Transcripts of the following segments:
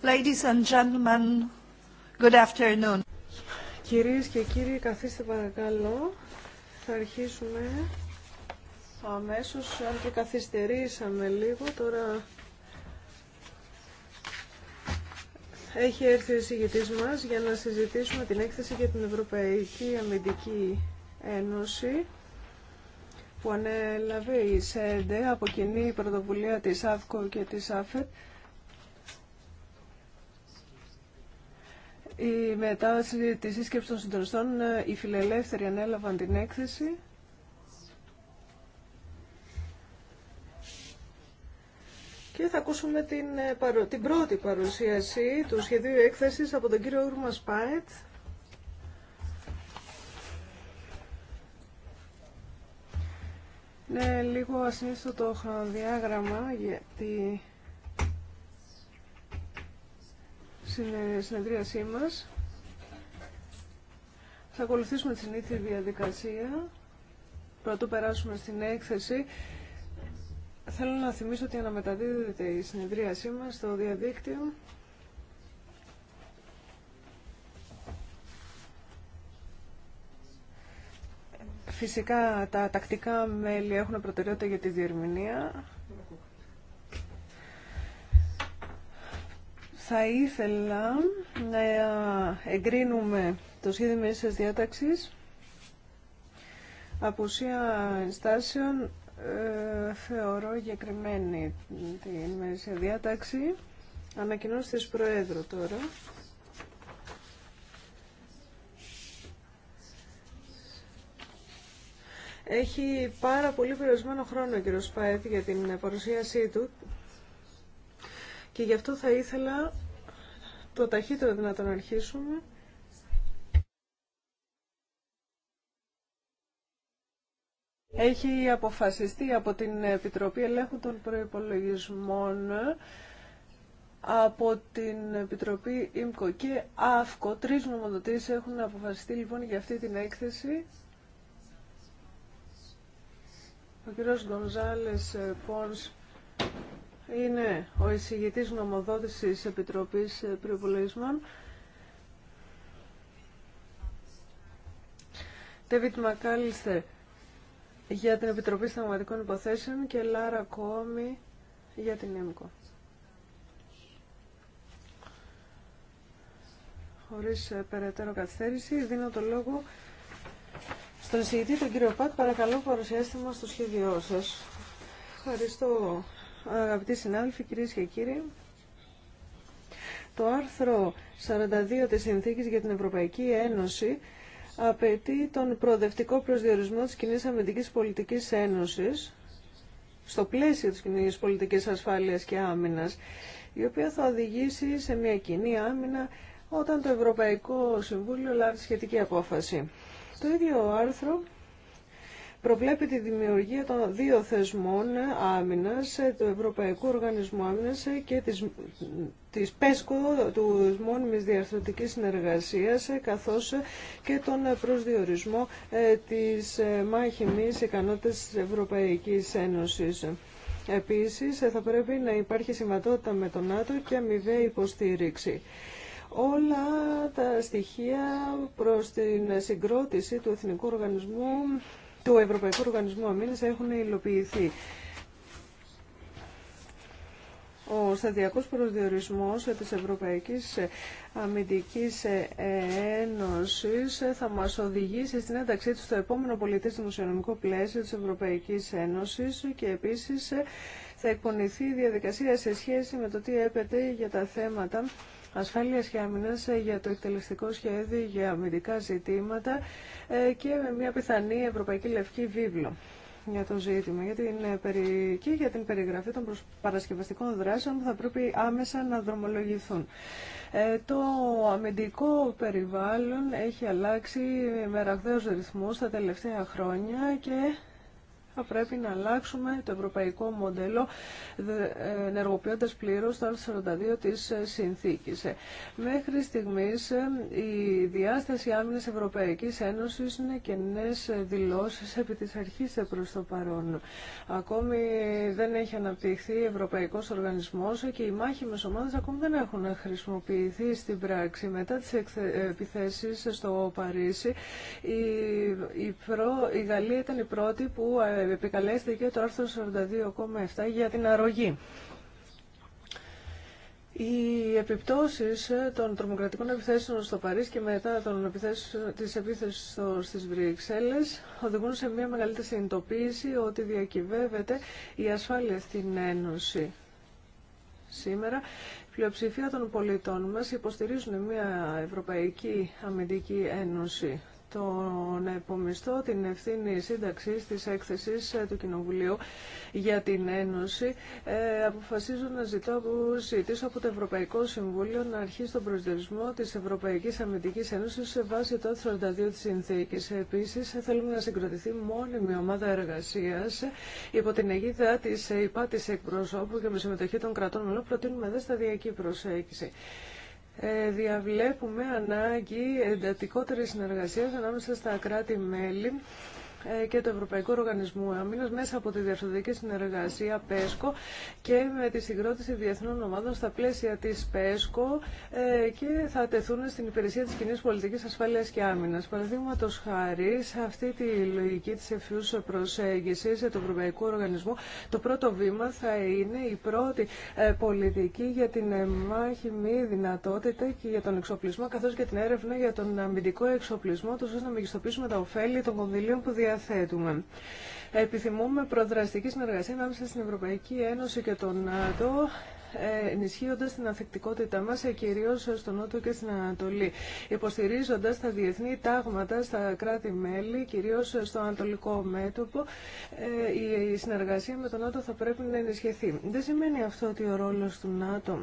Ladies and gentlemen, good afternoon. Κυρίες και κύριοι, καθίστε παρακαλώ. Θα αρχίσουμε αμέσως, αν και καθυστερήσαμε λίγο, τώρα έχει έρθει ο συγγετής μας για να συζητήσουμε την έκθεση για την Ευρωπαϊκή Αμυντική Ένωση που ανέλαβε η ΣΕΝΤΕ από κοινή πρωτοβουλία της ΑΦΚΟ και της ΑΦΕΤ Η μετά τη σύσκεψη των συντονιστών, ε, οι φιλελεύθεροι ανέλαβαν την έκθεση. Και θα ακούσουμε την, ε, την πρώτη παρουσίαση του σχεδίου έκθεσης από τον κύριο Ούρμα Σπάιτ. Ναι, λίγο ασυνήθιστο το χρονοδιάγραμμα γιατί συνεδρίασή μας. Θα ακολουθήσουμε την συνήθεια διαδικασία. Πρωτού περάσουμε στην έκθεση. Θέλω να θυμίσω ότι αναμεταδίδεται η συνεδρίασή μας στο διαδίκτυο. Φυσικά τα τακτικά μέλη έχουν προτεραιότητα για τη διερμηνία. Θα ήθελα να εγκρίνουμε το σχέδιο μέσης διάταξης απουσία ενστάσεων ε, θεωρώ γεκριμένη τη μέσα διάταξη. Ανακοινώσει της Προέδρου τώρα. Έχει πάρα πολύ περιορισμένο χρόνο ο κ. για την παρουσίασή του και γι' αυτό θα ήθελα το ταχύτερο δυνατόν να αρχίσουμε. Έχει αποφασιστεί από την Επιτροπή Ελέγχου των Προϋπολογισμών από την Επιτροπή ΙΜΚΟ και ΑΦΚΟ. Τρεις νομοδοτήσεις έχουν αποφασιστεί λοιπόν για αυτή την έκθεση. Ο κ. Γκονζάλες Πόνς είναι ο εισηγητής νομοδότησης της Επιτροπής προϋπολογισμών. Τέβιτ Μακάλιστε για την Επιτροπή Συνταγματικών Υποθέσεων και Λάρα Κόμη για την ΕΜΚΟ. Χωρίς ε, περαιτέρω καθυστέρηση, δίνω το λόγο στον εισηγητή, τον κύριο Πάτ. Παρακαλώ, παρουσιάστε μας το σχέδιό σας. Ευχαριστώ, Αγαπητοί συνάδελφοι, κυρίες και κύριοι, το άρθρο 42 της Συνθήκης για την Ευρωπαϊκή Ένωση απαιτεί τον προοδευτικό προσδιορισμό της Κοινή αμυντικής πολιτικής ένωσης στο πλαίσιο της κοινή πολιτικής ασφάλειας και άμυνας, η οποία θα οδηγήσει σε μια κοινή άμυνα όταν το Ευρωπαϊκό Συμβούλιο λάβει σχετική απόφαση. Το ίδιο άρθρο προβλέπει τη δημιουργία των δύο θεσμών άμυνας, του Ευρωπαϊκού Οργανισμού Άμυνας και της, της ΠΕΣΚΟ, του Μόνιμης Διαρθρωτικής Συνεργασίας, καθώς και τον προσδιορισμό ε, της ε, μάχημης ικανότητας της Ευρωπαϊκής Ένωσης. Επίσης, θα πρέπει να υπάρχει συμβατότητα με τον ΝΑΤΟ και αμοιβαία υποστήριξη όλα τα στοιχεία προς την συγκρότηση του Εθνικού Οργανισμού του Ευρωπαϊκού Οργανισμού Αμήνης έχουν υλοποιηθεί. Ο σταδιακός προσδιορισμός της Ευρωπαϊκής Αμυντικής Ένωσης θα μας οδηγήσει στην ένταξή του στο επόμενο πολιτές δημοσιονομικό πλαίσιο της Ευρωπαϊκής Ένωσης και επίσης θα εκπονηθεί η διαδικασία σε σχέση με το τι έπεται για τα θέματα Ασφάλεια και άμυνα ε, για το εκτελεστικό σχέδιο για αμυντικά ζητήματα ε, και μια πιθανή Ευρωπαϊκή Λευκή Βίβλο για το ζήτημα για την, ε, και για την περιγραφή των παρασκευαστικών δράσεων που θα πρέπει άμεσα να δρομολογηθούν. το αμυντικό περιβάλλον έχει αλλάξει με ραγδαίους ρυθμούς τα τελευταία χρόνια και θα πρέπει να αλλάξουμε το ευρωπαϊκό μοντέλο ε, ενεργοποιώντας πλήρως το άρθρο 42 της ε, συνθήκης. Ε, μέχρι στιγμής η διάσταση άμυνας Ευρωπαϊκής Ένωσης είναι κενέ δηλώσεις επί της αρχής προς το παρόν. Ακόμη δεν έχει αναπτυχθεί ευρωπαϊκός οργανισμός και οι μάχημες ομάδες ακόμη δεν έχουν χρησιμοποιηθεί στην πράξη. Μετά τις επιθέσεις στο Παρίσι η, η Γαλλία ήταν η πρώτη που Επικαλέστηκε το άρθρο 42,7 για την αρρωγή. Οι επιπτώσεις ε, των τρομοκρατικών επιθέσεων στο Παρίσι και μετά των επιθέσεων, της επίθεσης στις Βρυξέλλες οδηγούν σε μια μεγαλύτερη συνειδητοποίηση ότι διακυβεύεται η ασφάλεια στην Ένωση. Σήμερα η πλειοψηφία των πολιτών μας υποστηρίζουν μια Ευρωπαϊκή Αμυντική Ένωση τον επομιστό την ευθύνη σύνταξη τη έκθεση ε, του Κοινοβουλίου για την Ένωση ε, αποφασίζω να ζητώ, ζητήσω από το Ευρωπαϊκό Συμβούλιο να αρχίσει τον προσδιορισμό τη Ευρωπαϊκή Αμυντική Ένωση σε βάση το 42 τη Συνθήκη. Επίση, θέλουμε να συγκροτηθεί μόνιμη ομάδα εργασία υπό την αιγίδα τη ΕΙΠΑ τη εκπροσώπου και με συμμετοχή των κρατών μελών προτείνουμε δε σταδιακή προσέγγιση. Ε, διαβλέπουμε ανάγκη εντατικότερη συνεργασία ανάμεσα στα κράτη-μέλη ε, και του Ευρωπαϊκού Οργανισμού Άμυνα μέσα από τη Διευθυντική Συνεργασία ΠΕΣΚΟ και με τη συγκρότηση διεθνών ομάδων στα πλαίσια τη ΠΕΣΚΟ ε, και θα τεθούν στην υπηρεσία τη κοινή πολιτική ασφάλεια και άμυνα. Παραδείγματο χάρη σε αυτή τη λογική τη ευφυού προσέγγιση του Ευρωπαϊκού Οργανισμού, το πρώτο βήμα θα είναι η πρώτη ε, πολιτική για την μάχη μη δυνατότητα και για τον εξοπλισμό, καθώ και την έρευνα για τον αμυντικό εξοπλισμό, τόσο να μεγιστοποιήσουμε τα ωφέλη των κονδυλίων διαθέτουμε. Επιθυμούμε προδραστική συνεργασία ανάμεσα στην Ευρωπαϊκή Ένωση και τον ΝΑΤΟ ε, ενισχύοντα την ανθεκτικότητά μα, ε, κυρίω στο Νότο και στην Ανατολή, υποστηρίζοντα τα διεθνή τάγματα στα κράτη-μέλη, κυρίω στο Ανατολικό μέτωπο, ε, η συνεργασία με τον ΝΑΤΟ θα πρέπει να ενισχυθεί. Δεν σημαίνει αυτό ότι ο ρόλο του ΝΑΤΟ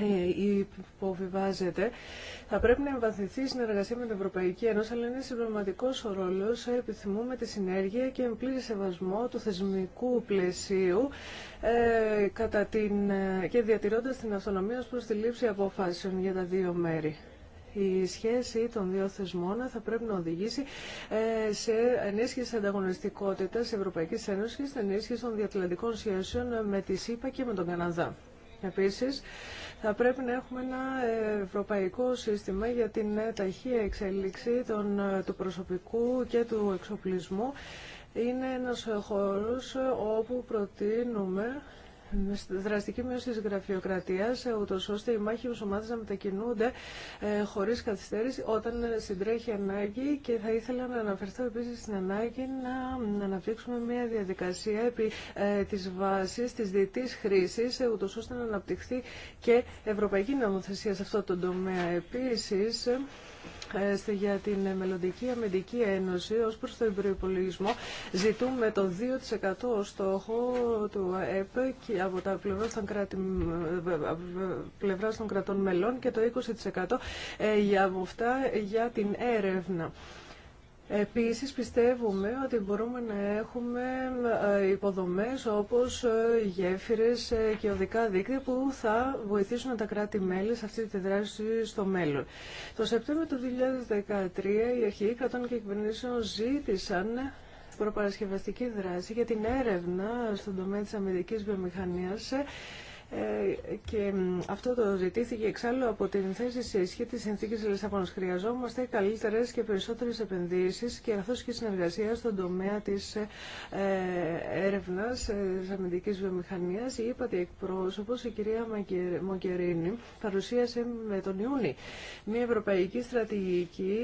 ε, υποβιβάζεται. Θα πρέπει να εμβαθυνθεί η συνεργασία με την Ευρωπαϊκή Ένωση, αλλά είναι συμπληρωματικό ο ρόλο. Επιθυμούμε τη συνέργεια και με πλήρη σεβασμό του θεσμικού πλαισίου ε, κατά την, ε, και διατηρώντα την αυτονομία ω προ τη λήψη αποφάσεων για τα δύο μέρη. Η σχέση των δύο θεσμών θα πρέπει να οδηγήσει ε, σε ενίσχυση ανταγωνιστικότητα τη Ευρωπαϊκή Ένωση και στην ενίσχυση των διατλαντικών σχέσεων με τη ΣΥΠΑ και με τον Καναδά. Επίσης, θα πρέπει να έχουμε ένα ευρωπαϊκό σύστημα για την ε, ταχεία εξέλιξη των, ε, του προσωπικού και του εξοπλισμού. Είναι ένας χώρος ε, όπου προτείνουμε δραστική μείωση τη γραφειοκρατία, ε, ούτω ώστε οι μάχη ομάδε να μετακινούνται ε, χωρί καθυστέρηση όταν συντρέχει ανάγκη. Και θα ήθελα να αναφερθώ επίση στην ανάγκη να αναπτύξουμε μια διαδικασία επί ε, τη βάση τη διετή χρήση, ούτω ώστε να αναπτυχθεί και ευρωπαϊκή νομοθεσία σε αυτό το τομέα. Επίση, για την Μελλοντική Αμυντική Ένωση ως προς τον προϋπολογισμό ζητούμε το 2% στόχο του ΕΠ και από τα πλευρά των, των κρατών μελών και το 20% ε, για αυτά για την έρευνα. Επίσης πιστεύουμε ότι μπορούμε να έχουμε ε, υποδομές όπως ε, γέφυρες ε, και οδικά δίκτυα που θα βοηθήσουν τα κράτη-μέλη σε αυτή τη δράση στο μέλλον. Το Σεπτέμβριο του 2013 οι αρχηγοί κρατών και κυβερνήσεων ζήτησαν προπαρασκευαστική δράση για την έρευνα στον τομέα της αμυντικής βιομηχανίας ε, και αυτό το ζητήθηκε εξάλλου από την θέση σε ισχύ τη συνθήκη Λισαβόνα. Χρειαζόμαστε καλύτερε και περισσότερε επενδύσει και καθώ και συνεργασία στον τομέα τη ε, έρευνα ε, τη αμυντική βιομηχανία. Η ύπατη εκπρόσωπο, η κυρία Μοκερίνη, παρουσίασε με τον Ιούνι μια ευρωπαϊκή στρατηγική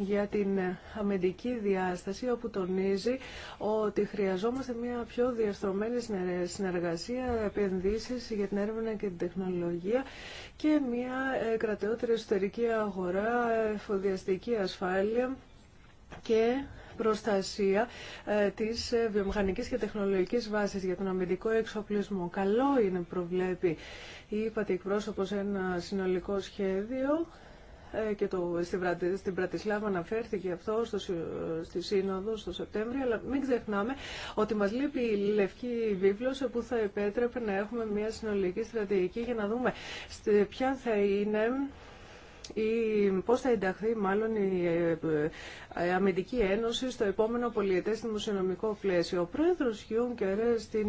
για την αμυντική διάσταση όπου τονίζει ότι χρειαζόμαστε μια πιο διαστρωμένη συνεργασία, επενδύσεις για την έρευνα και την τεχνολογία και μια ε, κρατεότερη εσωτερική αγορά, εφοδιαστική ασφάλεια και προστασία ε, της ε, βιομηχανικής και τεχνολογικής βάσης για τον αμυντικό εξοπλισμό. Καλό είναι, προβλέπει είπατε ΥΠΑΤΗ εκπρόσωπος ένα συνολικό σχέδιο ε, και το, στην, Πρατι, στην Πρατισλάβα αναφέρθηκε αυτό στο, στη Σύνοδο στο Σεπτέμβριο, αλλά μην ξεχνάμε ότι μας λείπει η Λευκή Βίβλος που θα επέτρεπε να έχουμε μια συνολική στρατηγική για να δούμε ποια θα είναι ή πώς θα ενταχθεί μάλλον ε, ε, η Αμυντική Ένωση στο επόμενο πολιετές δημοσιονομικό πλαίσιο. Ο πρόεδρος Γιούγκερ στην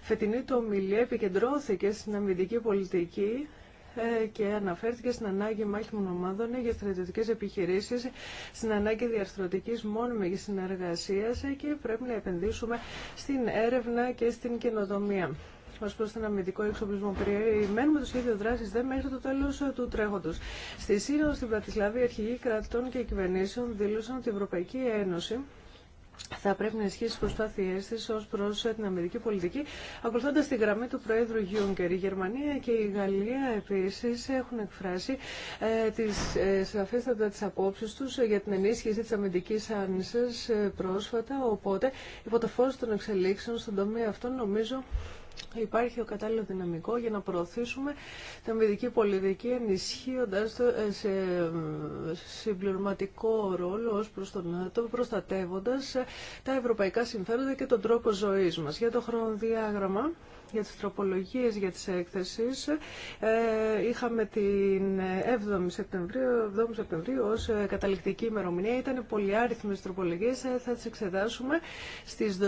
φετινή του ομιλία επικεντρώθηκε στην αμυντική πολιτική ε, και αναφέρθηκε στην ανάγκη μάχημων ομάδων για στρατιωτικές επιχειρήσεις, στην ανάγκη διαρθρωτικής μόνιμη συνεργασίας και πρέπει να επενδύσουμε στην έρευνα και στην καινοτομία Μας προ τον αμυντικό εξοπλισμό. Περιμένουμε το σχέδιο δράση δε μέχρι το τέλο του τρέχοντο. Στη Σύνοδο στην Πρατισλάβη, οι αρχηγοί κρατών και κυβερνήσεων δήλωσαν ότι η Ευρωπαϊκή Ένωση θα πρέπει να ισχύσει τι προσπάθειέ τη ω προ την αμερική πολιτική, ακολουθώντα τη γραμμή του Προέδρου Γιούγκερ. Η Γερμανία και η Γαλλία επίση έχουν εκφράσει ε, τι ε, σαφέστατα τι απόψει του για την ενίσχυση τη αμυντική ε, πρόσφατα. Οπότε, υπό το φω των εξελίξεων στον τομέα αυτό, νομίζω υπάρχει ο κατάλληλο δυναμικό για να προωθήσουμε την αμυντική πολιτική ενισχύοντας το ε, σε συμπληρωματικό ρόλο ως προς τον ΝΑΤΟ, προστατεύοντας τα ευρωπαϊκά συμφέροντα και τον τρόπο ζωής μας. Για το χρονοδιάγραμμα, για τις τροπολογίες για τις έκθεσεις. Ε, είχαμε την 7η Σεπτεμβρίου, 7 Σεπτεμβρίου ως ε, καταληκτική ημερομηνία. Ήταν πολύ άριθμες τροπολογίες, ε, θα τις εξετάσουμε. Στις 12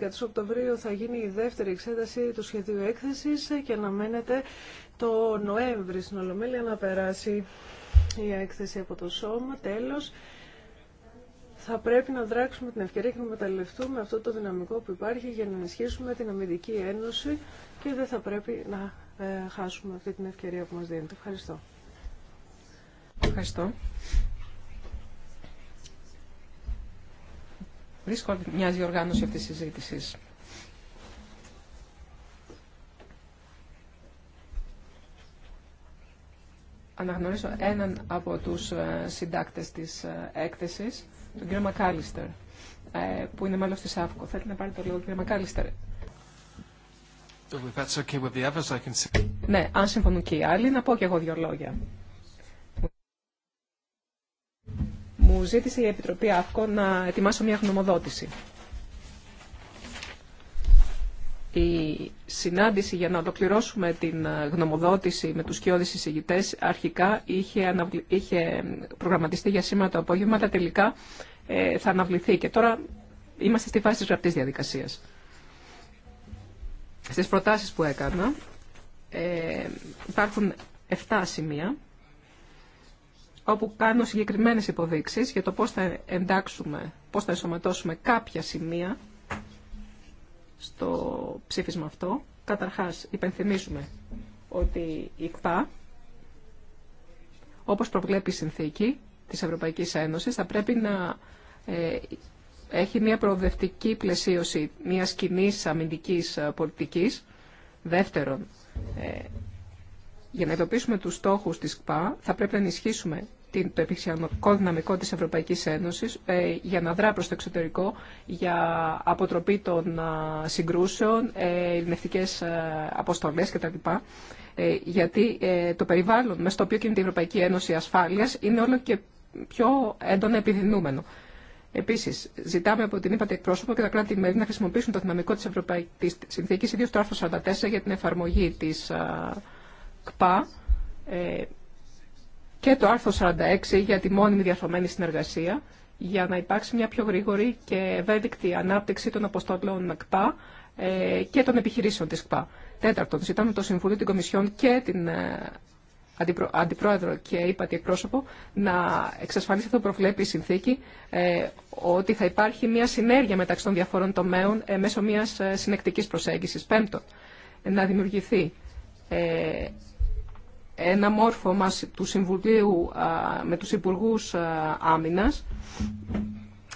ή 10 Οκτωβρίου θα γίνει η δεύτερη εξέταση του σχεδίου έκθεσης και αναμένεται το Νοέμβρη στην Ολομέλεια να περάσει η έκθεση από το σώμα. Τέλος θα πρέπει να δράξουμε την ευκαιρία και να μεταλλευτούμε αυτό το δυναμικό που υπάρχει για να ενισχύσουμε την Αμυντική Ένωση και δεν θα πρέπει να ε, χάσουμε αυτή την ευκαιρία που μας δίνεται. Ευχαριστώ. Ευχαριστώ. Βρίσκω μια διοργάνωση αυτής της συζήτησης. Αναγνωρίζω έναν από τους ε, συντάκτες της ε, έκθεσης τον κύριο Μακάλιστερ, ε, που είναι μέλος της ΑΦΚΟ. Θέλετε να πάρει το λόγο, κύριε Μακάλιστερ. Ναι, αν συμφωνούν και οι άλλοι, να πω και εγώ δύο λόγια. Μου ζήτησε η Επιτροπή ΑΦΚΟ να ετοιμάσω μια γνωμοδότηση. Η συνάντηση για να ολοκληρώσουμε την ε, γνωμοδότηση με τους κοιόδης εισηγητές αρχικά είχε, είχε προγραμματιστεί για σήμερα το απόγευμα, αλλά τελικά ε, θα αναβληθεί και τώρα είμαστε στη φάση της γραπτής διαδικασίας. Στις προτάσεις που έκανα ε, υπάρχουν 7 σημεία όπου κάνω συγκεκριμένες υποδείξεις για το πώς θα εντάξουμε, πώς θα ενσωματώσουμε κάποια σημεία στο ψήφισμα αυτό. Καταρχάς, υπενθυμίζουμε ότι η ΚΠΑ, όπως προβλέπει η συνθήκη της Ευρωπαϊκής Ένωσης, θα πρέπει να ε, έχει μια προοδευτική πλαισίωση μια κοινή αμυντικής ε, πολιτικής. Δεύτερον, ε, για να ειδοποιήσουμε τους στόχους της ΚΠΑ, θα πρέπει να ενισχύσουμε το επιχειρηματικό δυναμικό της Ευρωπαϊκής Ένωσης ε, για να δρά προς το εξωτερικό, για αποτροπή των συγκρούσεων, ε, ε αποστολές κτλ. Ε, γιατί το περιβάλλον μέσα στο οποίο κινείται η Ευρωπαϊκή Ένωση ασφάλειας είναι όλο και πιο έντονα επιδεινούμενο. Επίση, ζητάμε από την ΥΠΑΤΕ εκπρόσωπο και τα κράτη-μέλη να χρησιμοποιήσουν το δυναμικό τη Ευρωπαϊκή Συνθήκη, ιδίω το άρθρο 44 για την εφαρμογή τη ΚΠΑ, και το άρθρο 46 για τη μόνιμη διαρθρωμένη συνεργασία για να υπάρξει μια πιο γρήγορη και ευέλικτη ανάπτυξη των αποστολών ΚΠΑ ε, και των επιχειρήσεων της ΚΠΑ. Τέταρτον, ζητάμε το Συμβούλιο, την Κομισιόν και την ε, Αντιπρόεδρο και είπα πρόσωπο εκπρόσωπο να εξασφαλίσει αυτό που προβλέπει η συνθήκη ε, ότι θα υπάρχει μια συνέργεια μεταξύ των διαφόρων τομέων μέσω μιας συνεκτικής προσέγγισης. Πέμπτον, να δημιουργηθεί ένα μόρφωμα του Συμβουλίου με τους Υπουργούς Άμυνας,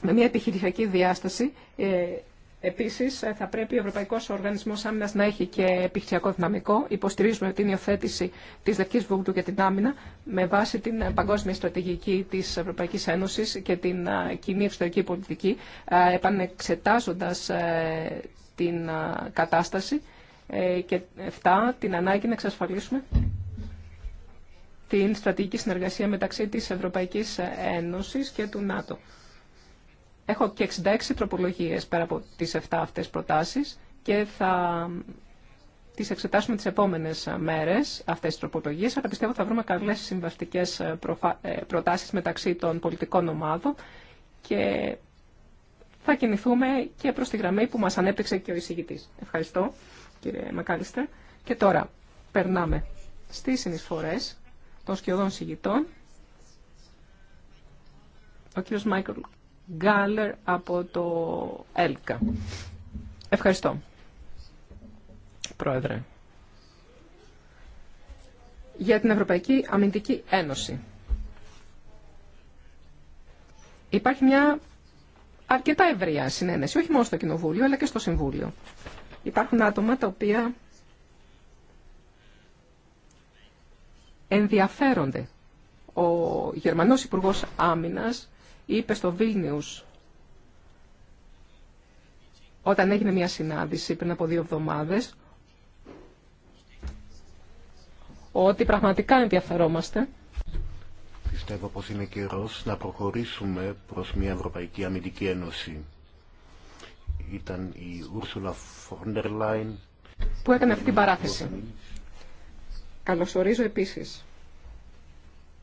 με μια επιχειρησιακή διάσταση. Ε, επίσης, ε, θα πρέπει ο Ευρωπαϊκός Οργανισμός Άμυνας να έχει και επιχειρησιακό δυναμικό. Υποστηρίζουμε την υιοθέτηση της Δευκής Βούγκτου για την άμυνα με βάση την παγκόσμια στρατηγική της Ευρωπαϊκής Ένωσης και την κοινή εξωτερική πολιτική, επανεξετάζοντας ε, την κατάσταση και 7. την ανάγκη να εξασφαλίσουμε την στρατηγική συνεργασία μεταξύ της Ευρωπαϊκής Ένωσης και του ΝΑΤΟ. Έχω και 66 τροπολογίες πέρα από τις 7 αυτές προτάσεις και θα τις εξετάσουμε τις επόμενες μέρες αυτές τις τροπολογίες, αλλά πιστεύω θα βρούμε καλές συμβαστικές ε, προτάσεις μεταξύ των πολιτικών ομάδων και θα κινηθούμε και προς τη γραμμή που μας ανέπτυξε και ο εισηγητής. Ευχαριστώ κύριε Μακάλιστερ. Και τώρα περνάμε στις συνεισφορές των σχεδόν συγητών. Ο κύριος Μάικλ Γκάλερ από το ΕΛΚΑ. Ευχαριστώ, Πρόεδρε. Για την Ευρωπαϊκή Αμυντική Ένωση. Υπάρχει μια αρκετά ευρεία συνένεση, όχι μόνο στο Κοινοβούλιο, αλλά και στο Συμβούλιο. Υπάρχουν άτομα τα οποία ενδιαφέρονται. Ο Γερμανός Υπουργός Άμυνας είπε στο Βίλνιους όταν έγινε μια συνάντηση πριν από δύο εβδομάδες ότι πραγματικά ενδιαφερόμαστε. Πιστεύω πως είναι καιρός να προχωρήσουμε προς μια Ευρωπαϊκή Αμυντική Ένωση. Ήταν η Ούρσουλα Φόντερ Λάιν που έκανε αυτή την παράθεση. Καλωσορίζω επίσης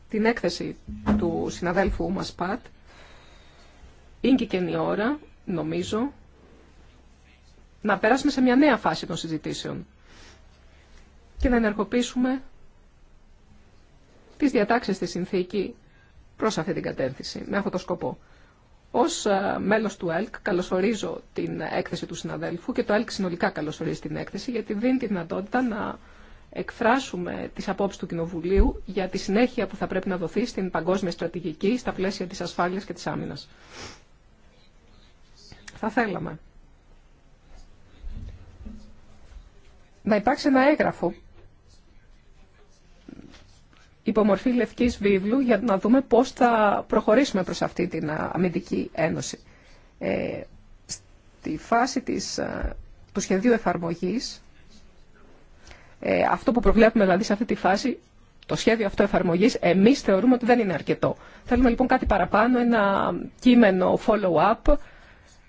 την έκθεση του συναδέλφου μας ΠΑΤ. Είναι και ώρα, νομίζω, να περάσουμε σε μια νέα φάση των συζητήσεων και να ενεργοποιήσουμε τις διατάξεις της συνθήκη προς αυτή την κατεύθυνση, με αυτό το σκοπό. Ως ε, μέλος του ΕΛΚ καλωσορίζω την έκθεση του συναδέλφου και το ΕΛΚ συνολικά καλωσορίζει την έκθεση γιατί δίνει τη δυνατότητα να εκφράσουμε τις απόψεις του Κοινοβουλίου για τη συνέχεια που θα πρέπει να δοθεί στην παγκόσμια στρατηγική στα πλαίσια της ασφάλειας και της άμυνας. Θα θέλαμε να υπάρξει ένα έγγραφο υπομορφή λευκής βίβλου για να δούμε πώς θα προχωρήσουμε προς αυτή την αμυντική ένωση. Ε, στη φάση της, του σχεδίου εφαρμογής ε, αυτό που προβλέπουμε δηλαδή σε αυτή τη φάση, το σχέδιο αυτό εφαρμογής, εμείς θεωρούμε ότι δεν είναι αρκετό. Θέλουμε λοιπόν κάτι παραπάνω, ένα κείμενο follow-up.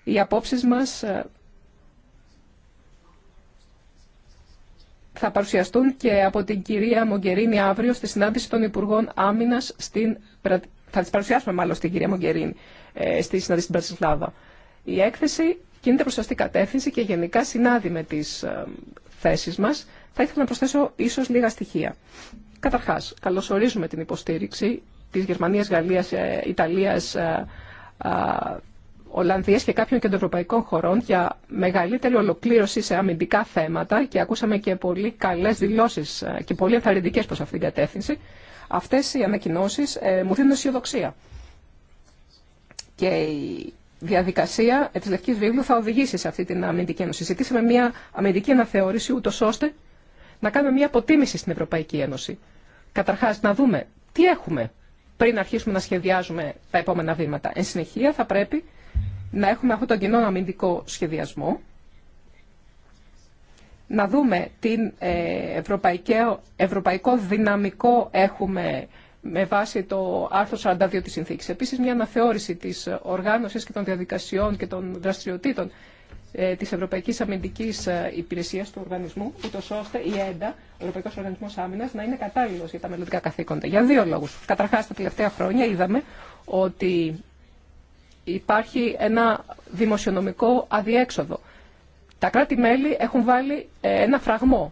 Οι απόψεις μας ε, θα παρουσιαστούν και από την κυρία Μογκερίνη αύριο στη συνάντηση των Υπουργών Άμυνας στην... Θα τις παρουσιάσουμε μάλλον στην κυρία Μογκερίνη ε, στη συνάντηση στην Πρατισλάβα. Η έκθεση κινείται προς σωστή κατεύθυνση και γενικά συνάδει με τις ε, θέσεις μας. Θα ήθελα να προσθέσω ίσως λίγα στοιχεία. Καταρχάς, καλωσορίζουμε την υποστήριξη της Γερμανίας, Γαλλίας, ε, Ιταλίας, ε, ε, Ολλανδίας και κάποιων κεντροευρωπαϊκών χωρών για μεγαλύτερη ολοκλήρωση σε αμυντικά θέματα και ακούσαμε και πολύ καλές δηλώσεις και πολύ ενθαρρυντικές προς αυτήν την κατεύθυνση. Αυτές οι ανακοινώσεις μου δίνουν αισιοδοξία. Και η διαδικασία της Λευκής Βίβλου θα οδηγήσει σε αυτή την αμυντική ένωση. Ζητήσαμε μια αμυντική αναθεώρηση ούτω ώστε να κάνουμε μια αποτίμηση στην Ευρωπαϊκή Ένωση. Καταρχάς, να δούμε τι έχουμε πριν αρχίσουμε να σχεδιάζουμε τα επόμενα βήματα. Εν συνεχεία, θα πρέπει να έχουμε αυτόν τον κοινό αμυντικό σχεδιασμό, να δούμε τι ε, ευρωπαϊκό, ευρωπαϊκό δυναμικό έχουμε με βάση το άρθρο 42 της συνθήκης. Επίσης, μια αναθεώρηση της οργάνωσης και των διαδικασιών και των δραστηριοτήτων ε, τη Ευρωπαϊκή Αμυντική ε, Υπηρεσία του οργανισμού, ούτω ώστε η ΕΝΤΑ, ο Ευρωπαϊκό Οργανισμό Άμυνα, να είναι κατάλληλο για τα μελλοντικά καθήκοντα. Για δύο λόγου. Καταρχά τα τελευταία χρόνια είδαμε ότι υπάρχει ένα δημοσιονομικό αδιέξοδο. Τα κράτη-μέλη έχουν βάλει ε, ένα φραγμό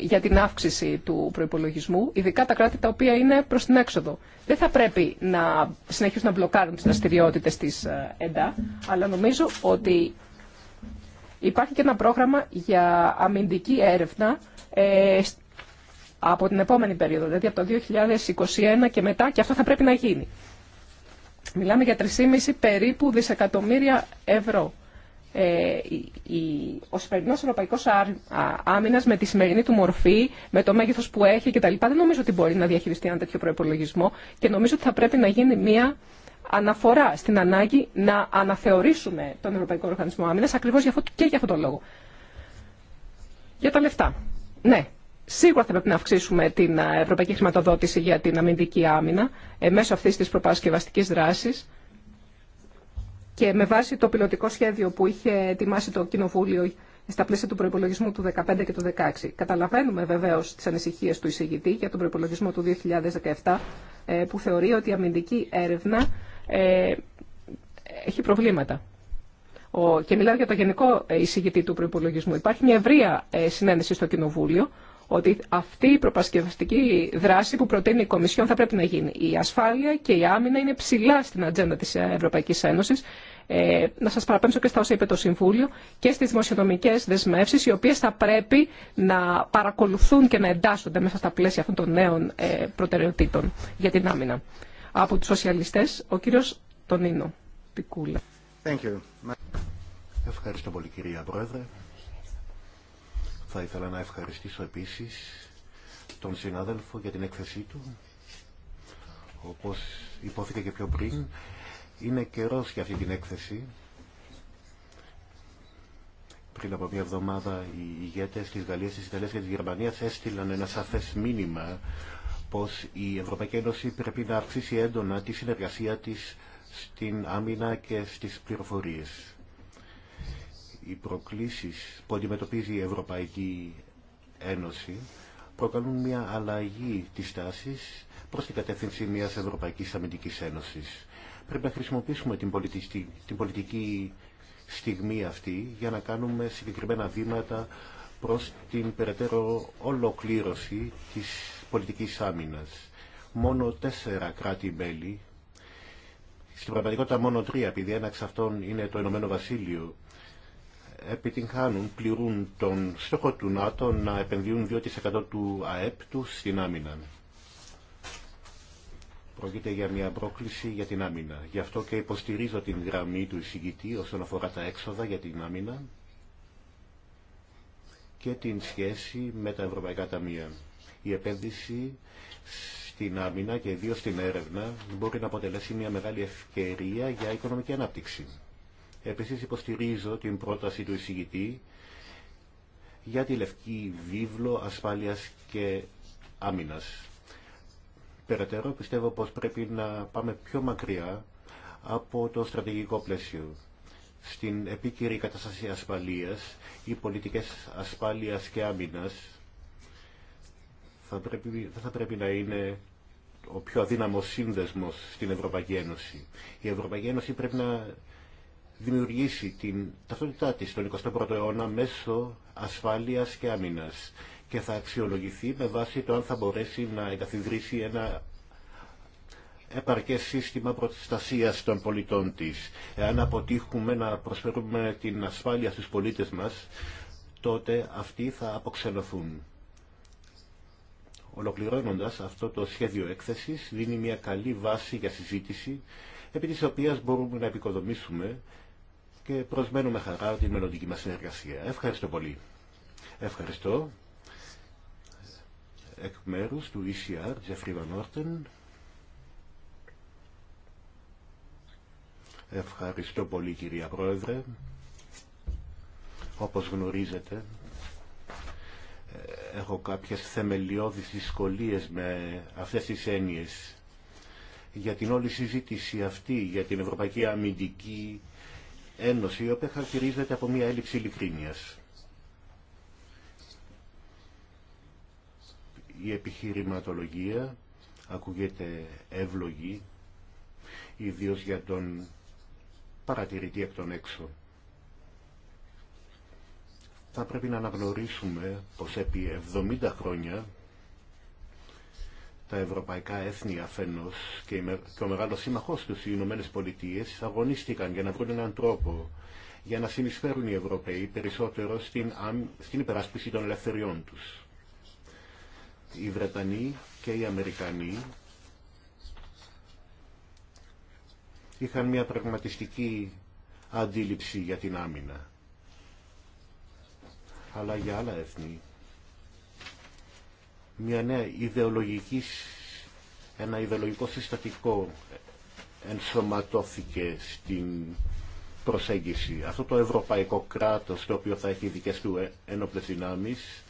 για την αύξηση του προπολογισμού, ειδικά τα κράτη τα οποία είναι προ την έξοδο. Δεν θα πρέπει να συνεχίσουν να μπλοκάρουν τι δραστηριότητε τη ΕΝΤΑ, αλλά νομίζω ότι Υπάρχει και ένα πρόγραμμα για αμυντική έρευνα ε, από την επόμενη περίοδο, δηλαδή από το 2021 και μετά, και αυτό θα πρέπει να γίνει. Μιλάμε για 3,5 περίπου δισεκατομμύρια ευρώ. Ε, ο σημερινό ευρωπαϊκό άμυνα με τη σημερινή του μορφή, με το μέγεθο που έχει κτλ. Δεν νομίζω ότι μπορεί να διαχειριστεί ένα τέτοιο προπολογισμό και νομίζω ότι θα πρέπει να γίνει μια αναφορά στην ανάγκη να αναθεωρήσουμε τον Ευρωπαϊκό Οργανισμό Άμυνα, ακριβώ και για αυτόν τον λόγο. Για τα λεφτά. Ναι, σίγουρα θα πρέπει να αυξήσουμε την ε, ευρωπαϊκή χρηματοδότηση για την αμυντική άμυνα ε, μέσω αυτή τη προπαρασκευαστικής δράση και με βάση το πιλωτικό σχέδιο που είχε ετοιμάσει το Κοινοβούλιο στα πλαίσια του προπολογισμού του 2015 και του 2016. Καταλαβαίνουμε βεβαίω τι ανησυχίε του εισηγητή για τον προπολογισμό του 2017, ε, που θεωρεί ότι η αμυντική έρευνα ε, έχει προβλήματα. Ο, και μιλάω για το γενικό ε, εισηγητή του προπολογισμού. Υπάρχει μια ευρεία ε, συνένεση στο Κοινοβούλιο ότι αυτή η προπασκευαστική δράση που προτείνει η Κομισιόν θα πρέπει να γίνει. Η ασφάλεια και η άμυνα είναι ψηλά στην ατζέντα της ε, Ευρωπαϊκής Ένωσης. Ε, να σας παραπέμψω και στα όσα είπε το Συμβούλιο και στις δημοσιονομικές δεσμεύσεις οι οποίες θα πρέπει να παρακολουθούν και να εντάσσονται μέσα στα πλαίσια αυτών των νέων προτεραιοτήτων για την άμυνα. Από τους σοσιαλιστές, ο κύριος Τονίνο Πικούλα. Thank you. Ευχαριστώ πολύ κυρία Πρόεδρε. Θα ήθελα να ευχαριστήσω επίσης τον συνάδελφο για την έκθεσή του. Όπως υπόθηκε και πιο πριν, είναι καιρός για αυτή την έκθεση. Πριν από μια εβδομάδα οι ηγέτες της Γαλλίας, της Ιταλίας και της Γερμανίας έστειλαν ένα σαφές μήνυμα πως η Ευρωπαϊκή Ένωση πρέπει να αυξήσει έντονα τη συνεργασία της στην άμυνα και στις πληροφορίες. Οι προκλήσεις που αντιμετωπίζει η Ευρωπαϊκή Ένωση προκαλούν μια αλλαγή της τάσης προς την κατεύθυνση μιας Ευρωπαϊκής Αμυντικής Ένωσης. Πρέπει να χρησιμοποιήσουμε την πολιτική, την πολιτική στιγμή αυτή για να κάνουμε συγκεκριμένα βήματα προς την περαιτέρω ολοκλήρωση της πολιτικής άμυνας. Μόνο τέσσερα κράτη-μέλη, στην πραγματικότητα μόνο τρία, επειδή ένα εξ αυτών είναι το Ηνωμένο Βασίλειο, επιτυγχάνουν, πληρούν τον στόχο του ΝΑΤΟ να επενδύουν 2% του ΑΕΠ του στην άμυνα. Πρόκειται για μια πρόκληση για την άμυνα. Γι' αυτό και υποστηρίζω την γραμμή του εισηγητή όσον αφορά τα έξοδα για την άμυνα και την σχέση με τα ευρωπαϊκά ταμεία η επένδυση στην άμυνα και ιδίω στην έρευνα μπορεί να αποτελέσει μια μεγάλη ευκαιρία για οικονομική ανάπτυξη. Επίσης υποστηρίζω την πρόταση του εισηγητή για τη Λευκή Βίβλο ασφάλεια και Άμυνας. Περαιτέρω πιστεύω πως πρέπει να πάμε πιο μακριά από το στρατηγικό πλαίσιο. Στην επίκυρη κατάσταση ασφαλεία οι πολιτικές ασφάλειας και άμυνας θα πρέπει, δεν θα πρέπει να είναι ο πιο αδύναμος σύνδεσμος στην Ευρωπαϊκή Ένωση. Η Ευρωπαϊκή Ένωση πρέπει να δημιουργήσει την ταυτότητά της στον 21ο αιώνα μέσω ασφάλειας και άμυνας και θα αξιολογηθεί με βάση το αν θα μπορέσει να εγκαθιδρύσει ένα επαρκές σύστημα προστασίας των πολιτών της. Εάν αποτύχουμε να προσφέρουμε την ασφάλεια στους πολίτες μας, τότε αυτοί θα αποξενωθούν. Ολοκληρώνοντας αυτό το σχέδιο έκθεσης δίνει μια καλή βάση για συζήτηση επί της οποίας μπορούμε να επικοδομήσουμε και προσμένουμε χαρά την μελλοντική μας συνεργασία. Ευχαριστώ πολύ. Ευχαριστώ. Εκ μέρους του ECR, Τζεφρή Βανόρτεν. Ευχαριστώ πολύ κυρία Πρόεδρε. Όπως γνωρίζετε, έχω κάποιες θεμελιώδεις δυσκολίες με αυτές τις έννοιες για την όλη συζήτηση αυτή για την Ευρωπαϊκή Αμυντική Ένωση η οποία χαρακτηρίζεται από μια έλλειψη ειλικρίνειας. Η επιχειρηματολογία ακούγεται εύλογη ιδίως για τον παρατηρητή εκ των έξω θα πρέπει να αναγνωρίσουμε πως επί 70 χρόνια τα ευρωπαϊκά έθνη αφενός και ο μεγάλος σύμμαχός τους, οι Ηνωμένε Πολιτείε, αγωνίστηκαν για να βρουν έναν τρόπο για να συνεισφέρουν οι Ευρωπαίοι περισσότερο στην, στην υπεράσπιση των ελευθεριών τους. Οι Βρετανοί και οι Αμερικανοί είχαν μια πραγματιστική αντίληψη για την άμυνα αλλά για άλλα έθνη. Μια νέα ιδεολογική, ένα ιδεολογικό συστατικό ενσωματώθηκε στην προσέγγιση. Αυτό το ευρωπαϊκό κράτος το οποίο θα έχει δικές του ε, ένοπλες δυνάμεις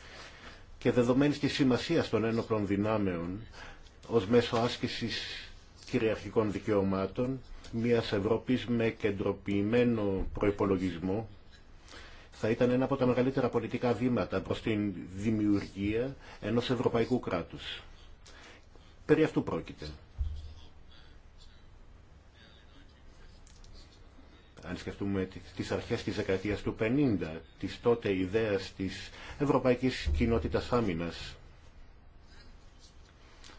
και δεδομένης της σημασίας των ένοπλων δυνάμεων ως μέσο άσκησης κυριαρχικών δικαιωμάτων μιας Ευρώπης με κεντροποιημένο προϋπολογισμό θα ήταν ένα από τα μεγαλύτερα πολιτικά βήματα προς την δημιουργία ενός ευρωπαϊκού κράτους. Περί αυτού πρόκειται. αν σκεφτούμε τις αρχές της δεκαετίας του 50, της τότε ιδέας της Ευρωπαϊκής Κοινότητας Άμυνας.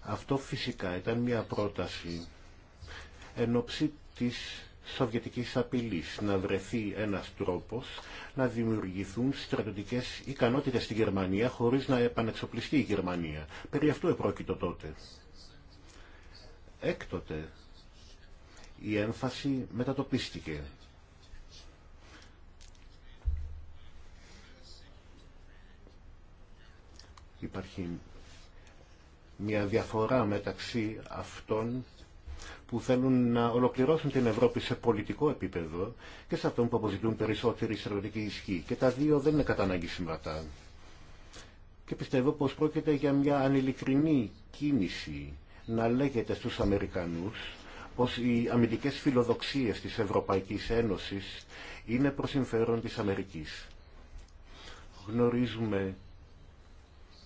Αυτό φυσικά ήταν μια πρόταση εν της σοβιετικής απειλής, να βρεθεί ένας τρόπος να δημιουργηθούν στρατιωτικές ικανότητες στη Γερμανία χωρίς να επανεξοπλιστεί η Γερμανία. Περί αυτού επρόκειτο τότε. Έκτοτε η έμφαση μετατοπίστηκε. Υπάρχει μια διαφορά μεταξύ αυτών που θέλουν να ολοκληρώσουν την Ευρώπη σε πολιτικό επίπεδο και σε αυτόν που αποζητούν περισσότερη στρατιωτική ισχύ. Και τα δύο δεν είναι κατά ανάγκη συμβατά. Και πιστεύω πως πρόκειται για μια ανηλικρινή κίνηση να λέγεται στους Αμερικανούς πως οι αμυντικές φιλοδοξίες της Ευρωπαϊκής Ένωσης είναι προς συμφέρον της Αμερικής. Γνωρίζουμε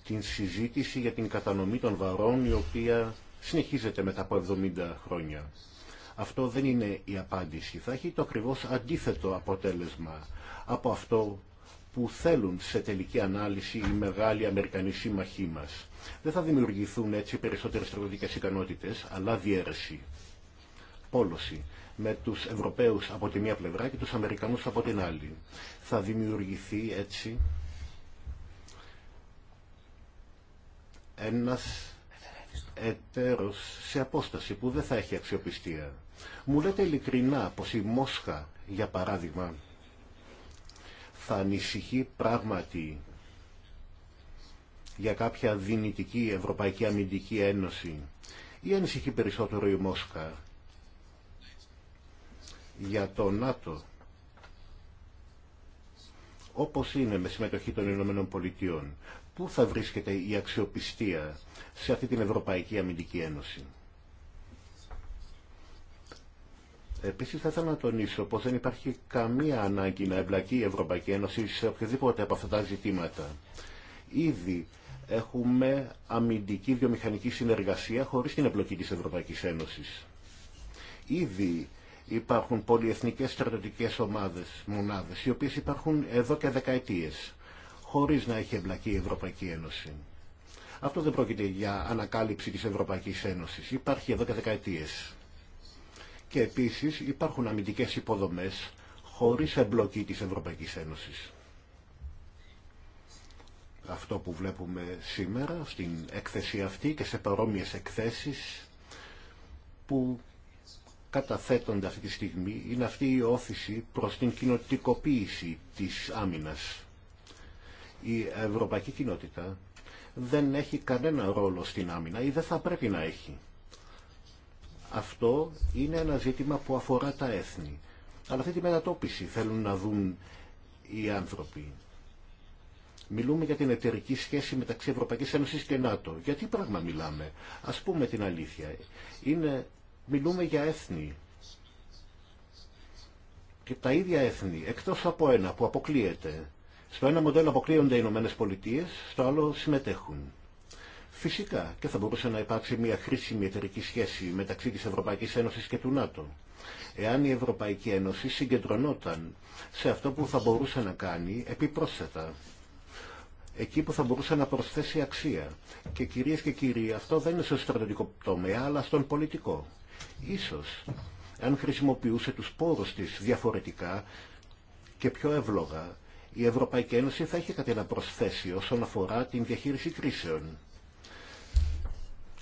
την συζήτηση για την κατανομή των βαρών η οποία συνεχίζεται μετά από 70 χρόνια. Αυτό δεν είναι η απάντηση. Θα έχει το ακριβώς αντίθετο αποτέλεσμα από αυτό που θέλουν σε τελική ανάλυση οι μεγάλοι Αμερικανοί σύμμαχοί μας. Δεν θα δημιουργηθούν έτσι περισσότερες στρατιωτικές ικανότητες, αλλά διέρεση, πόλωση με τους Ευρωπαίους από τη μία πλευρά και τους Αμερικανούς από την άλλη. Θα δημιουργηθεί έτσι ένας εταίρος σε απόσταση που δεν θα έχει αξιοπιστία. Μου λέτε ειλικρινά πως η Μόσχα, για παράδειγμα, θα ανησυχεί πράγματι για κάποια δυνητική Ευρωπαϊκή Αμυντική Ένωση ή ανησυχεί περισσότερο η Μόσχα για το ΝΑΤΟ όπως είναι με συμμετοχή των Ηνωμένων Πολιτειών πού θα βρίσκεται η αξιοπιστία σε αυτή την Ευρωπαϊκή Αμυντική Ένωση. Επίσης θα ήθελα να τονίσω πως δεν υπάρχει καμία ανάγκη να εμπλακεί η Ευρωπαϊκή Ένωση σε οποιοδήποτε από αυτά τα ζητήματα. Ήδη έχουμε αμυντική βιομηχανική συνεργασία χωρίς την εμπλοκή της Ευρωπαϊκής Ένωσης. Ήδη υπάρχουν πολυεθνικές στρατιωτικές ομάδες, μονάδες, οι οποίες υπάρχουν εδώ και δεκαετίες χωρίς να έχει εμπλακεί η Ευρωπαϊκή Ένωση. Αυτό δεν πρόκειται για ανακάλυψη της Ευρωπαϊκής Ένωσης. Υπάρχει εδώ και δεκαετίες. Και επίσης υπάρχουν αμυντικές υποδομές χωρίς εμπλοκή της Ευρωπαϊκής Ένωσης. Αυτό που βλέπουμε σήμερα στην έκθεση αυτή και σε παρόμοιες εκθέσεις που καταθέτονται αυτή τη στιγμή είναι αυτή η όθηση προς την κοινοτικοποίηση της άμυνας η ευρωπαϊκή κοινότητα δεν έχει κανένα ρόλο στην άμυνα ή δεν θα πρέπει να έχει. Αυτό είναι ένα ζήτημα που αφορά τα έθνη. Αλλά αυτή τη μετατόπιση θέλουν να δουν οι άνθρωποι. Μιλούμε για την εταιρική σχέση μεταξύ Ευρωπαϊκής Ένωσης και ΝΑΤΟ. Για τι πράγμα μιλάμε. Ας πούμε την αλήθεια. Είναι, μιλούμε για έθνη. Και τα ίδια έθνη, εκτός από ένα που αποκλείεται, στο ένα μοντέλο αποκλείονται οι Ηνωμένε Πολιτείε, στο άλλο συμμετέχουν. Φυσικά και θα μπορούσε να υπάρξει μια χρήσιμη εταιρική σχέση μεταξύ της Ευρωπαϊκής Ένωσης και του ΝΑΤΟ. Εάν η Ευρωπαϊκή Ένωση συγκεντρωνόταν σε αυτό που θα μπορούσε να κάνει επιπρόσθετα, εκεί που θα μπορούσε να προσθέσει αξία. Και κυρίες και κύριοι, αυτό δεν είναι στο στρατιωτικό τομέα, αλλά στον πολιτικό. Ίσως, αν χρησιμοποιούσε τους πόρους της διαφορετικά και πιο εύλογα, η Ευρωπαϊκή Ένωση θα έχει κάτι να προσθέσει όσον αφορά την διαχείριση κρίσεων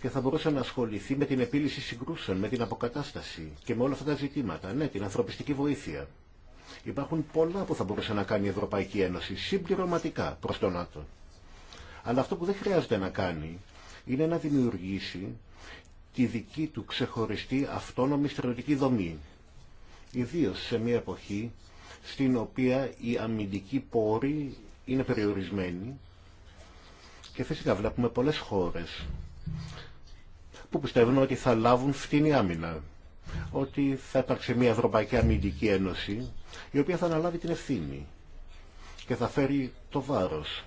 και θα μπορούσε να ασχοληθεί με την επίλυση συγκρούσεων, με την αποκατάσταση και με όλα αυτά τα ζητήματα, ναι, την ανθρωπιστική βοήθεια. Υπάρχουν πολλά που θα μπορούσε να κάνει η Ευρωπαϊκή Ένωση συμπληρωματικά προς τον ΝΑΤΟ. Αλλά αυτό που δεν χρειάζεται να κάνει είναι να δημιουργήσει τη δική του ξεχωριστή αυτόνομη στρατιωτική δομή. Ιδίω σε μια εποχή στην οποία οι αμυντικοί πόροι είναι περιορισμένοι και φυσικά βλέπουμε πολλές χώρες που πιστεύουν ότι θα λάβουν φτηνή άμυνα, ότι θα υπάρξει μια Ευρωπαϊκή Αμυντική Ένωση η οποία θα αναλάβει την ευθύνη και θα φέρει το βάρος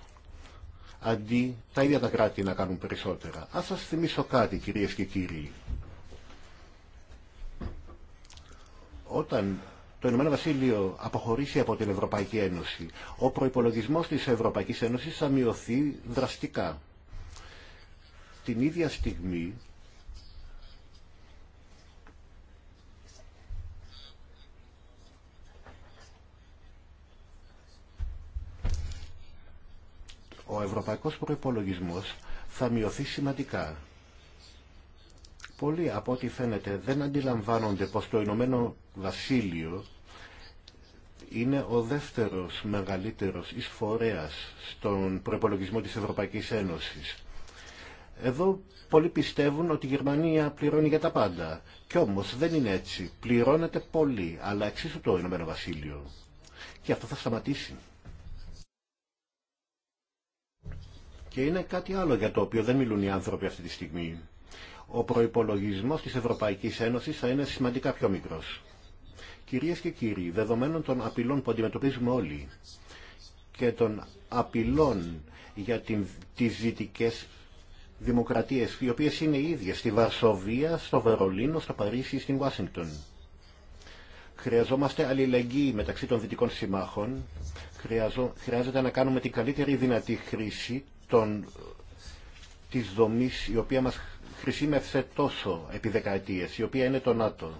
αντί τα ίδια τα κράτη να κάνουν περισσότερα. Ας σας θυμίσω κάτι κυρίες και κύριοι. Όταν το Ηνωμένο Βασίλειο αποχωρήσει από την Ευρωπαϊκή Ένωση, ο προϋπολογισμός της Ευρωπαϊκής Ένωσης θα μειωθεί δραστικά. Την ίδια στιγμή ο ευρωπαϊκός προϋπολογισμός θα μειωθεί σημαντικά. Πολλοί από ό,τι φαίνεται δεν αντιλαμβάνονται πως το Ηνωμένο Βασίλειο είναι ο δεύτερος μεγαλύτερος εισφορέας στον προπολογισμό της Ευρωπαϊκής Ένωσης. Εδώ πολλοί πιστεύουν ότι η Γερμανία πληρώνει για τα πάντα. Κι όμως δεν είναι έτσι. Πληρώνεται πολύ, αλλά εξίσου το Ηνωμένο Βασίλειο. Και αυτό θα σταματήσει. Και είναι κάτι άλλο για το οποίο δεν μιλούν οι άνθρωποι αυτή τη στιγμή ο προϋπολογισμός της Ευρωπαϊκής Ένωσης θα είναι σημαντικά πιο μικρός. Κυρίες και κύριοι, δεδομένων των απειλών που αντιμετωπίζουμε όλοι και των απειλών για την, τις δυτικές δημοκρατίες, οι οποίες είναι ίδιες στη Βαρσοβία, στο Βερολίνο, στο Παρίσι, στην Ουάσιγκτον. Χρειαζόμαστε αλληλεγγύη μεταξύ των δυτικών συμμάχων. Χρειάζεται να κάνουμε την καλύτερη δυνατή χρήση των, ε, της δομής η οποία μας χρησιμεύσε τόσο επί δεκαετίες, η οποία είναι το ΝΑΤΟ.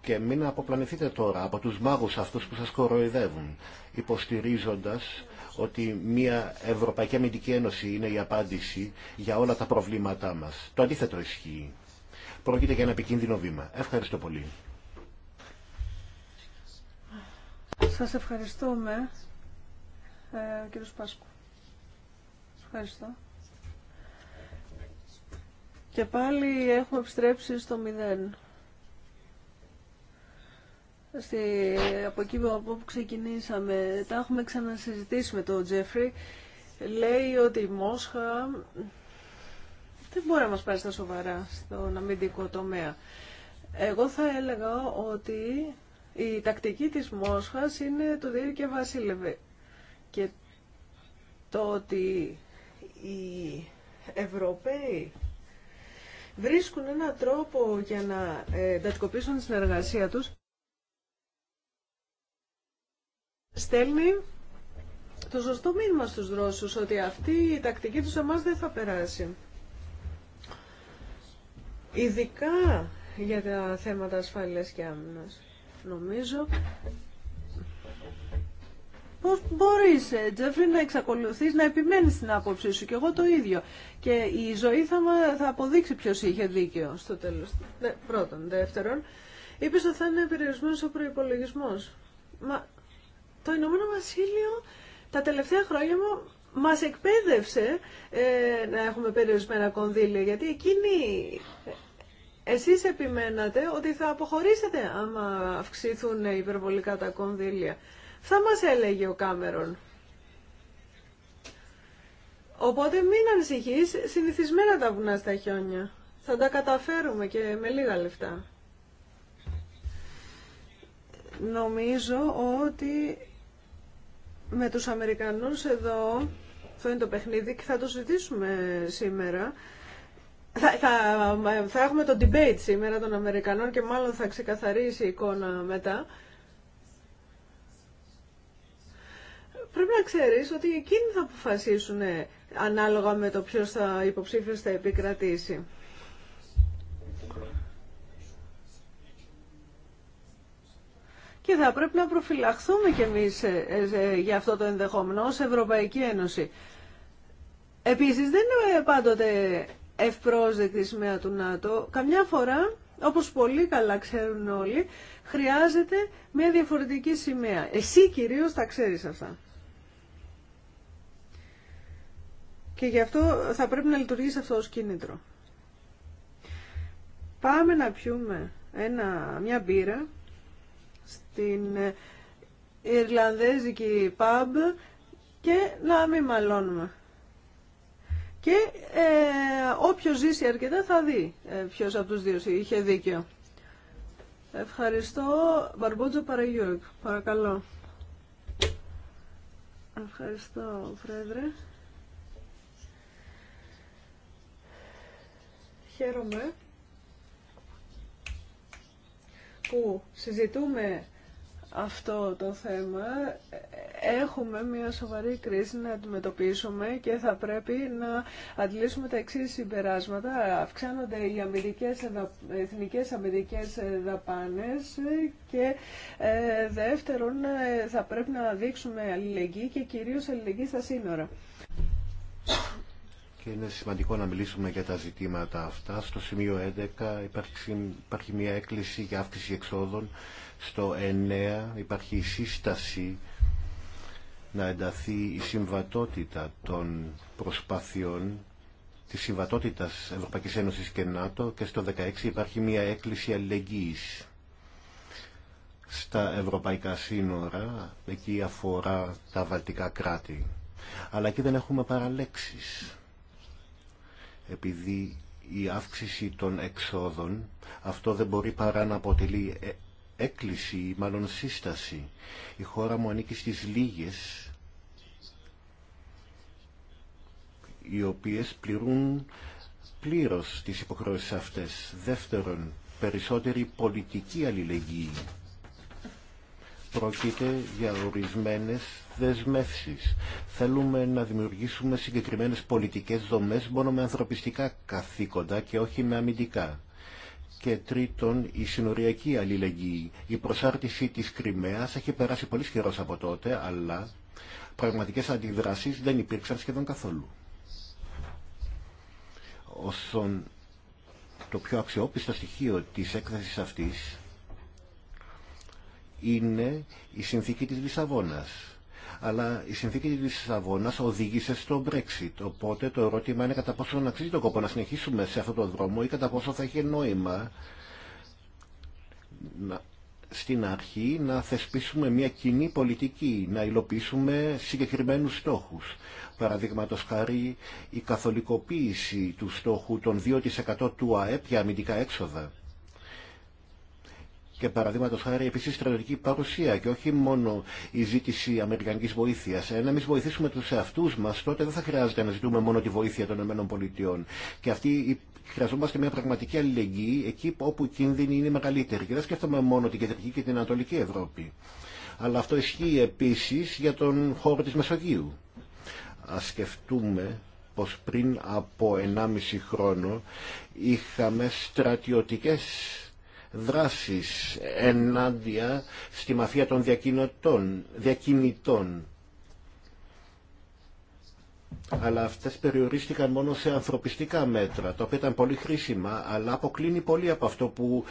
Και μην αποπλανηθείτε τώρα από τους μάγους αυτούς που σας κοροϊδεύουν, υποστηρίζοντας ότι μια Ευρωπαϊκή Αμυντική Ένωση είναι η απάντηση για όλα τα προβλήματά μας. Το αντίθετο ισχύει. Πρόκειται για ένα επικίνδυνο βήμα. Ευχαριστώ πολύ. Σας ευχαριστούμε, ε, κύριος Πάσκου. Ευχαριστώ. Και πάλι έχουμε επιστρέψει στο μηδέν. Στη, από εκεί που ξεκινήσαμε, τα έχουμε ξανασυζητήσει με τον Τζέφρι, λέει ότι η Μόσχα δεν μπορεί να μας πάρει στα σοβαρά στον αμυντικό τομέα. Εγώ θα έλεγα ότι η τακτική της Μόσχας είναι το Δίρι και Βασίλευε. Και το ότι οι Ευρωπαίοι βρίσκουν έναν τρόπο για να ε, εντατικοποιήσουν τη συνεργασία τους στέλνει το σωστό μήνυμα στους Ρώσους ότι αυτή η τακτική τους εμάς δεν θα περάσει. Ειδικά για τα θέματα ασφάλειας και άμυνας. Νομίζω Πώς μπορείς, ε, Τζέφρι, να εξακολουθείς να επιμένεις στην άποψή σου. Και εγώ το ίδιο. Και η ζωή θα, θα αποδείξει ποιος είχε δίκαιο στο τέλος. Δε, πρώτον. Δεύτερον, είπες ότι θα είναι περιορισμένος ο προπολογισμό. Μα το Ηνωμένο Βασίλειο τα τελευταία χρόνια μου μας εκπαίδευσε ε, να έχουμε περιορισμένα κονδύλια, γιατί εκείνη ε, εσείς επιμένατε ότι θα αποχωρήσετε άμα αυξηθούν υπερβολικά τα κονδύλια. Θα μας έλεγε ο Κάμερον. Οπότε μην ανησυχείς, συνηθισμένα τα βουνά στα χιόνια. Θα τα καταφέρουμε και με λίγα λεφτά. Νομίζω ότι με τους Αμερικανούς εδώ, αυτό είναι το παιχνίδι και θα το συζητήσουμε σήμερα, θα, θα, θα έχουμε το debate σήμερα των Αμερικανών και μάλλον θα ξεκαθαρίσει η εικόνα μετά. πρέπει να ξέρεις ότι εκείνοι θα αποφασίσουν ε, ανάλογα με το ποιος θα υποψήφιος θα επικρατήσει. Και θα πρέπει να προφυλαχθούμε κι εμείς ε, ε, για αυτό το ενδεχόμενο ως Ευρωπαϊκή Ένωση. Επίσης δεν είναι πάντοτε ευπρόσδεκτη σημαία του ΝΑΤΟ. Καμιά φορά, όπως πολύ καλά ξέρουν όλοι, χρειάζεται μια διαφορετική σημαία. Εσύ κυρίως τα ξέρεις αυτά. Και γι' αυτό θα πρέπει να λειτουργήσει αυτό ως κίνητρο. Πάμε να πιούμε ένα, μια μπύρα στην ε, Ιρλανδέζικη Παμπ και να μην μαλώνουμε. Και ε, όποιος ζήσει αρκετά θα δει ε, ποιος από τους δύο είχε δίκιο. Ευχαριστώ. Μπαρμπότζο Παραγιούρκ. Παρακαλώ. Ευχαριστώ, Φρέδρε. Χαίρομαι που συζητούμε αυτό το θέμα. Έχουμε μια σοβαρή κρίση να αντιμετωπίσουμε και θα πρέπει να αντλήσουμε τα εξή συμπεράσματα. Αυξάνονται οι εθνικέ εθνικές δαπάνε. δαπάνες και ε, δεύτερον ε, θα πρέπει να δείξουμε αλληλεγγύη και κυρίως αλληλεγγύη στα σύνορα είναι σημαντικό να μιλήσουμε για τα ζητήματα αυτά. Στο σημείο 11 υπάρχει, υπάρχει μια έκκληση για αύξηση εξόδων. Στο 9 υπάρχει η σύσταση να ενταθεί η συμβατότητα των προσπάθειων της συμβατότητας Ευρωπαϊκής Ένωσης και ΝΑΤΟ και στο 16 υπάρχει μια έκκληση αλληλεγγύης στα ευρωπαϊκά σύνορα, εκεί αφορά τα βαλτικά κράτη. Αλλά εκεί δεν έχουμε παραλέξεις επειδή η αύξηση των εξόδων αυτό δεν μπορεί παρά να αποτελεί ε, έκκληση ή μάλλον σύσταση. Η χώρα μου ανήκει στις λίγες οι οποίες πληρούν πλήρως τις υποχρεώσεις αυτές. Δεύτερον, περισσότερη πολιτική αλληλεγγύη πρόκειται για ορισμένες δεσμεύσεις. Θέλουμε να δημιουργήσουμε συγκεκριμένες πολιτικές δομές μόνο με ανθρωπιστικά καθήκοντα και όχι με αμυντικά. Και τρίτον, η συνοριακή αλληλεγγύη. Η προσάρτηση της Κρυμαίας έχει περάσει πολύ καιρός από τότε, αλλά πραγματικές αντιδράσεις δεν υπήρξαν σχεδόν καθόλου. Όσον το πιο αξιόπιστο στοιχείο της έκθεσης αυτής είναι η συνθήκη της Λισαβόνας. Αλλά η συνθήκη της Λισαβόνας οδήγησε στο Brexit. Οπότε το ερώτημα είναι κατά πόσο να αξίζει το κόπο να συνεχίσουμε σε αυτό το δρόμο ή κατά πόσο θα έχει νόημα στην αρχή να θεσπίσουμε μια κοινή πολιτική, να υλοποιήσουμε συγκεκριμένους στόχους. Παραδείγματος χάρη η καθολικοποίηση του στόχου των 2% του ΑΕΠ για αμυντικά έξοδα και παραδείγματο χάρη επίση στρατιωτική παρουσία και όχι μόνο η ζήτηση αμερικανική βοήθεια. Εάν εμεί βοηθήσουμε του εαυτού μα, τότε δεν θα χρειάζεται να ζητούμε μόνο τη βοήθεια των ΗΠΑ. Και αυτή χρειαζόμαστε μια πραγματική αλληλεγγύη εκεί όπου οι κίνδυνοι είναι μεγαλύτεροι. Και δεν σκέφτομαι μόνο την κεντρική και την ανατολική Ευρώπη. Αλλά αυτό ισχύει επίση για τον χώρο τη Μεσογείου. Α σκεφτούμε πω πριν από 1,5 χρόνο είχαμε στρατιωτικέ δράσεις ενάντια στη μαφία των διακινητών. Αλλά αυτές περιορίστηκαν μόνο σε ανθρωπιστικά μέτρα, τα οποία ήταν πολύ χρήσιμα, αλλά αποκλίνει πολύ από αυτό που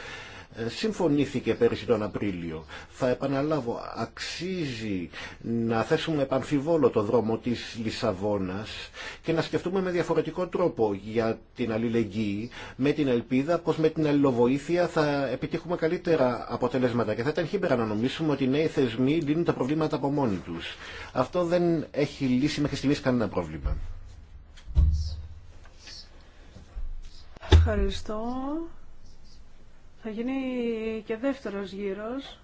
συμφωνήθηκε πέρυσι τον Απρίλιο. Θα επαναλάβω, αξίζει να θέσουμε επαμφιβόλο το δρόμο της Λισαβόνας και να σκεφτούμε με διαφορετικό τρόπο για την αλληλεγγύη, με την ελπίδα πως με την αλληλοβοήθεια θα επιτύχουμε καλύτερα αποτελέσματα και θα ήταν χύμπερα να νομίσουμε ότι οι νέοι θεσμοί λύνουν τα προβλήματα από μόνοι τους. Αυτό δεν έχει λύσει μέχρι στιγμής κανένα πρόβλημα. Ευχαριστώ. Θα γίνει και δεύτερος γύρος.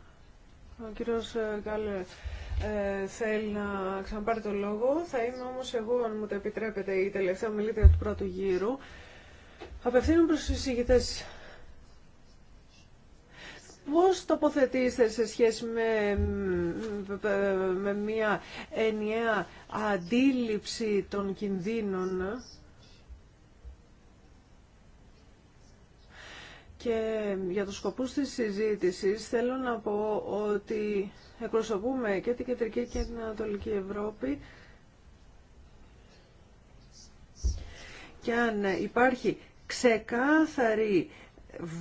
Ο κύριος ε, Γκάλε ε, θέλει να ξαναπάρει το λόγο. Θα είμαι όμως εγώ, αν μου το επιτρέπετε, η τελευταία μιλήτρια του πρώτου γύρου. Απευθύνω προς τους εισηγητές. Πώς τοποθετήσετε σε σχέση με, ε, με μια ενιαία αντίληψη των κινδύνων Και για τους σκοπούς της συζήτησης θέλω να πω ότι εκπροσωπούμε και την Κεντρική και την Ανατολική Ευρώπη και αν υπάρχει ξεκάθαρη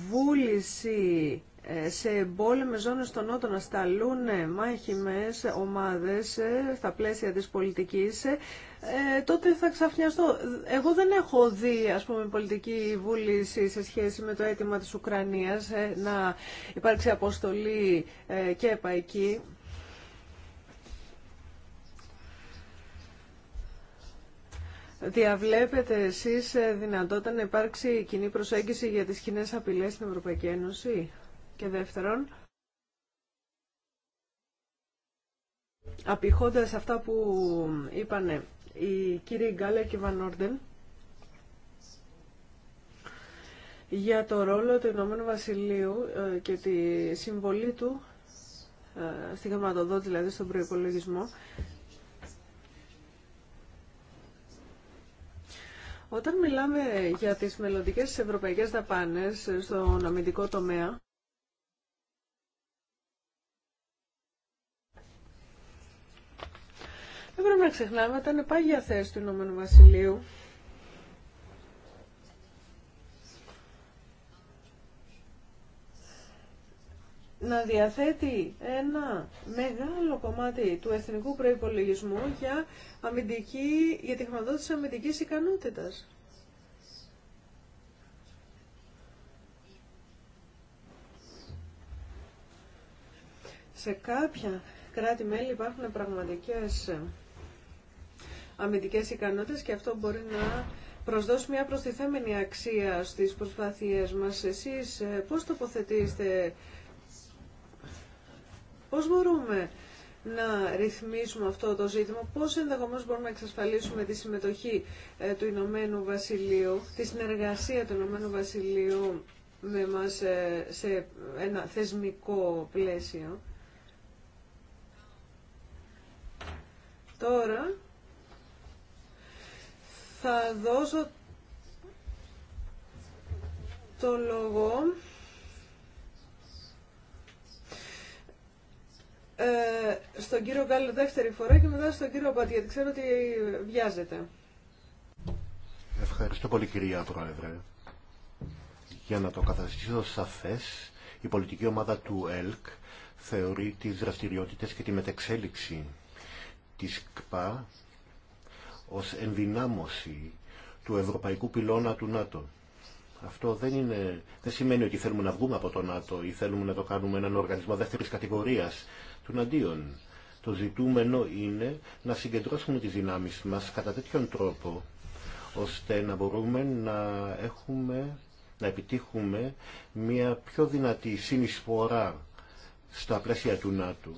βούληση ε, σε εμπόλεμες ζώνες στον Νότο να σταλούν μάχημες ομάδες ε, στα πλαίσια της πολιτικής ε, ε, τότε θα ξαφνιαστώ. Εγώ δεν έχω δει, ας πούμε, πολιτική βούληση σε σχέση με το αίτημα της Ουκρανίας ε, να υπάρξει αποστολή ε, και επαϊκή. Διαβλέπετε εσείς ε, δυνατότητα να υπάρξει κοινή προσέγγιση για τις κοινέ απειλές στην Ευρωπαϊκή Ένωση. Και δεύτερον, απηχώντας αυτά που είπανε η κύριοι Γκάλα και Βανόρντεν για το ρόλο του Ηνωμένου Βασιλείου ε, και τη συμβολή του ε, στη χρηματοδότηση, δηλαδή στον προϋπολογισμό. Όταν μιλάμε για τις μελλοντικές ευρωπαϊκές δαπάνες ε, στον αμυντικό τομέα, Δεν πρέπει να ξεχνάμε, ήταν πάγια θέση του Ηνωμένου Βασιλείου. να διαθέτει ένα μεγάλο κομμάτι του εθνικού προϋπολογισμού για, για τη χρηματοδότηση αμυντικής ικανότητας. Σε κάποια κράτη-μέλη υπάρχουν πραγματικές αμυντικές ικανότητες και αυτό μπορεί να προσδώσει μια προστιθέμενη αξία στις προσπάθειές μας. Εσείς ε, πώς τοποθετήσετε, πώς μπορούμε να ρυθμίσουμε αυτό το ζήτημα, πώς ενδεχομένως μπορούμε να εξασφαλίσουμε τη συμμετοχή ε, του Ηνωμένου Βασιλείου, τη συνεργασία του Ηνωμένου Βασιλείου με εμάς ε, σε ένα θεσμικό πλαίσιο. Τώρα, θα δώσω το λόγο ε, στον κύριο Γκάλλο δεύτερη φορά και μετά στον κύριο Απάτη, γιατί ξέρω ότι βιάζεται. Ευχαριστώ πολύ κυρία Πρόεδρε. Για να το καταστήσω σαφές, η πολιτική ομάδα του ΕΛΚ θεωρεί τις δραστηριότητες και τη μετεξέλιξη της ΚΠΑ ως ενδυνάμωση του ευρωπαϊκού πυλώνα του ΝΑΤΟ. Αυτό δεν, είναι, δεν σημαίνει ότι θέλουμε να βγούμε από το ΝΑΤΟ ή θέλουμε να το κάνουμε έναν οργανισμό δεύτερης κατηγορίας του αντίον. Το ζητούμενο είναι να συγκεντρώσουμε τις δυνάμεις μας κατά τέτοιον τρόπο ώστε να μπορούμε να έχουμε να επιτύχουμε μια πιο δυνατή συνεισφορά στα πλαίσια του ΝΑΤΟ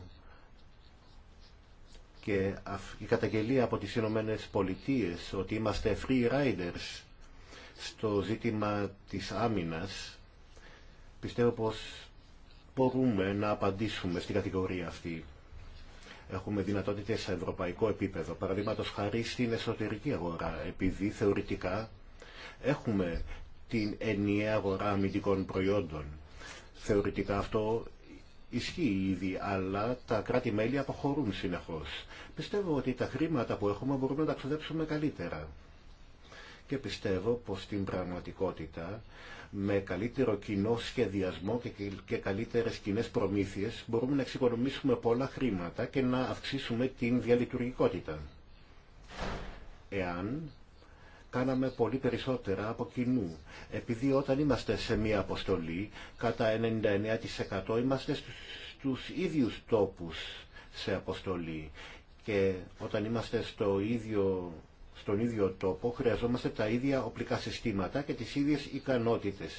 και η καταγγελία από τις Ηνωμένε Πολιτείε, ότι είμαστε free riders στο ζήτημα της άμυνας πιστεύω πως μπορούμε να απαντήσουμε στην κατηγορία αυτή. Έχουμε δυνατότητες σε ευρωπαϊκό επίπεδο, παραδείγματος χαρί στην εσωτερική αγορά, επειδή θεωρητικά έχουμε την ενιαία αγορά αμυντικών προϊόντων. Θεωρητικά αυτό ισχύει ήδη, αλλά τα κράτη-μέλη αποχωρούν συνεχώς. Πιστεύω ότι τα χρήματα που έχουμε μπορούμε να τα ξοδέψουμε καλύτερα. Και πιστεύω πως στην πραγματικότητα με καλύτερο κοινό σχεδιασμό και καλύτερες κοινέ προμήθειες μπορούμε να εξοικονομήσουμε πολλά χρήματα και να αυξήσουμε την διαλειτουργικότητα. Εάν κάναμε πολύ περισσότερα από κοινού. Επειδή όταν είμαστε σε μία αποστολή, κατά 99% είμαστε στους ίδιους τόπους σε αποστολή. Και όταν είμαστε στο ίδιο, στον ίδιο τόπο, χρειαζόμαστε τα ίδια οπλικά συστήματα και τις ίδιες ικανότητες.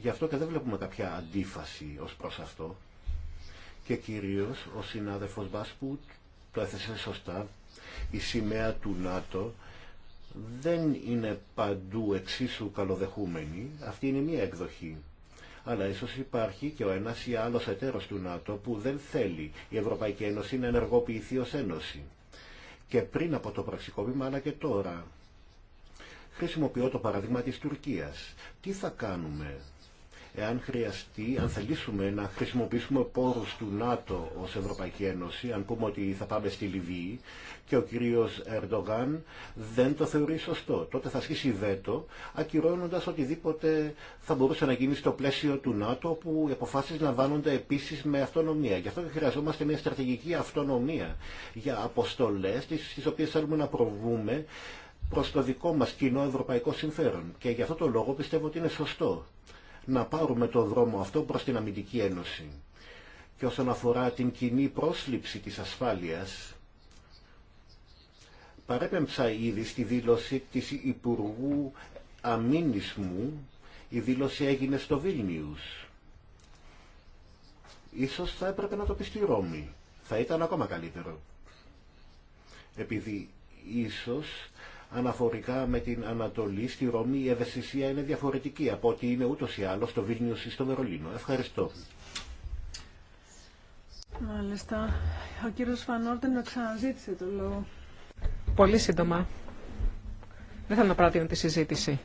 Γι' αυτό και δεν βλέπουμε κάποια αντίφαση ως προς αυτό. Και κυρίως ο συνάδελφος Μπάσπουτ το έθεσε σωστά, η σημαία του ΝΑΤΟ δεν είναι παντού εξίσου καλοδεχούμενη, Αυτή είναι μία εκδοχή. Αλλά ίσω υπάρχει και ο ένα ή άλλος εταίρο του ΝΑΤΟ που δεν θέλει η Ευρωπαϊκή Ένωση να ενεργοποιηθεί ω Ένωση. Και πριν από το πραξικόπημα, αλλά και τώρα. Χρησιμοποιώ το παραδείγμα της Τουρκίας. Τι θα κάνουμε εάν χρειαστεί, αν θελήσουμε να χρησιμοποιήσουμε πόρους του ΝΑΤΟ ως Ευρωπαϊκή Ένωση, αν πούμε ότι θα πάμε στη Λιβύη και ο κύριος Ερντογάν δεν το θεωρεί σωστό. Τότε θα ασκήσει βέτο, ακυρώνοντας οτιδήποτε θα μπορούσε να γίνει στο πλαίσιο του ΝΑΤΟ, που οι αποφάσεις λαμβάνονται επίσης με αυτονομία. Γι' αυτό και χρειαζόμαστε μια στρατηγική αυτονομία για αποστολές, τις οποίες θέλουμε να προβούμε, προς το δικό μας κοινό ευρωπαϊκό συμφέρον. Και γι' αυτό το λόγο πιστεύω ότι είναι σωστό να πάρουμε το δρόμο αυτό προς την αμυντική ένωση. Και όσον αφορά την κοινή πρόσληψη της ασφάλειας, παρέπεμψα ήδη στη δήλωση της Υπουργού Αμήνισμου. η δήλωση έγινε στο Βίλνιους. Ίσως θα έπρεπε να το πει στη Ρώμη. Θα ήταν ακόμα καλύτερο. Επειδή ίσως αναφορικά με την Ανατολή, στη Ρώμη, η ευαισθησία είναι διαφορετική από ό,τι είναι ούτως ή άλλως στο Βίλνιος ή στο Βερολίνο. Ευχαριστώ. Μάλιστα. Ο κύριος Φανόρτεν ξαναζήτησε το λόγο. Πολύ σύντομα. Δεν θα να τη συζήτηση.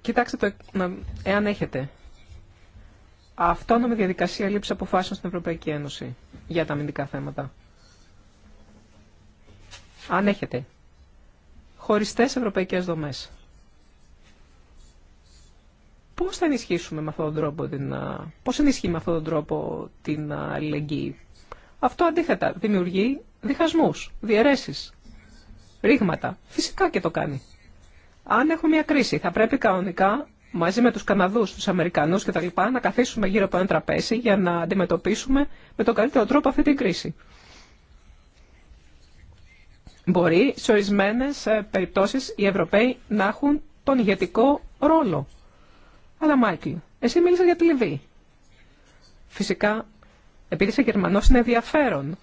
Κοιτάξτε το, εάν έχετε αυτόνομη διαδικασία λήψη αποφάσεων στην Ευρωπαϊκή Ένωση για τα αμυντικά θέματα. Αν έχετε χωριστές ευρωπαϊκές δομές, πώς θα ενισχύσουμε με αυτόν τον τρόπο την, πώς ενισχύει με αυτόν τον τρόπο την αλληλεγγύη. Αυτό αντίθετα δημιουργεί διχασμούς, διαιρέσεις, ρήγματα. Φυσικά και το κάνει. Αν έχουμε μια κρίση, θα πρέπει κανονικά μαζί με τους Καναδούς, τους Αμερικανούς λοιπά να καθίσουμε γύρω από ένα τραπέζι για να αντιμετωπίσουμε με τον καλύτερο τρόπο αυτή την κρίση. Μπορεί σε ορισμένε περιπτώσει οι Ευρωπαίοι να έχουν τον ηγετικό ρόλο. Αλλά Μάικλ, εσύ μίλησε για τη Λιβύη. Φυσικά, επειδή είσαι Γερμανό, είναι ενδιαφέρον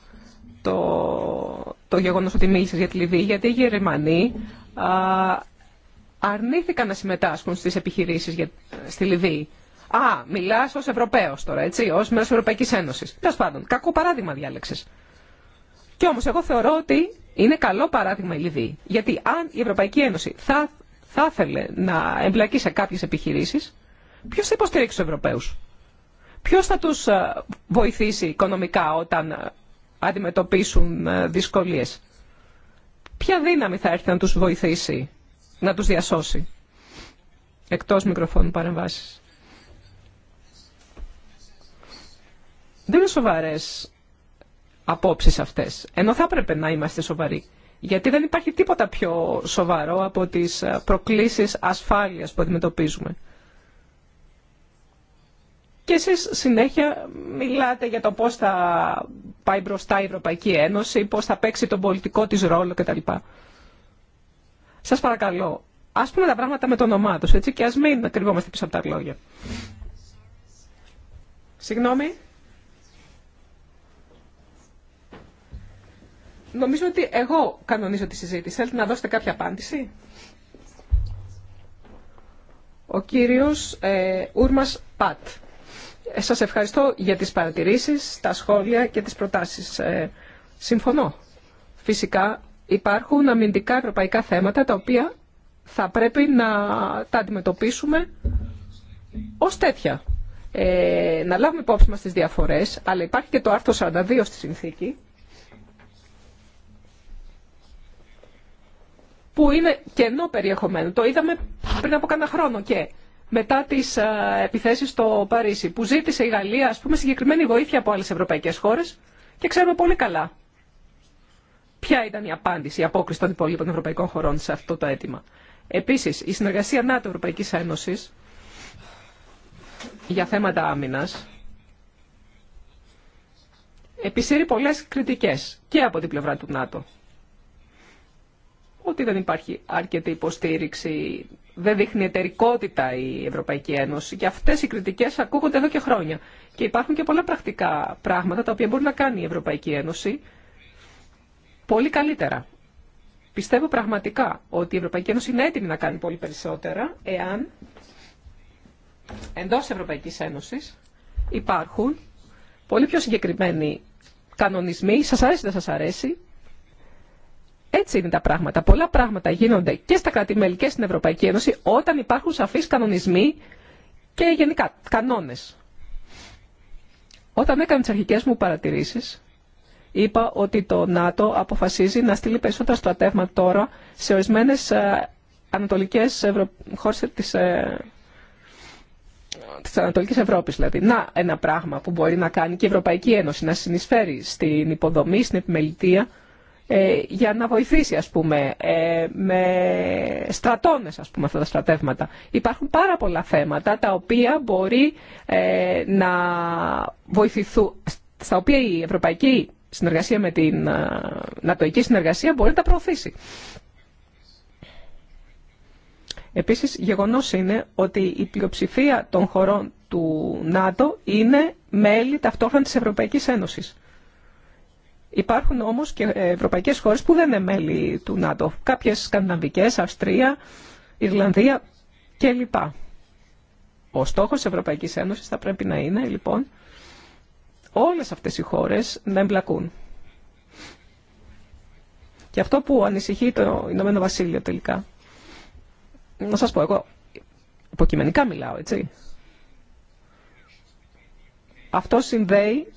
το, το ότι μιλησε για τη Λιβύη, γιατί οι Γερμανοί αρνήθηκαν να συμμετάσχουν στις επιχειρήσεις για, στη Λιβύη. Α, μιλάς ως Ευρωπαίος τώρα, έτσι, ως μέλος Ευρωπαϊκής Ένωσης. Τέλος πάντων, κακό παράδειγμα διάλεξες. Και όμως εγώ θεωρώ ότι είναι καλό παράδειγμα η Λιβύη. Γιατί αν η Ευρωπαϊκή Ένωση θα, θα ήθελε να εμπλακεί σε κάποιες επιχειρήσεις, ποιος θα υποστηρίξει τους Ευρωπαίους. Ποιος θα τους ε, βοηθήσει οικονομικά όταν ε, αντιμετωπίσουν ε, δυσκολίες. Ποια δύναμη θα έρθει να τους βοηθήσει να τους διασώσει. Εκτός μικροφώνου παρεμβάσεις. Δεν είναι σοβαρές απόψεις αυτές, ενώ θα έπρεπε να είμαστε σοβαροί. Γιατί δεν υπάρχει τίποτα πιο σοβαρό από τις ε, προκλήσεις ασφάλειας που αντιμετωπίζουμε. Και εσείς συνέχεια μιλάτε για το πώς θα πάει μπροστά η Ευρωπαϊκή Ένωση, πώς θα παίξει τον πολιτικό της ρόλο κτλ. Σας παρακαλώ, ας πούμε τα πράγματα με το όνομά έτσι, και ας μην κρυβόμαστε πίσω από τα λόγια. Συγγνώμη. Νομίζω ότι εγώ κανονίζω τη συζήτηση. Θέλετε να δώσετε κάποια απάντηση. Ο κύριος ε, Ούρμας Πατ. Ε, σας ευχαριστώ για τις παρατηρήσεις, τα σχόλια και τις προτάσεις. Ε, συμφωνώ. Φυσικά υπάρχουν αμυντικά ευρωπαϊκά θέματα τα οποία θα πρέπει να τα αντιμετωπίσουμε ως τέτοια. Ε, να λάβουμε υπόψη μας τις διαφορές, αλλά υπάρχει και το άρθρο 42 στη συνθήκη, που είναι κενό περιεχομένο. Το είδαμε πριν από κάνα χρόνο και μετά τις ε, επιθέσεις στο Παρίσι, που ζήτησε η Γαλλία, ας πούμε, συγκεκριμένη βοήθεια από άλλες ευρωπαϊκές χώρες και ξέρουμε πολύ καλά Ποια ήταν η απάντηση, η απόκριση των υπόλοιπων ευρωπαϊκών χωρών σε αυτό το αίτημα. Επίση, η συνεργασία Ευρωπαϊκής Ένωση για θέματα άμυνα επισύρει πολλέ κριτικέ και από την πλευρά του ΝΑΤΟ. Ότι δεν υπάρχει αρκετή υποστήριξη, δεν δείχνει εταιρικότητα η Ευρωπαϊκή Ένωση και αυτέ οι κριτικέ ακούγονται εδώ και χρόνια. Και υπάρχουν και πολλά πρακτικά πράγματα τα οποία μπορεί να κάνει η Ευρωπαϊκή Ένωση πολύ καλύτερα. Πιστεύω πραγματικά ότι η Ευρωπαϊκή Ένωση είναι έτοιμη να κάνει πολύ περισσότερα εάν εντός Ευρωπαϊκής Ένωσης υπάρχουν πολύ πιο συγκεκριμένοι κανονισμοί, σας αρέσει ή δεν σας αρέσει, έτσι είναι τα πράγματα. Πολλά πράγματα γίνονται και στα κρατη και στην Ευρωπαϊκή Ένωση όταν υπάρχουν σαφείς κανονισμοί και γενικά κανόνες. Όταν έκανα τις αρχικές μου παρατηρήσεις, είπα ότι το ΝΑΤΟ αποφασίζει να στείλει περισσότερα στρατεύματα τώρα σε ορισμένε ανατολικέ Ευρω... χώρε τη ε, της Ανατολικής Ευρώπης δηλαδή. Να ένα πράγμα που μπορεί να κάνει και η Ευρωπαϊκή Ένωση να συνεισφέρει στην υποδομή, στην επιμελητία ε, για να βοηθήσει ας πούμε ε, με στρατώνες ας πούμε αυτά τα στρατεύματα. Υπάρχουν πάρα πολλά θέματα τα οποία μπορεί να βοηθηθούν, στα οποία η Ευρωπαϊκή συνεργασία με την νατοϊκή συνεργασία μπορεί να τα προωθήσει. Επίσης, γεγονός είναι ότι η πλειοψηφία των χωρών του ΝΑΤΟ είναι μέλη ταυτόχρονα της Ευρωπαϊκής Ένωσης. Υπάρχουν όμως και ευρωπαϊκές χώρες που δεν είναι μέλη του ΝΑΤΟ. Κάποιες σκανδιναβικές, Αυστρία, Ιρλανδία κλπ. Ο στόχος της Ευρωπαϊκής Ένωσης θα πρέπει να είναι, λοιπόν, όλες αυτές οι χώρες να εμπλακούν. Και αυτό που ανησυχεί το Ηνωμένο Βασίλειο τελικά. Να σας πω, εγώ υποκειμενικά μιλάω, έτσι. Αυτό συνδέει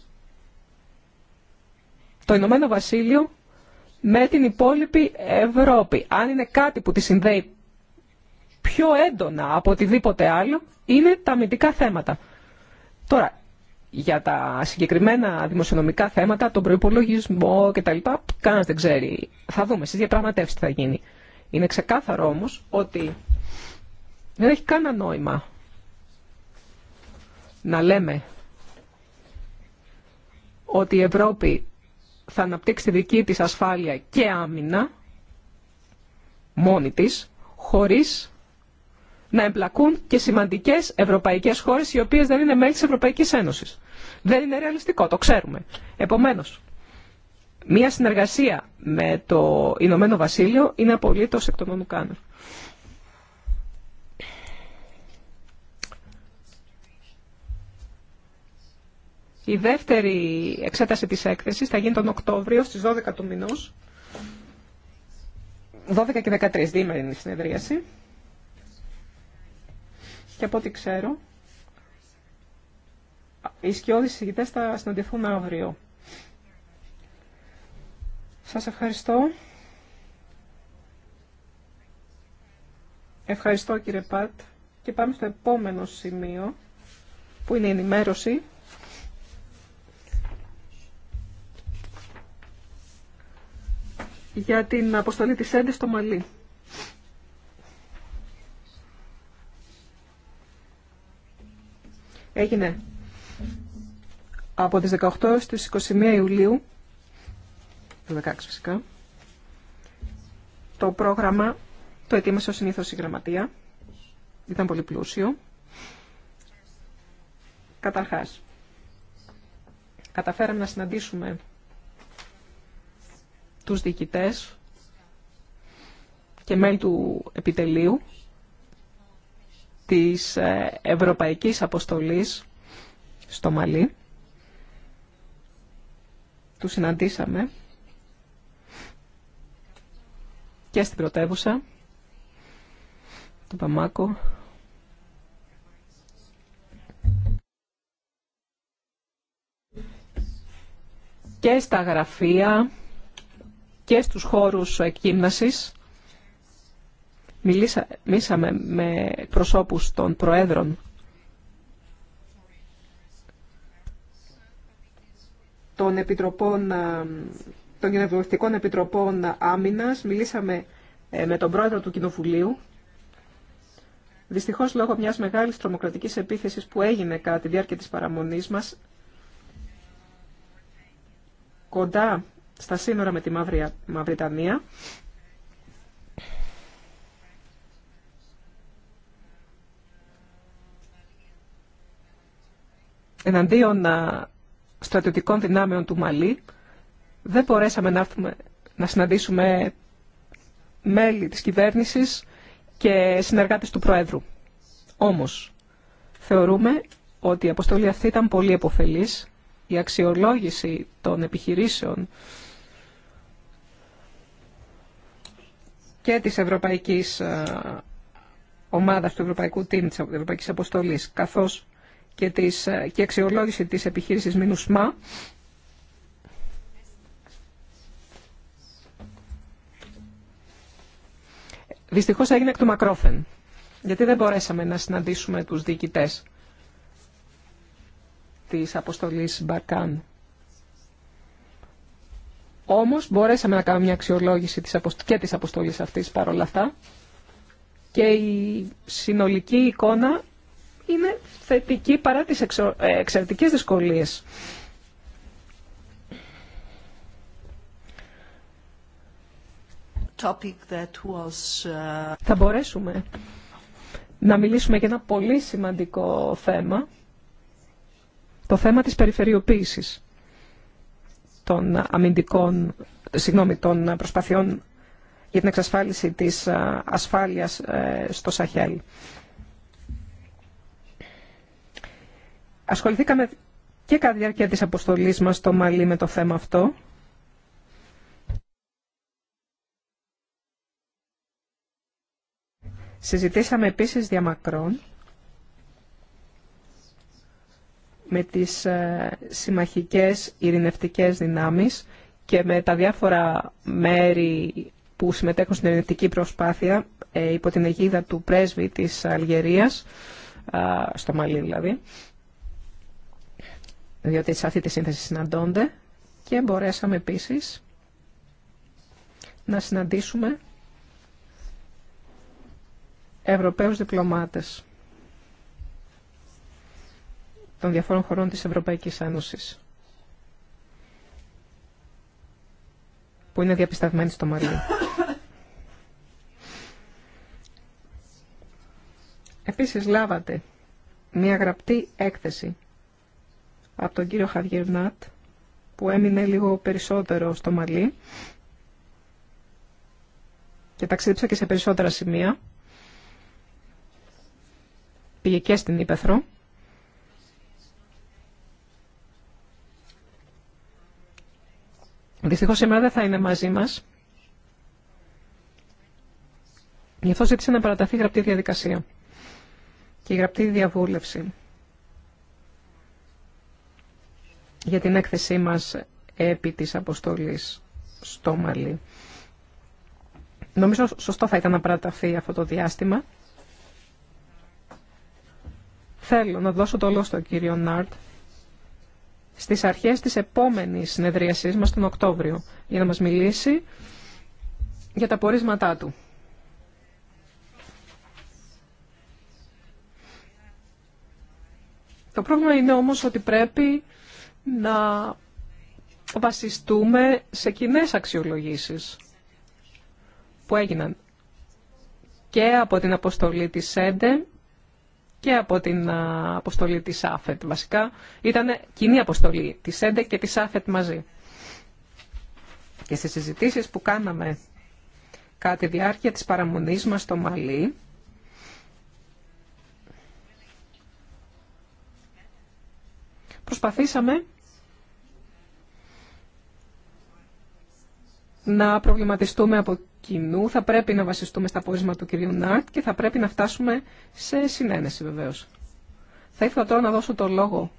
το Ηνωμένο Βασίλειο με την υπόλοιπη Ευρώπη. Αν είναι κάτι που τη συνδέει πιο έντονα από οτιδήποτε άλλο, είναι τα αμυντικά θέματα. Τώρα, για τα συγκεκριμένα δημοσιονομικά θέματα, τον προπολογισμό κτλ. Κανένα δεν ξέρει. Θα δούμε στι διαπραγματεύσει τι θα γίνει. Είναι ξεκάθαρο όμω ότι δεν έχει κανένα νόημα να λέμε ότι η Ευρώπη θα αναπτύξει τη δική της ασφάλεια και άμυνα μόνη της, χωρίς να εμπλακούν και σημαντικέ ευρωπαϊκέ χώρε οι οποίε δεν είναι μέλη τη Ευρωπαϊκή Ένωση. Δεν είναι ρεαλιστικό, το ξέρουμε. Επομένω, μία συνεργασία με το Ηνωμένο Βασίλειο είναι απολύτω εκ των ονουκάνων. Η δεύτερη εξέταση της έκθεσης θα γίνει τον Οκτώβριο στις 12 του μηνός. 12 και 13 η συνεδρίαση. Και από ό,τι ξέρω, οι σκιώδεις συζητητές θα συναντηθούν αύριο. Σας ευχαριστώ. Ευχαριστώ κύριε Πατ. Και πάμε στο επόμενο σημείο, που είναι η ενημέρωση. για την αποστολή της έντες στο Μαλί. έγινε από τις 18 στις 21 Ιουλίου, το 16 φυσικά, το πρόγραμμα το ετοίμασε ο συνήθως η γραμματεία, ήταν πολύ πλούσιο. Καταρχάς, καταφέραμε να συναντήσουμε τους διοικητές και μέλη του επιτελείου της ε, Ευρωπαϊκής Αποστολής στο Μαλί. Του συναντήσαμε και στην πρωτεύουσα, του Παμάκο. και στα γραφεία και στους χώρους εκγύμνασης μιλήσαμε με προσώπους των προέδρων των, επιτροπών, των Κοινοβουλευτικών Επιτροπών Άμυνας, μιλήσαμε ε, με τον πρόεδρο του Κοινοβουλίου. Δυστυχώς, λόγω μιας μεγάλης τρομοκρατικής επίθεσης που έγινε κατά τη διάρκεια της παραμονής μας, κοντά στα σύνορα με τη Μαυριτανία, εναντίον στρατιωτικών δυνάμεων του Μαλή, δεν μπορέσαμε να, να συναντήσουμε μέλη της κυβέρνησης και συνεργάτες του Προέδρου. Όμως, θεωρούμε ότι η αποστολή αυτή ήταν πολύ επωφελής. Η αξιολόγηση των επιχειρήσεων και της Ευρωπαϊκής Ομάδας του Ευρωπαϊκού Τίμ της Ευρωπαϊκής Αποστολής, καθώς και, της, και αξιολόγηση της επιχείρησης Μινουσμά. Δυστυχώς έγινε εκ του μακρόφεν, γιατί δεν μπορέσαμε να συναντήσουμε τους διοικητές της αποστολής Μπαρκάν. Όμως μπορέσαμε να κάνουμε μια αξιολόγηση και της αποστολής αυτής παρόλα αυτά και η συνολική εικόνα είναι θετική παρά τις ε, εξαιρετικές δυσκολίες. Topic that uh, Θα μπορέσουμε να μιλήσουμε για ένα πολύ σημαντικό θέμα, το θέμα της περιφερειοποίησης των αμυντικών, συγγνώμη, των προσπαθειών για την εξασφάλιση της ε, ασφάλειας ε, στο Σαχέλ. Ασχοληθήκαμε και κατά τη διάρκεια της αποστολής μας στο Μαλί με το θέμα αυτό. Συζητήσαμε επίσης διαμακρών με τις ε, συμμαχικές ειρηνευτικές δυνάμεις και με τα διάφορα μέρη που συμμετέχουν στην ειρηνευτική προσπάθεια ε, υπό την αιγίδα του πρέσβη της Αλγερίας, στο Μαλί δηλαδή διότι σε αυτή τη σύνθεση συναντώνται και μπορέσαμε επίσης να συναντήσουμε Ευρωπαίους διπλωμάτες των διαφόρων χωρών της Ευρωπαϊκής Ένωσης που είναι διαπισταυμένοι στο Μαρίο. Επίσης λάβατε μια γραπτή έκθεση από τον κύριο Χαβιερνάτ που έμεινε λίγο περισσότερο στο Μαλί και ταξίδεψα και σε περισσότερα σημεία. Πήγε και στην Ήπεθρο. Δυστυχώς σήμερα δεν θα είναι μαζί μας. Γι' αυτό ζήτησε να παραταθεί γραπτή διαδικασία και η γραπτή διαβούλευση. για την έκθεσή μας επί της αποστολής στο Μαλί. Νομίζω σωστό θα ήταν να παραταθεί αυτό το διάστημα. Θέλω να δώσω το λόγο στον κύριο Νάρτ στις αρχές της επόμενης συνεδρίασής μας τον Οκτώβριο για να μας μιλήσει για τα πορίσματά του. Το πρόβλημα είναι όμως ότι πρέπει να βασιστούμε σε κοινέ αξιολογήσεις που έγιναν και από την αποστολή της ΣΕΝΤΕ και από την αποστολή της ΑΦΕΤ. Βασικά ήταν κοινή αποστολή της ΣΕΝΤΕ και της ΑΦΕΤ μαζί. Και στις συζητήσεις που κάναμε κατά τη διάρκεια της παραμονής μας στο Μαλή προσπαθήσαμε να προβληματιστούμε από κοινού, θα πρέπει να βασιστούμε στα πόρισμα του κυρίου Νάρτ και θα πρέπει να φτάσουμε σε συνένεση βεβαίως. Θα ήθελα τώρα να δώσω το λόγο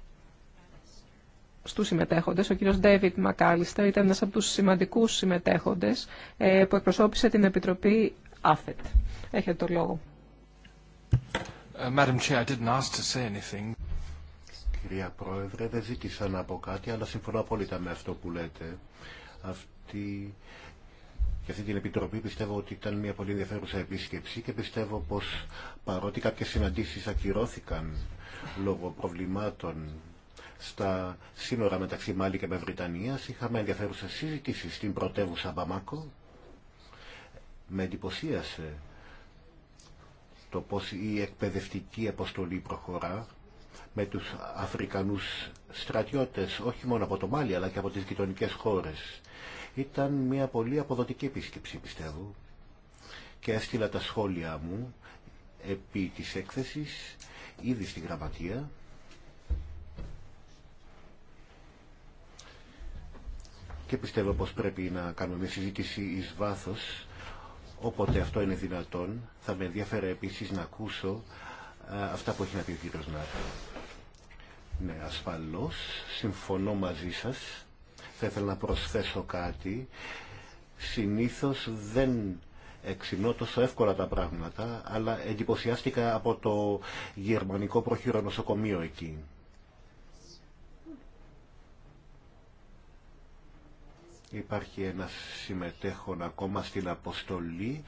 στους συμμετέχοντες. Ο κύριος Ντέιβιτ Μακάλιστερ ήταν ένας από τους σημαντικούς συμμετέχοντες ε, που εκπροσώπησε την Επιτροπή ΑΦΕΤ. Έχετε το λόγο. Ε, Κυρία Πρόεδρε, δεν ζήτησα να πω κάτι, αλλά συμφωνώ απόλυτα με αυτό που λέτε. Αυτό αυτή, αυτή την επιτροπή. Πιστεύω ότι ήταν μια πολύ ενδιαφέρουσα επίσκεψη και πιστεύω πως παρότι κάποιες συναντήσεις ακυρώθηκαν λόγω προβλημάτων στα σύνορα μεταξύ Μάλι και με Βρυτανίας, είχαμε ενδιαφέρουσα συζήτηση στην πρωτεύουσα Μπαμάκο. Με εντυπωσίασε το πως η εκπαιδευτική αποστολή προχωρά με τους Αφρικανούς στρατιώτες όχι μόνο από το Μάλι αλλά και από τις γειτονικέ χώρες ήταν μια πολύ αποδοτική επίσκεψη πιστεύω και έστειλα τα σχόλια μου επί της έκθεσης ήδη στη γραμματεία και πιστεύω πως πρέπει να κάνουμε μια συζήτηση εις βάθος όποτε αυτό είναι δυνατόν θα με ενδιαφέρει επίσης να ακούσω ε, αυτά που έχει να πει ο κύριος Νάρ. Ναι, ασφαλώς, συμφωνώ μαζί σας θα ήθελα να προσθέσω κάτι. Συνήθως δεν εξυμνώ τόσο εύκολα τα πράγματα, αλλά εντυπωσιάστηκα από το γερμανικό προχείρο νοσοκομείο εκεί. Υπάρχει ένα συμμετέχον ακόμα στην αποστολή,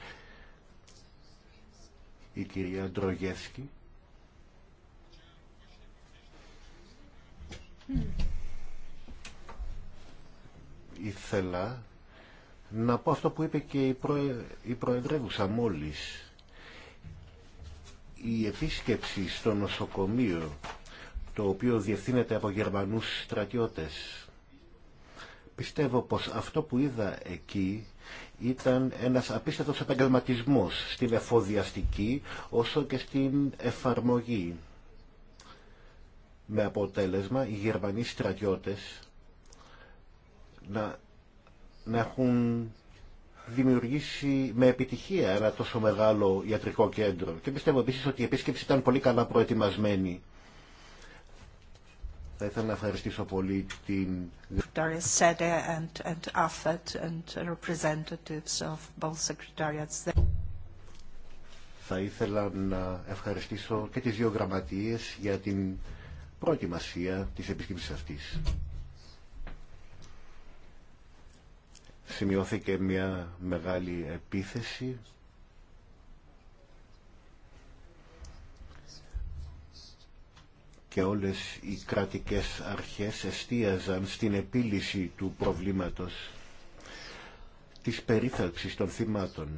η κυρία Ντρογεύσκη ήθελα να πω αυτό που είπε και η, προε... η Προεδρεύουσα μόλις. Η επίσκεψη στο νοσοκομείο, το οποίο διευθύνεται από Γερμανούς στρατιώτες, πιστεύω πως αυτό που είδα εκεί ήταν ένας απίστευτος επαγγελματισμός στην εφοδιαστική όσο και στην εφαρμογή. Με αποτέλεσμα οι Γερμανοί στρατιώτες να, να έχουν δημιουργήσει με επιτυχία ένα τόσο μεγάλο ιατρικό κέντρο. Και πιστεύω επίσης ότι η επίσκεψη ήταν πολύ καλά προετοιμασμένη. Θα ήθελα να ευχαριστήσω πολύ την... Θα ήθελα να ευχαριστήσω και τις δύο γραμματείες για την προετοιμασία της επίσκεψης αυτής. σημειώθηκε μια μεγάλη επίθεση και όλες οι κρατικές αρχές εστίαζαν στην επίλυση του προβλήματος της περίθαλψης των θυμάτων.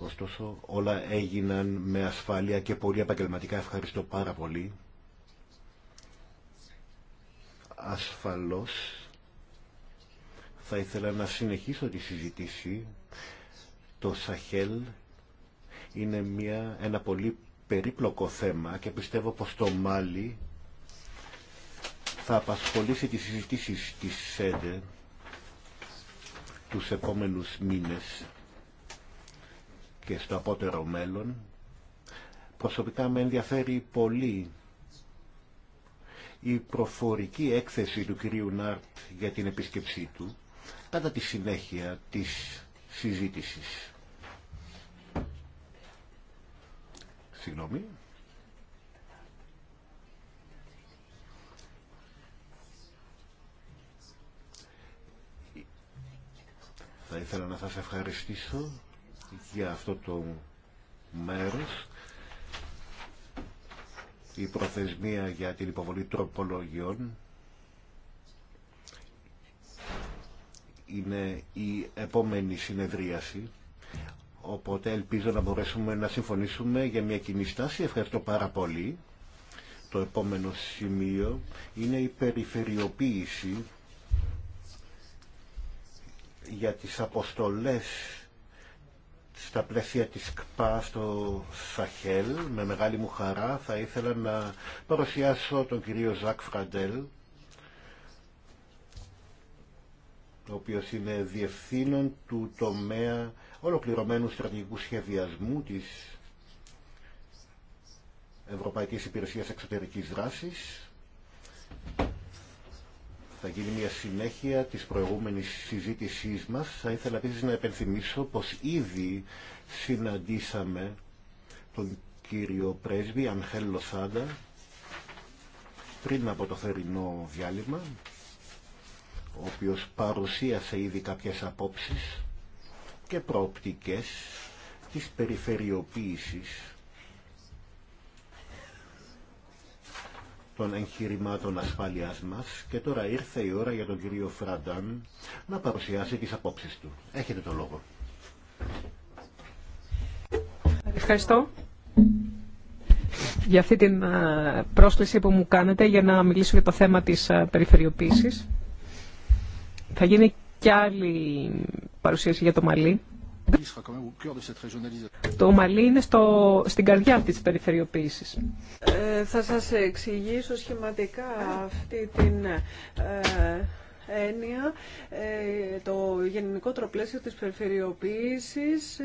Ωστόσο όλα έγιναν με ασφάλεια και πολύ επαγγελματικά. Ευχαριστώ πάρα πολύ ασφαλώς θα ήθελα να συνεχίσω τη συζήτηση. Το Σαχέλ είναι μια, ένα πολύ περίπλοκο θέμα και πιστεύω πως το Μάλι θα απασχολήσει τις συζητήσεις της ΣΕΔΕ τους επόμενους μήνες και στο απότερο μέλλον. Προσωπικά με ενδιαφέρει πολύ η προφορική έκθεση του κυρίου Νάρτ για την επίσκεψή του κατά τη συνέχεια της συζήτησης. Συγγνώμη. Θα ήθελα να σας ευχαριστήσω για αυτό το μέρος η προθεσμία για την υποβολή τροπολογιών είναι η επόμενη συνεδρίαση οπότε ελπίζω να μπορέσουμε να συμφωνήσουμε για μια κοινή στάση. Ευχαριστώ πάρα πολύ. Το επόμενο σημείο είναι η περιφερειοποίηση για τις αποστολές στα πλαίσια της ΚΠΑ στο Σαχέλ. Με μεγάλη μου χαρά θα ήθελα να παρουσιάσω τον κύριο Ζακ Φραντέλ, ο οποίος είναι διευθύνων του τομέα ολοκληρωμένου στρατηγικού σχεδιασμού της Ευρωπαϊκής Υπηρεσίας Εξωτερικής Δράσης θα γίνει μια συνέχεια της προηγούμενης συζήτησής μας. Θα ήθελα επίσης να επενθυμίσω πως ήδη συναντήσαμε τον κύριο πρέσβη Ανχέλ Σάντα πριν από το θερινό διάλειμμα, ο οποίος παρουσίασε ήδη κάποιες απόψεις και προοπτικές της περιφερειοποίησης των εγχειρημάτων ασφάλειάς μας και τώρα ήρθε η ώρα για τον κύριο Φράνταν να παρουσιάσει τις απόψεις του. Έχετε το λόγο. Ευχαριστώ για αυτή την ε, πρόσκληση που μου κάνετε για να μιλήσω για το θέμα της ε, περιφερειοποίησης. Θα γίνει και άλλη παρουσίαση για το Μαλή. Το Μαλί είναι στο, στην καρδιά αυτή της περιφερειοποίησης. Ε, θα σας εξηγήσω σχηματικά αυτή την ε, έννοια. Ε, το γενικό τροπλαίσιο της περιφερειοποίησης.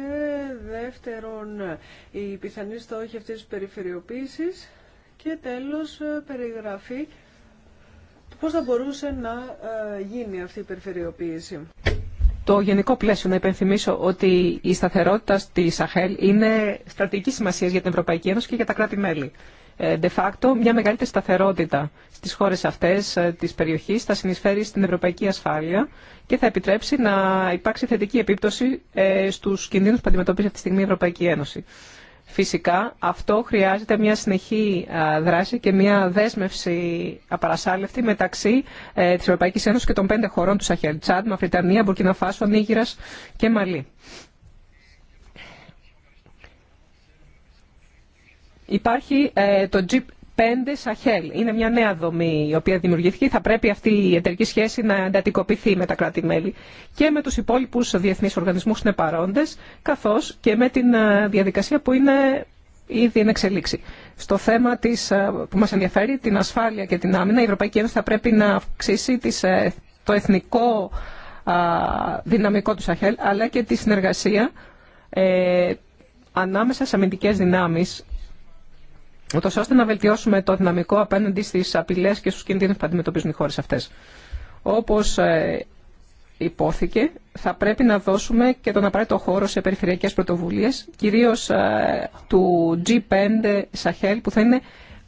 δεύτερον, η πιθανή στόχη αυτής της περιφερειοποίησης. Και τέλος, περιγραφή Πώς θα μπορούσε να γίνει αυτή η περιφερειοποίηση το γενικό πλαίσιο να υπενθυμίσω ότι η σταθερότητα στη Σαχέλ είναι στρατηγική σημασία για την Ευρωπαϊκή Ένωση και για τα κράτη-μέλη. Ε, de facto, μια μεγαλύτερη σταθερότητα στι χώρε αυτέ ε, τη περιοχή θα συνεισφέρει στην ευρωπαϊκή ασφάλεια και θα επιτρέψει να υπάρξει θετική επίπτωση ε, στου κινδύνου που αντιμετωπίζει αυτή τη στιγμή η Ευρωπαϊκή Ένωση. Φυσικά αυτό χρειάζεται μια συνεχή δράση και μια δέσμευση απαρασάλευτη μεταξύ ε, της Ευρωπαϊκής Ένωσης και των πέντε χωρών του Σαχέλ. Τσάντ, Μαφριτανία, Μπουρκίνα Φάσο, Νίγηρας και Μαλή. Υπάρχει ε, το πέντε Σαχέλ. Είναι μια νέα δομή η οποία δημιουργήθηκε. Θα πρέπει αυτή η εταιρική σχέση να εντατικοποιηθεί με τα κράτη-μέλη και με του υπόλοιπου διεθνεί οργανισμού που είναι παρόντε, καθώ και με την ε, διαδικασία που είναι ήδη εν εξελίξη. Στο θέμα της, ε, που μας ενδιαφέρει, την ασφάλεια και την άμυνα, η Ευρωπαϊκή Ένωση θα πρέπει να αυξήσει τις, ε, το εθνικό δυναμικό του Σαχέλ, αλλά και τη συνεργασία ε, ανάμεσα σε αμυντικές δυνάμεις ούτω ώστε να βελτιώσουμε το δυναμικό απέναντι στι απειλέ και στου κινδύνου που αντιμετωπίζουν οι χώρε αυτέ. Όπω ε, υπόθηκε, θα πρέπει να δώσουμε και τον απαραίτητο χώρο σε περιφερειακέ πρωτοβουλίε, κυρίω ε, του G5 Σαχέλ, που θα είναι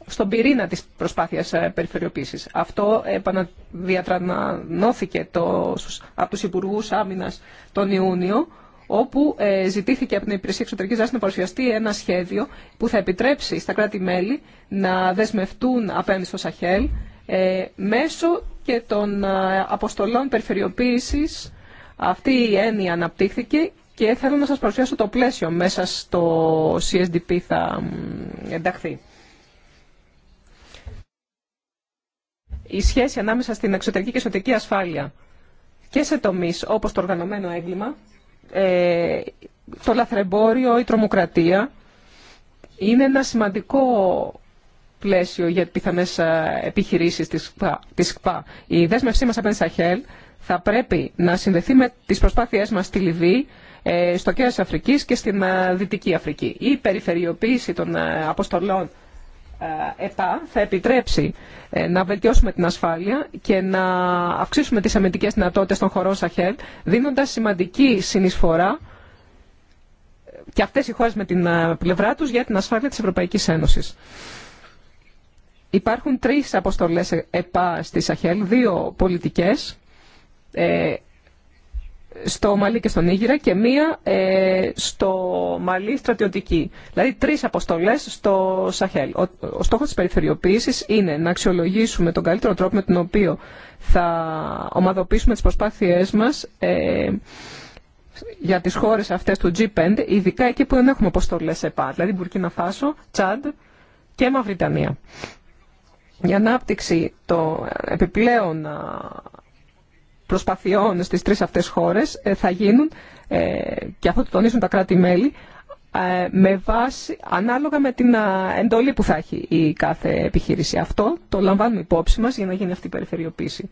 στον πυρήνα της προσπάθειας ε, περιφερειοποίησης. Αυτό επαναδιατρανώθηκε το, από του Υπουργού Άμυνα τον Ιούνιο όπου ε, ζητήθηκε από την Υπηρεσία Εξωτερική Δράση να παρουσιαστεί ένα σχέδιο που θα επιτρέψει στα κράτη-μέλη να δεσμευτούν απέναντι στο Σαχέλ ε, μέσω και των ε, αποστολών περιφερειοποίηση. Αυτή η έννοια αναπτύχθηκε και θέλω να σας παρουσιάσω το πλαίσιο μέσα στο CSDP θα ενταχθεί. Η σχέση ανάμεσα στην εξωτερική και εσωτερική ασφάλεια και σε τομείς όπως το οργανωμένο έγκλημα ε, το λαθρεμπόριο, η τρομοκρατία. Είναι ένα σημαντικό πλαίσιο για πιθανές ε, επιχειρήσεις της ΚΠΑ. Η δέσμευσή μας απέναντι στα ΧΕΛ θα πρέπει να συνδεθεί με τις προσπάθειές μας στη Λιβύη, ε, στο της Αφρικής και στην Δυτική Αφρική. Η περιφερειοποίηση των αποστολών ε, ΕΠΑ θα επιτρέψει ε, να βελτιώσουμε την ασφάλεια και να αυξήσουμε τις αμυντικές δυνατότητες των χωρών Σαχέλ, δίνοντας σημαντική συνεισφορά ε, και αυτές οι χώρες με την πλευρά τους για την ασφάλεια της Ευρωπαϊκής Ένωσης. Υπάρχουν τρεις αποστολές ΕΠΑ στη Σαχέλ, δύο πολιτικές, στο Μαλί και στον Νίγηρα και μία ε, στο Μαλί στρατιωτική. Δηλαδή τρεις αποστολές στο Σαχέλ. Ο, ο στόχος της περιφερειοποίησης είναι να αξιολογήσουμε τον καλύτερο τρόπο με τον οποίο θα ομαδοποιήσουμε τις προσπάθειές μας ε, για τις χώρες αυτές του G5, ειδικά εκεί που δεν έχουμε αποστολές ΕΠΑ, δηλαδή Μπουρκίνα Φάσο, Τσάντ και Μαυριτανία. Η ανάπτυξη των επιπλέον προσπαθειών στις τρεις αυτές χώρες ε, θα γίνουν, ε, και αυτό το τονίζουν τα κράτη-μέλη, ε, με βάση, ανάλογα με την εντολή που θα έχει η κάθε επιχείρηση. Αυτό το λαμβάνουμε υπόψη μας για να γίνει αυτή η περιφερειοποίηση.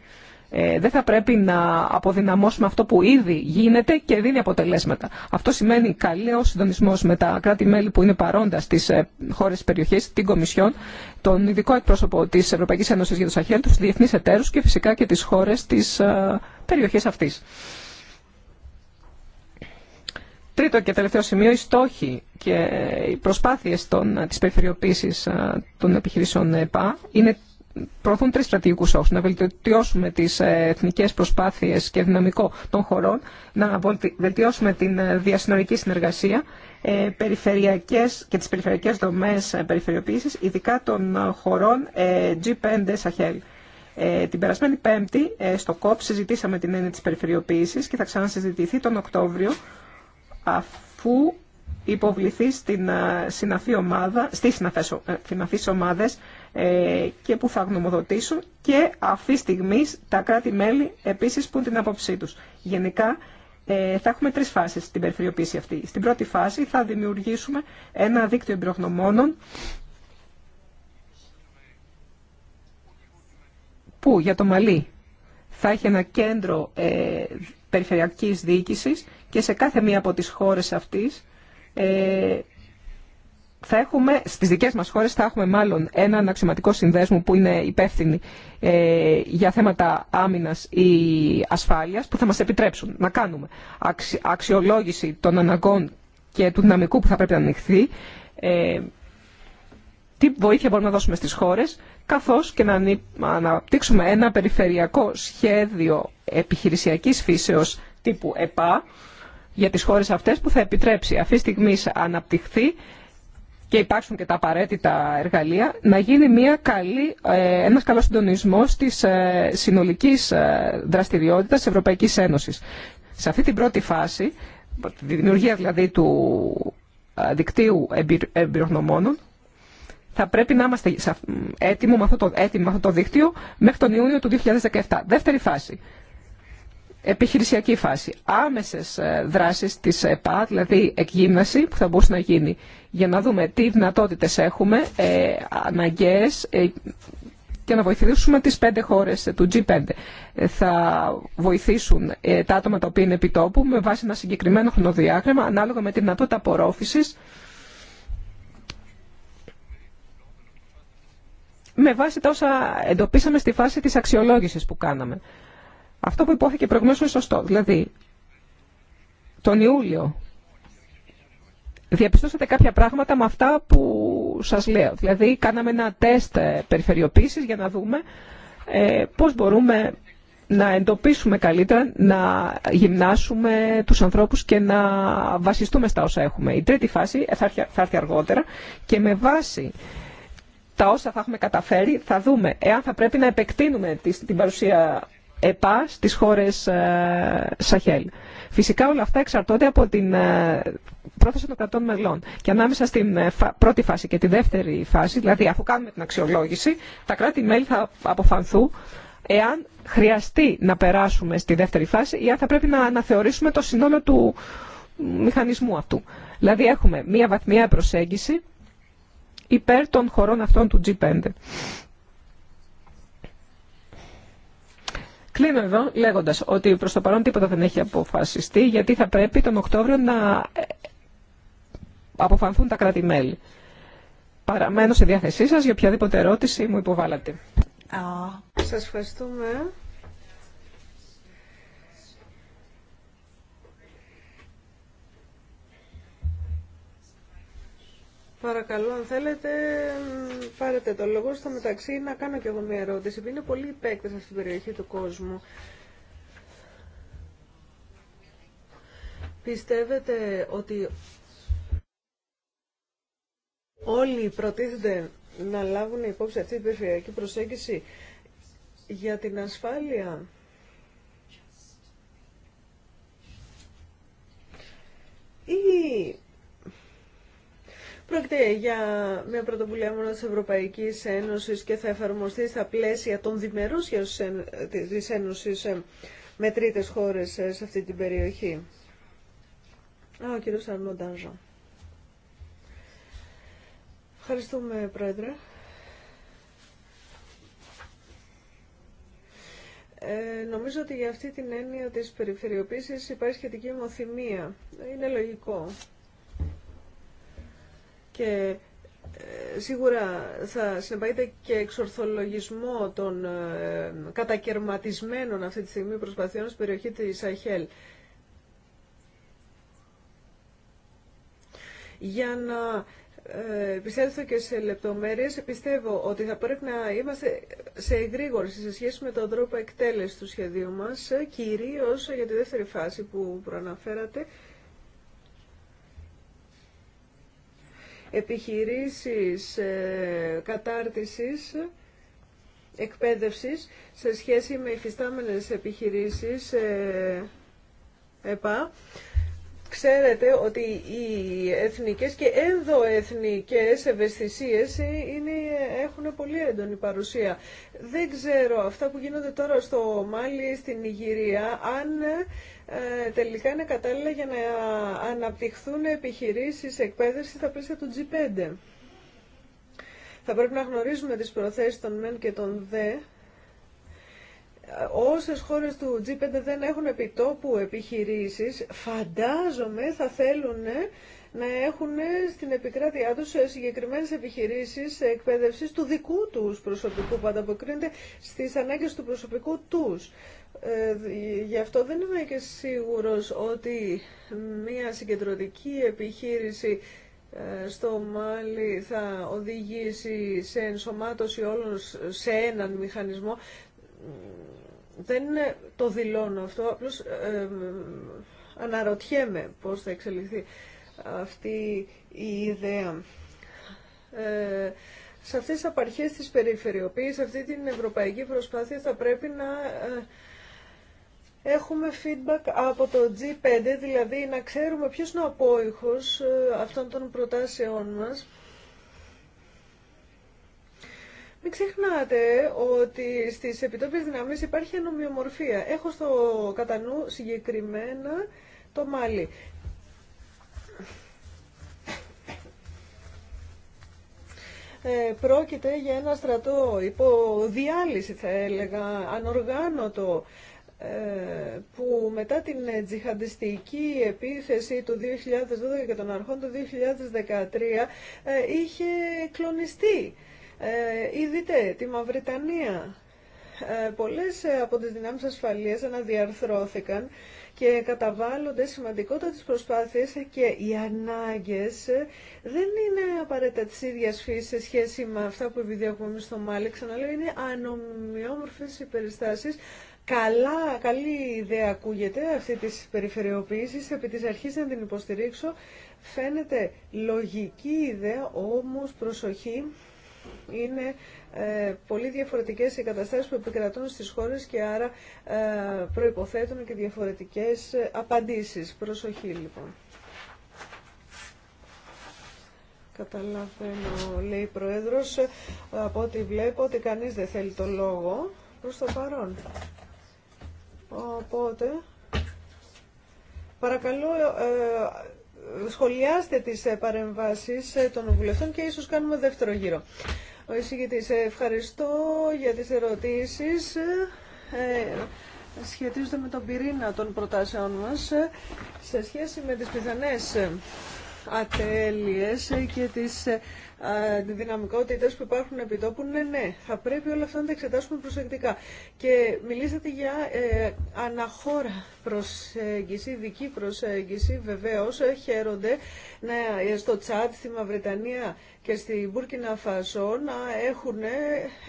Ε, δεν θα πρέπει να αποδυναμώσουμε αυτό που ήδη γίνεται και δίνει αποτελέσματα. Αυτό σημαίνει καλό συντονισμό με τα κράτη-μέλη που είναι παρόντα στι ε, χώρε τη περιοχή, την Κομισιόν, τον ειδικό εκπρόσωπο τη Ευρωπαϊκή Ένωση για το Σαχέλ, του διεθνεί εταίρου και φυσικά και τι χώρε τη ε, περιοχή αυτή. Τρίτο και τελευταίο σημείο, οι στόχοι και οι προσπάθειες των, της περιφερειοποίησης ε, των επιχειρήσεων ΕΠΑ είναι προωθούν τρεις στρατηγικούς όρου. Να βελτιώσουμε τις ε, εθνικές προσπάθειες και δυναμικό των χωρών, να βελτιώσουμε την ε, διασυνορική συνεργασία ε, περιφερειακές και τις περιφερειακές δομές περιφερειοποίησης, ειδικά των χωρών G5 Σαχέλ. την περασμένη Πέμπτη στο ΚΟΠ συζητήσαμε την έννοια της περιφερειοποίησης και θα ξανασυζητηθεί τον Οκτώβριο αφού υποβληθεί στην συναφή ομάδα, στις συναφές, ομάδες ε, και που θα γνωμοδοτήσουν και αυτή τη στιγμή τα κράτη-μέλη επίσης πούν την άποψή τους. Γενικά ε, θα έχουμε τρεις φάσεις στην περιφερειοποίηση αυτή. Στην πρώτη φάση θα δημιουργήσουμε ένα δίκτυο εμπειρογνωμόνων που για το Μαλή θα έχει ένα κέντρο ε, περιφερειακής διοίκησης και σε κάθε μία από τις χώρες αυτής ε, θα στις δικές μας χώρες θα έχουμε μάλλον έναν αξιωματικό συνδέσμο που είναι υπεύθυνοι ε, για θέματα άμυνας ή ασφάλειας που θα μας επιτρέψουν να κάνουμε αξιολόγηση των αναγκών και του δυναμικού που θα πρέπει να ανοιχθεί, ε, τι βοήθεια μπορούμε να δώσουμε στις χώρες, καθώς και να αναπτύξουμε ένα περιφερειακό σχέδιο επιχειρησιακής φύσεως τύπου ΕΠΑ για τις χώρες αυτές που θα επιτρέψει αυτή τη στιγμή αναπτυχθεί και υπάρξουν και τα απαραίτητα εργαλεία, να γίνει μια καλή, ε, ένας καλός συντονισμός της ε, συνολικής ε, δραστηριότητας Ευρωπαϊκής Ένωσης. Σε αυτή την πρώτη φάση, τη δημιουργία δηλαδή του δικτύου εμπειρογνωμόνων, θα πρέπει να είμαστε έτοιμοι με, αυτό το, αυτό το δίκτυο μέχρι τον Ιούνιο του 2017. Δεύτερη φάση επιχειρησιακή φάση. Άμεσε δράσει τη ΕΠΑ, δηλαδή εκγύμναση που θα μπορούσε να γίνει για να δούμε τι δυνατότητε έχουμε, ε, ε, και να βοηθήσουμε τι πέντε χώρες ε, του G5. Ε, θα βοηθήσουν τα άτομα τα οποία είναι επιτόπου με βάση ένα συγκεκριμένο χρονοδιάγραμμα ανάλογα με τη δυνατότητα απορρόφησης με βάση τα όσα εντοπίσαμε στη φάση της αξιολόγησης που κάναμε. Αυτό που υπόθηκε προηγουμένως είναι σωστό. Δηλαδή, τον Ιούλιο διαπιστώσατε κάποια πράγματα με αυτά που σας λέω. Δηλαδή, κάναμε ένα τεστ ε, περιφερειοποίησης για να δούμε ε, πώς μπορούμε να εντοπίσουμε καλύτερα, να γυμνάσουμε τους ανθρώπους και να βασιστούμε στα όσα έχουμε. Η τρίτη φάση θα έρθει αργότερα και με βάση τα όσα θα έχουμε καταφέρει θα δούμε εάν θα πρέπει να επεκτείνουμε την παρουσία ΕΠΑ στις χώρες ε, Σαχέλ. Φυσικά όλα αυτά εξαρτώνται από την ε, πρόθεση των κρατών μελών. Και ανάμεσα στην ε, πρώτη φάση και τη δεύτερη φάση, δηλαδή αφού κάνουμε την αξιολόγηση, τα κράτη-μέλη θα αποφανθούν εάν χρειαστεί να περάσουμε στη δεύτερη φάση ή αν θα πρέπει να αναθεωρήσουμε το συνόλο του μηχανισμού αυτού. Δηλαδή έχουμε μία βαθμιά προσέγγιση υπέρ των χωρών αυτών του G5. Κλείνω εδώ λέγοντας ότι προς το παρόν τίποτα δεν έχει αποφασιστεί γιατί θα πρέπει τον Οκτώβριο να ε, αποφανθούν τα κράτη-μέλη. Παραμένω σε διάθεσή σας για οποιαδήποτε ερώτηση μου υποβάλλατε. Oh. Σας ευχαριστούμε. Παρακαλώ, αν θέλετε, πάρετε το λόγο. Στο μεταξύ, να κάνω κι εγώ μια ερώτηση. Είναι πολύ παίκτε στην περιοχή του κόσμου. Πιστεύετε ότι όλοι προτίθεται να λάβουν υπόψη αυτή την περιφερειακή προσέγγιση για την ασφάλεια Πρόκειται για μια πρωτοβουλία μόνο της Ευρωπαϊκής Ένωσης και θα εφαρμοστεί στα πλαίσια των διμερούς τη Ένωση ε, με τρίτες χώρες ε, σε αυτή την περιοχή. Α, ο Χαριστούμε, Ευχαριστούμε, Πρόεδρε. Ε, νομίζω ότι για αυτή την έννοια της περιφερειοποίησης υπάρχει σχετική ομοθυμία. Είναι λογικό και ε, σίγουρα θα συνεπάγεται και εξορθολογισμό των ε, κατακαιρματισμένων αυτή τη στιγμή προσπαθειών στην περιοχή της Αχέλ. Για να ε, επισέλθω και σε λεπτομέρειες, πιστεύω ότι θα πρέπει να είμαστε σε εγρήγορση σε σχέση με τον τρόπο εκτέλεση του σχεδίου μας, κυρίως για τη δεύτερη φάση που προαναφέρατε, επιχειρήσεις ε, κατάρτισης εκπαίδευσης σε σχέση με υφιστάμενες επιχειρήσεις ε, ΕΠΑ. Ξέρετε ότι οι εθνικές και ενδοεθνικές ευαισθησίες είναι, έχουν πολύ έντονη παρουσία. Δεν ξέρω αυτά που γίνονται τώρα στο Μάλι, στην Ιγυρία, αν ε, τελικά είναι κατάλληλα για να αναπτυχθούν επιχειρήσεις εκπαίδευση στα πλαίσια του G5. Θα πρέπει να γνωρίζουμε τις προθέσεις των ΜΕΝ και των ΔΕ. Όσες χώρες του G5 δεν έχουν επιτόπου επιχειρήσεις, φαντάζομαι θα θέλουν να έχουν στην επικράτειά τους συγκεκριμένε επιχειρήσεις εκπαίδευσης του δικού τους προσωπικού που ανταποκρίνεται στις ανάγκες του προσωπικού τους. Ε, γι' αυτό δεν είμαι και σίγουρος ότι μια συγκεντρωτική επιχείρηση ε, στο Μάλι θα οδηγήσει σε ενσωμάτωση όλων σε έναν μηχανισμό. Δεν το δηλώνω αυτό, απλώς ε, αναρωτιέμαι πώς θα εξελιχθεί αυτή η ιδέα. Ε, σε αυτές τις απαρχές της περιφερειοποίησης, αυτή την ευρωπαϊκή προσπάθεια θα πρέπει να έχουμε feedback από το G5, δηλαδή να ξέρουμε ποιος είναι ο απόϊχος ε, αυτών των προτάσεών μας. Μην ξεχνάτε ότι στις επιτόπιες δυναμίες υπάρχει ανομοιομορφία. Έχω στο κατά νου συγκεκριμένα το μάλι. Ε, πρόκειται για ένα στρατό υπό διάλυση θα έλεγα, ανοργάνωτο, ε, που μετά την τζιχαντιστική επίθεση του 2012 και των αρχών του 2013 ε, είχε κλονιστεί. Ε, Είδητε τη Μαυριτανία. Πολλές από τις δυνάμεις ασφαλείας αναδιαρθρώθηκαν και καταβάλλονται σημαντικότατες προσπάθειες και οι ανάγκες δεν είναι απαραίτητα της ίδιας φύσης σε σχέση με αυτά που επιδιωκούν στο Μάλι. Ξαναλέω, είναι ανομοιόμορφες οι περιστάσεις Καλά, καλή ιδέα ακούγεται αυτή της περιφερειοποίησης, επί της αρχής να την υποστηρίξω. Φαίνεται λογική ιδέα, όμως προσοχή, είναι ε, πολύ διαφορετικές οι καταστάσεις που επικρατούν στις χώρες και άρα ε, προϋποθέτουν και διαφορετικές ε, απαντήσεις. Προσοχή λοιπόν. Καταλαβαίνω, λέει η Πρόεδρος, ε, από ό,τι βλέπω ότι κανείς δεν θέλει το λόγο προς το παρόν. Οπότε, παρακαλώ, ε, ε, σχολιάστε τις ε, παρεμβάσεις των βουλευτών και ίσως κάνουμε δεύτερο γύρο. Ο εισηγητής, ευχαριστώ για τις ερωτήσεις. Ε, σχετίζονται με τον πυρήνα των προτάσεων μας σε σχέση με τις πιθανές ατέλειες και τις δυναμικότητε που υπάρχουν επί ναι, ναι, θα πρέπει όλα αυτά να τα εξετάσουμε προσεκτικά. Και μιλήσατε για ε, αναχώρα προσέγγιση, δική προσέγγιση. Βεβαίω, ε, χαίρονται ναι, ε, στο Τσάτ, στη Μαυρετανία και στη Μπούρκινα Φασό να έχουν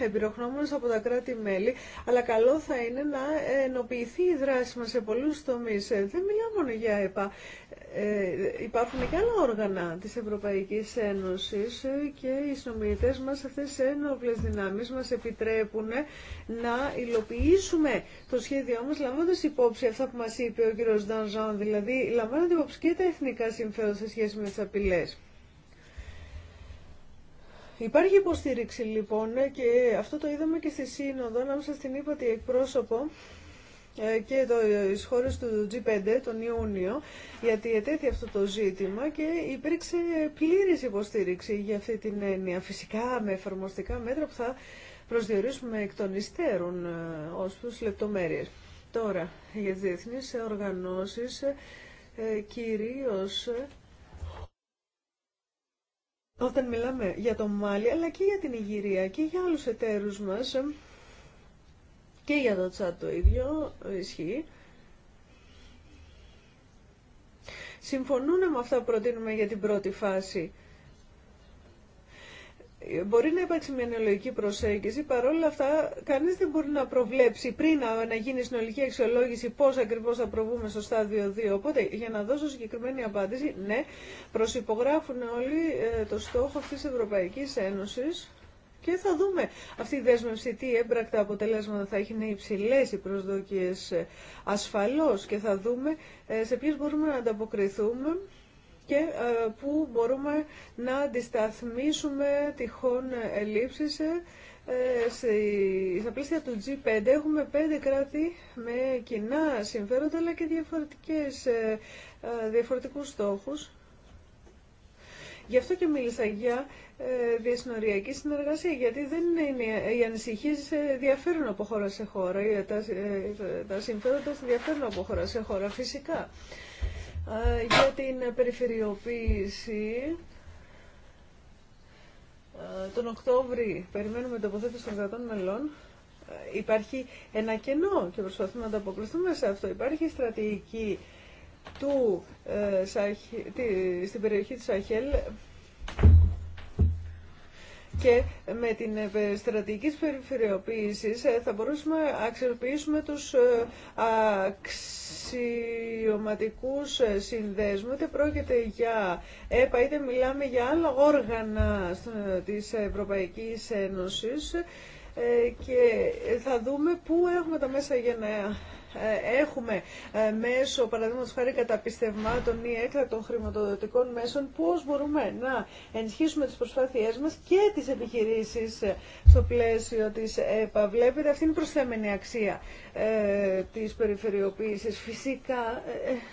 εμπειροχνόμενε από τα κράτη-μέλη. Αλλά καλό θα είναι να ενοποιηθεί η δράση μα σε πολλού τομεί. Δεν μιλάω μόνο για ΕΠΑ. Ε, υπάρχουν και άλλα όργανα της Ευρωπαϊκής Ένωσης και οι συνομιλητές μας αυτές οι ένοπλες δυνάμεις μας επιτρέπουν να υλοποιήσουμε το σχέδιό μας λαμβάνοντας υπόψη αυτά που μας είπε ο κύριος Ντανζάν, δηλαδή λαμβάνοντας υπόψη και τα εθνικά συμφέροντα σε σχέση με τις απειλές. Υπάρχει υποστήριξη λοιπόν και αυτό το είδαμε και στη Σύνοδο ανάμεσα στην είπα εκπρόσωπο ε, και το ε, χώρες του G5 τον Ιούνιο, γιατί ετέθη αυτό το ζήτημα και υπήρξε πλήρης υποστήριξη για αυτή την έννοια. Φυσικά με εφαρμοστικά μέτρα που θα προσδιορίσουμε εκ των υστέρων ε, ως τους λεπτομέρειες. Τώρα, για τις διεθνείς οργανώσεις, κυρίως όταν μιλάμε για το Μάλι, αλλά και για την Ιγυρία και για άλλους εταίρους μας, και για το τσάτ το ίδιο ε, ισχύει. Συμφωνούν με αυτά που προτείνουμε για την πρώτη φάση. Ε, μπορεί να υπάρξει μια νεολογική προσέγγιση, παρόλα αυτά κανείς δεν μπορεί να προβλέψει πριν να γίνει συνολική αξιολόγηση πώς ακριβώς θα προβούμε στο στάδιο 2. Οπότε για να δώσω συγκεκριμένη απάντηση, ναι, προσυπογράφουν όλοι ε, το στόχο αυτής της Ευρωπαϊκής Ένωσης και θα δούμε αυτή η δέσμευση τι έμπρακτα αποτελέσματα θα έχει, είναι υψηλέ οι προσδοκίε ε, ασφαλώ και θα δούμε ε, σε ποιε μπορούμε να ανταποκριθούμε και ε, πού μπορούμε να αντισταθμίσουμε τυχόν ελλείψεις. Στα πλαίσια του G5 έχουμε πέντε κράτη με κοινά συμφέροντα αλλά και διαφορετικές, διαφορετικούς στόχους. Γι' αυτό και μίλησα για ε, διασυνοριακή συνεργασία, γιατί δεν είναι, οι ανησυχίε ε, διαφέρουν από χώρα σε χώρα, τα, ε, τα συμφέροντα διαφέρουν από χώρα σε χώρα, φυσικά. Για την περιφερειοποίηση, τον Οκτώβρη περιμένουμε τοποθέτηση των κρατών μελών. Υπάρχει ένα κενό και προσπαθούμε να τα αποκλειστούμε σε αυτό. Υπάρχει στρατηγική του, τη, στην περιοχή του Σαχέλ και με την ε, στρατηγική περιφερειοποίηση ε, θα μπορούσαμε να αξιοποιήσουμε τους ε, αξιωματικούς συνδέσμους, είτε πρόκειται για ΕΠΑ, είτε μιλάμε για άλλα όργανα της Ευρωπαϊκής Ένωσης και θα δούμε πού έχουμε τα μέσα για να ε, έχουμε ε, μέσω παραδείγματος χάρη καταπιστευμάτων ή έκτακτων χρηματοδοτικών μέσων πώς μπορούμε να ενισχύσουμε τις προσπάθειε μας και τις επιχειρήσεις ε, στο πλαίσιο της ΕΠΑ. Βλέπετε αυτή είναι η προσθέμενη αξία ε, της περιφερειοποίησης. Φυσικά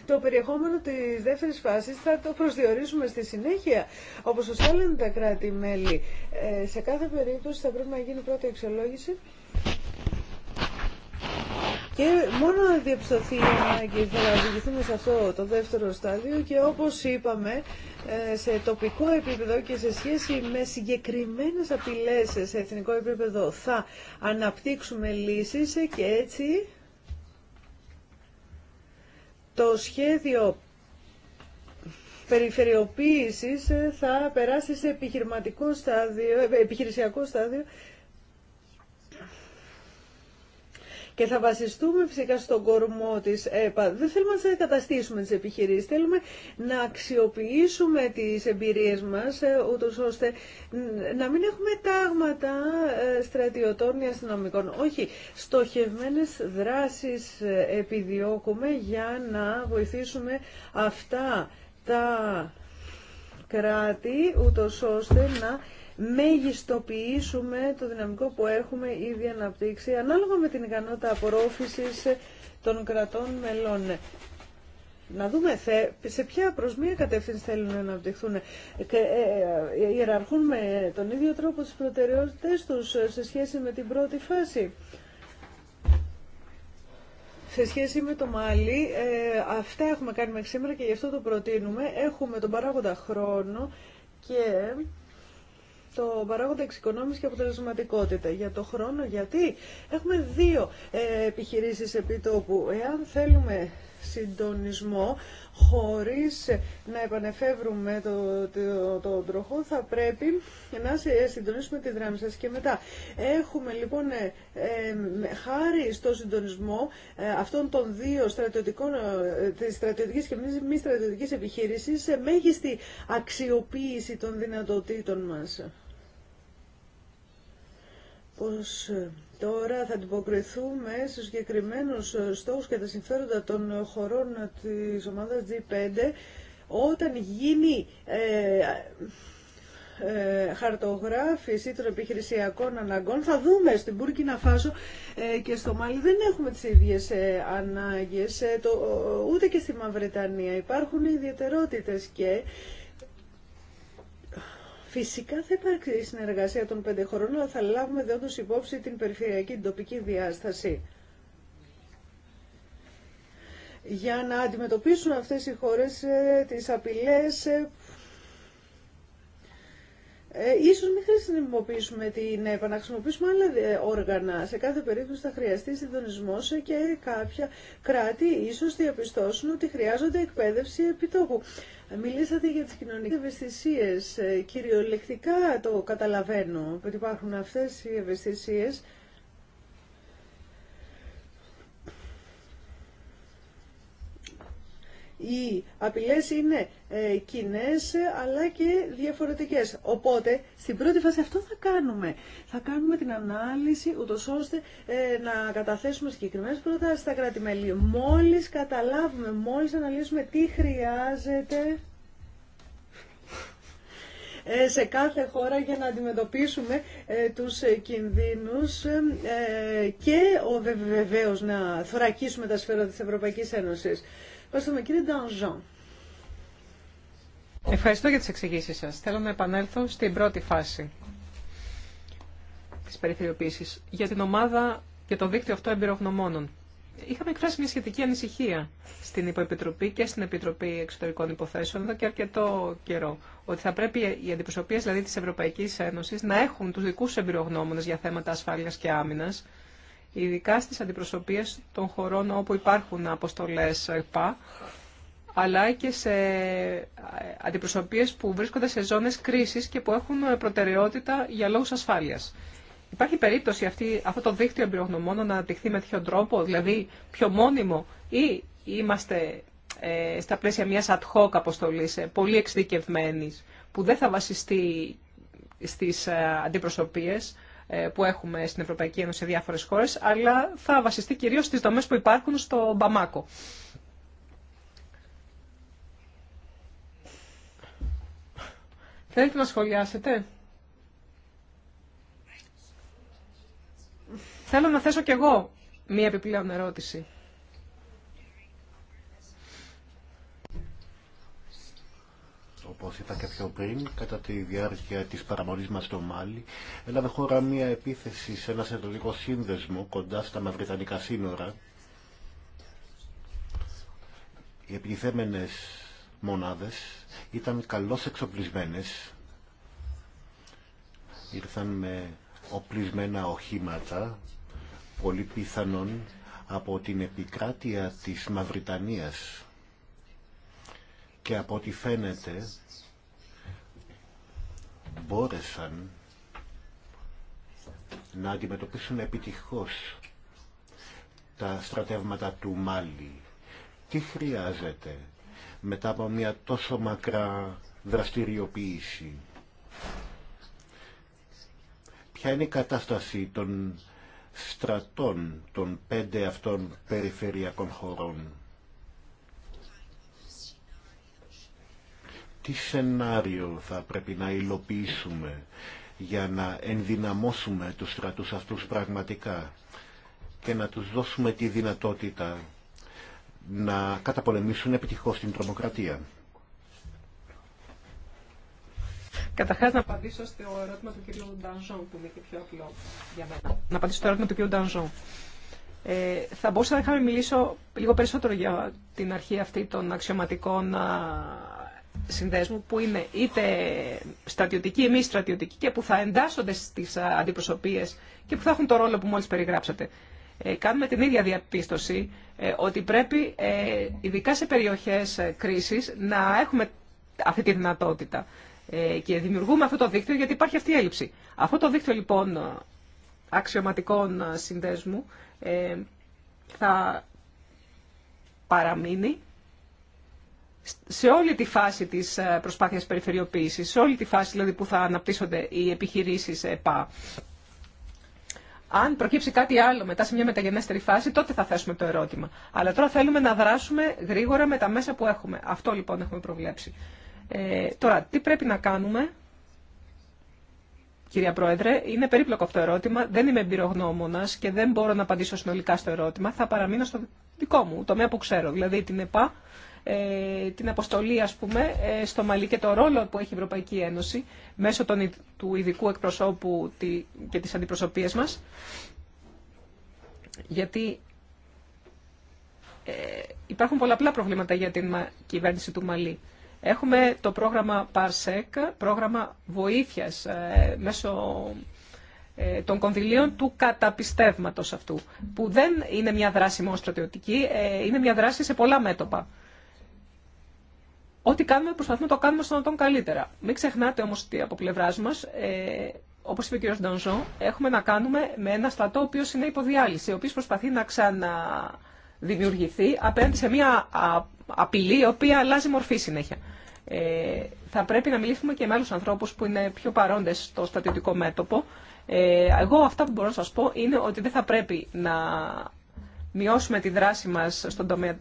το περιεχόμενο της δεύτερη φάσης θα το προσδιορίσουμε στη συνέχεια όπω σα έλεγαν τα κράτη-μέλη. σε κάθε περίπτωση θα πρέπει να γίνει πρώτη εξολόγηση και μόνο να διαπιστωθεί η ανάγκη θα οδηγηθούμε σε αυτό το δεύτερο στάδιο και όπως είπαμε ε, σε τοπικό επίπεδο και σε σχέση με συγκεκριμένες απειλές σε εθνικό επίπεδο θα αναπτύξουμε λύσεις και έτσι το σχέδιο περιφερειοποίησης θα περάσει σε επιχειρηματικό στάδιο, επιχειρησιακό στάδιο και θα βασιστούμε φυσικά στον κορμό της ΕΠΑ. Δεν θέλουμε να καταστήσουμε τις επιχειρήσεις, θέλουμε να αξιοποιήσουμε τις εμπειρίες μας, ε, ούτως ώστε να μην έχουμε τάγματα ε, στρατιωτών ή αστυνομικών. Όχι, στοχευμένες δράσεις ε, επιδιώκουμε για να βοηθήσουμε αυτά τα κράτη, ούτως ώστε να μεγιστοποιήσουμε το δυναμικό που έχουμε ήδη αναπτύξει ανάλογα με την ικανότητα απορρόφησης των κρατών μελών. Να δούμε σε ποια προς μία κατεύθυνση θέλουν να αναπτυχθούν. Ε, ε, ε, ιεραρχούν με τον ίδιο τρόπο τις προτεραιότητες τους σε σχέση με την πρώτη φάση. Σε σχέση με το Μάλι, ε, αυτά έχουμε κάνει μέχρι σήμερα και γι' αυτό το προτείνουμε. Έχουμε τον παράγοντα χρόνο και το παράγοντα εξοικονόμηση και αποτελεσματικότητα. Για το χρόνο, γιατί έχουμε δύο ε, επί επιτόπου. Εάν θέλουμε συντονισμό χωρίς να επανεφεύρουμε το, το, το, τροχό θα πρέπει να συντονίσουμε τη δράμη σας και μετά. Έχουμε λοιπόν ε, ε χάρη στο συντονισμό ε, αυτών των δύο στρατιωτικών ε, της στρατιωτικής και μη στρατιωτικής επιχείρησης σε μέγιστη αξιοποίηση των δυνατοτήτων μας πως ε, τώρα θα αντιποκριθούμε στους συγκεκριμένου ε, στόχους και τα συμφέροντα των ε, χωρών της ομάδας G5 όταν γίνει ε, ε, χαρτογράφηση των επιχειρησιακών αναγκών θα δούμε στην Μπούρκινα Φάσο και στο Μάλι δεν έχουμε τις ίδιες ε, το, ούτε και στη Μαυρετανία υπάρχουν ιδιαιτερότητες και Φυσικά θα υπάρξει συνεργασία των πέντε χρονών, αλλά θα λάβουμε δεόντως υπόψη την περιφερειακή, την τοπική διάσταση. Για να αντιμετωπίσουν αυτές οι χώρες ε, τις απειλές ε, ε, ίσως μην χρησιμοποιήσουμε την ε, ΕΠΑ, να χρησιμοποιήσουμε άλλα ε, όργανα. Σε κάθε περίπτωση θα χρειαστεί συντονισμό ε, και κάποια κράτη ίσως διαπιστώσουν ότι χρειάζονται εκπαίδευση επιτόπου. Μιλήσατε για τις κοινωνικές ευαισθησίες. Κυριολεκτικά το καταλαβαίνω ότι υπάρχουν αυτές οι ευαισθησίες. Οι απειλές είναι ε, κοινέ αλλά και διαφορετικές. Οπότε, στην πρώτη φάση αυτό θα κάνουμε. Θα κάνουμε την ανάλυση ούτω ώστε ε, να καταθέσουμε συγκεκριμένες προτάσεις στα κράτη-μέλη. Μόλις καταλάβουμε, μόλις αναλύσουμε τι χρειάζεται ε, σε κάθε χώρα για να αντιμετωπίσουμε ε, τους κινδύνους και ο βεβαίως να θωρακίσουμε τα σφαίρα της Ευρωπαϊκής Ένωσης κύριε Ευχαριστώ για τις εξηγήσεις σας. Θέλω να επανέλθω στην πρώτη φάση της περιφερειοποίησης για την ομάδα για το δίκτυο αυτό εμπειρογνωμόνων. Είχαμε εκφράσει μια σχετική ανησυχία στην Υποεπιτροπή και στην Επιτροπή Εξωτερικών Υποθέσεων εδώ και αρκετό καιρό. Ότι θα πρέπει οι αντιπροσωπείε δηλαδή τη Ευρωπαϊκή Ένωση να έχουν του δικού εμπειρογνώμονε για θέματα ασφάλεια και άμυνα ειδικά στις αντιπροσωπείες των χωρών όπου υπάρχουν αποστολές ΕΠΑ, αλλά και σε αντιπροσωπείες που βρίσκονται σε ζώνες κρίσης και που έχουν προτεραιότητα για λόγους ασφάλειας. Υπάρχει περίπτωση αυτή, αυτό το δίκτυο εμπειρογνωμόνων να αναπτυχθεί με τέτοιο τρόπο, δηλαδή πιο μόνιμο, ή είμαστε ε, στα πλαίσια μιας ad hoc αποστολής, ε, πολύ εξειδικευμένης, που δεν θα βασιστεί στις ε, ε, που έχουμε στην Ευρωπαϊκή Ένωση σε διάφορες χώρες, αλλά θα βασιστεί κυρίως στις δομές που υπάρχουν στο Μπαμάκο. Θέλετε να σχολιάσετε. Θέλω να θέσω κι εγώ μία επιπλέον ερώτηση. όπως είπα και πιο πριν, κατά τη διάρκεια της παραμονής μας στο Μάλι, έλαβε χώρα μία επίθεση σε ένα στρατιωτικό σύνδεσμο κοντά στα μαυριτανικά σύνορα. Οι επιθέμενες μονάδες ήταν καλώς εξοπλισμένες, ήρθαν με οπλισμένα οχήματα, πολύ πιθανόν από την επικράτεια της Μαυριτανίας και από ό,τι φαίνεται μπόρεσαν να αντιμετωπίσουν επιτυχώς τα στρατεύματα του Μάλι. Τι χρειάζεται μετά από μια τόσο μακρά δραστηριοποίηση. Ποια είναι η κατάσταση των στρατών των πέντε αυτών περιφερειακών χωρών. τι σενάριο θα πρέπει να υλοποιήσουμε για να ενδυναμώσουμε τους στρατούς αυτούς πραγματικά και να τους δώσουμε τη δυνατότητα να καταπολεμήσουν επιτυχώς την τρομοκρατία. Καταρχά, να απαντήσω στο ερώτημα του κ. Ντανζόν, που είναι και πιο απλό για μένα. Να απαντήσω στο ερώτημα του κ. Ντανζόν. Ε, θα μπορούσα να είχαμε μιλήσω λίγο περισσότερο για την αρχή αυτή των αξιωματικών συνδέσμου που είναι είτε στρατιωτικοί ή μη στρατιωτικοί και που θα εντάσσονται στις αντιπροσωπείες και που θα έχουν το ρόλο που μόλις περιγράψατε. Ε, κάνουμε την ίδια διαπίστωση ε, ότι πρέπει ε, ειδικά σε περιοχές ε, κρίσης να έχουμε αυτή τη δυνατότητα ε, και δημιουργούμε αυτό το δίκτυο γιατί υπάρχει αυτή η έλλειψη. Αυτό το δίκτυο λοιπόν αξιωματικών συνδέσμου θα παραμείνει σε όλη τη φάση της ε, προσπάθειας περιφερειοποίησης, σε όλη τη φάση δηλαδή που θα αναπτύσσονται οι επιχειρήσεις ΕΠΑ. Αν προκύψει κάτι άλλο μετά σε μια μεταγενέστερη φάση, τότε θα θέσουμε το ερώτημα. Αλλά τώρα θέλουμε να δράσουμε γρήγορα με τα μέσα που έχουμε. Αυτό λοιπόν έχουμε προβλέψει. Ε, τώρα, τι πρέπει να κάνουμε, κυρία Πρόεδρε, είναι περίπλοκο αυτό το ερώτημα. Δεν είμαι εμπειρογνώμονα και δεν μπορώ να απαντήσω συνολικά στο ερώτημα. Θα παραμείνω στο δικό μου το τομέα που ξέρω, δηλαδή την ΕΠΑ ε, την αποστολή, ας πούμε, ε, στο Μαλί και το ρόλο που έχει η Ευρωπαϊκή Ένωση μέσω των, του ειδικού εκπροσώπου και της αντιπροσωπείας μας. Γιατί ε, υπάρχουν πολλαπλά προβλήματα για την κυβέρνηση του Μαλί. Έχουμε το πρόγραμμα ΠΑΡΣΕΚ, πρόγραμμα βοήθειας ε, μέσω ε, των κονδυλίων του καταπιστεύματος αυτού, που δεν είναι μια δράση μόνο στρατιωτική, είναι μια δράση σε πολλά μέτωπα ό,τι κάνουμε προσπαθούμε να το κάνουμε στον τον καλύτερα. Μην ξεχνάτε όμως ότι από πλευρά μας, ε, όπως είπε ο κ. Ντονζό, έχουμε να κάνουμε με ένα στρατό ο οποίος είναι υποδιάλυση, ο οποίος προσπαθεί να ξαναδημιουργηθεί απέναντι σε μια απειλή η οποία αλλάζει μορφή συνέχεια. Ε, θα πρέπει να μιλήσουμε και με άλλους ανθρώπους που είναι πιο παρόντες στο στατιωτικό μέτωπο. Ε, εγώ αυτά που μπορώ να σας πω είναι ότι δεν θα πρέπει να μειώσουμε τη δράση μας στον τομέα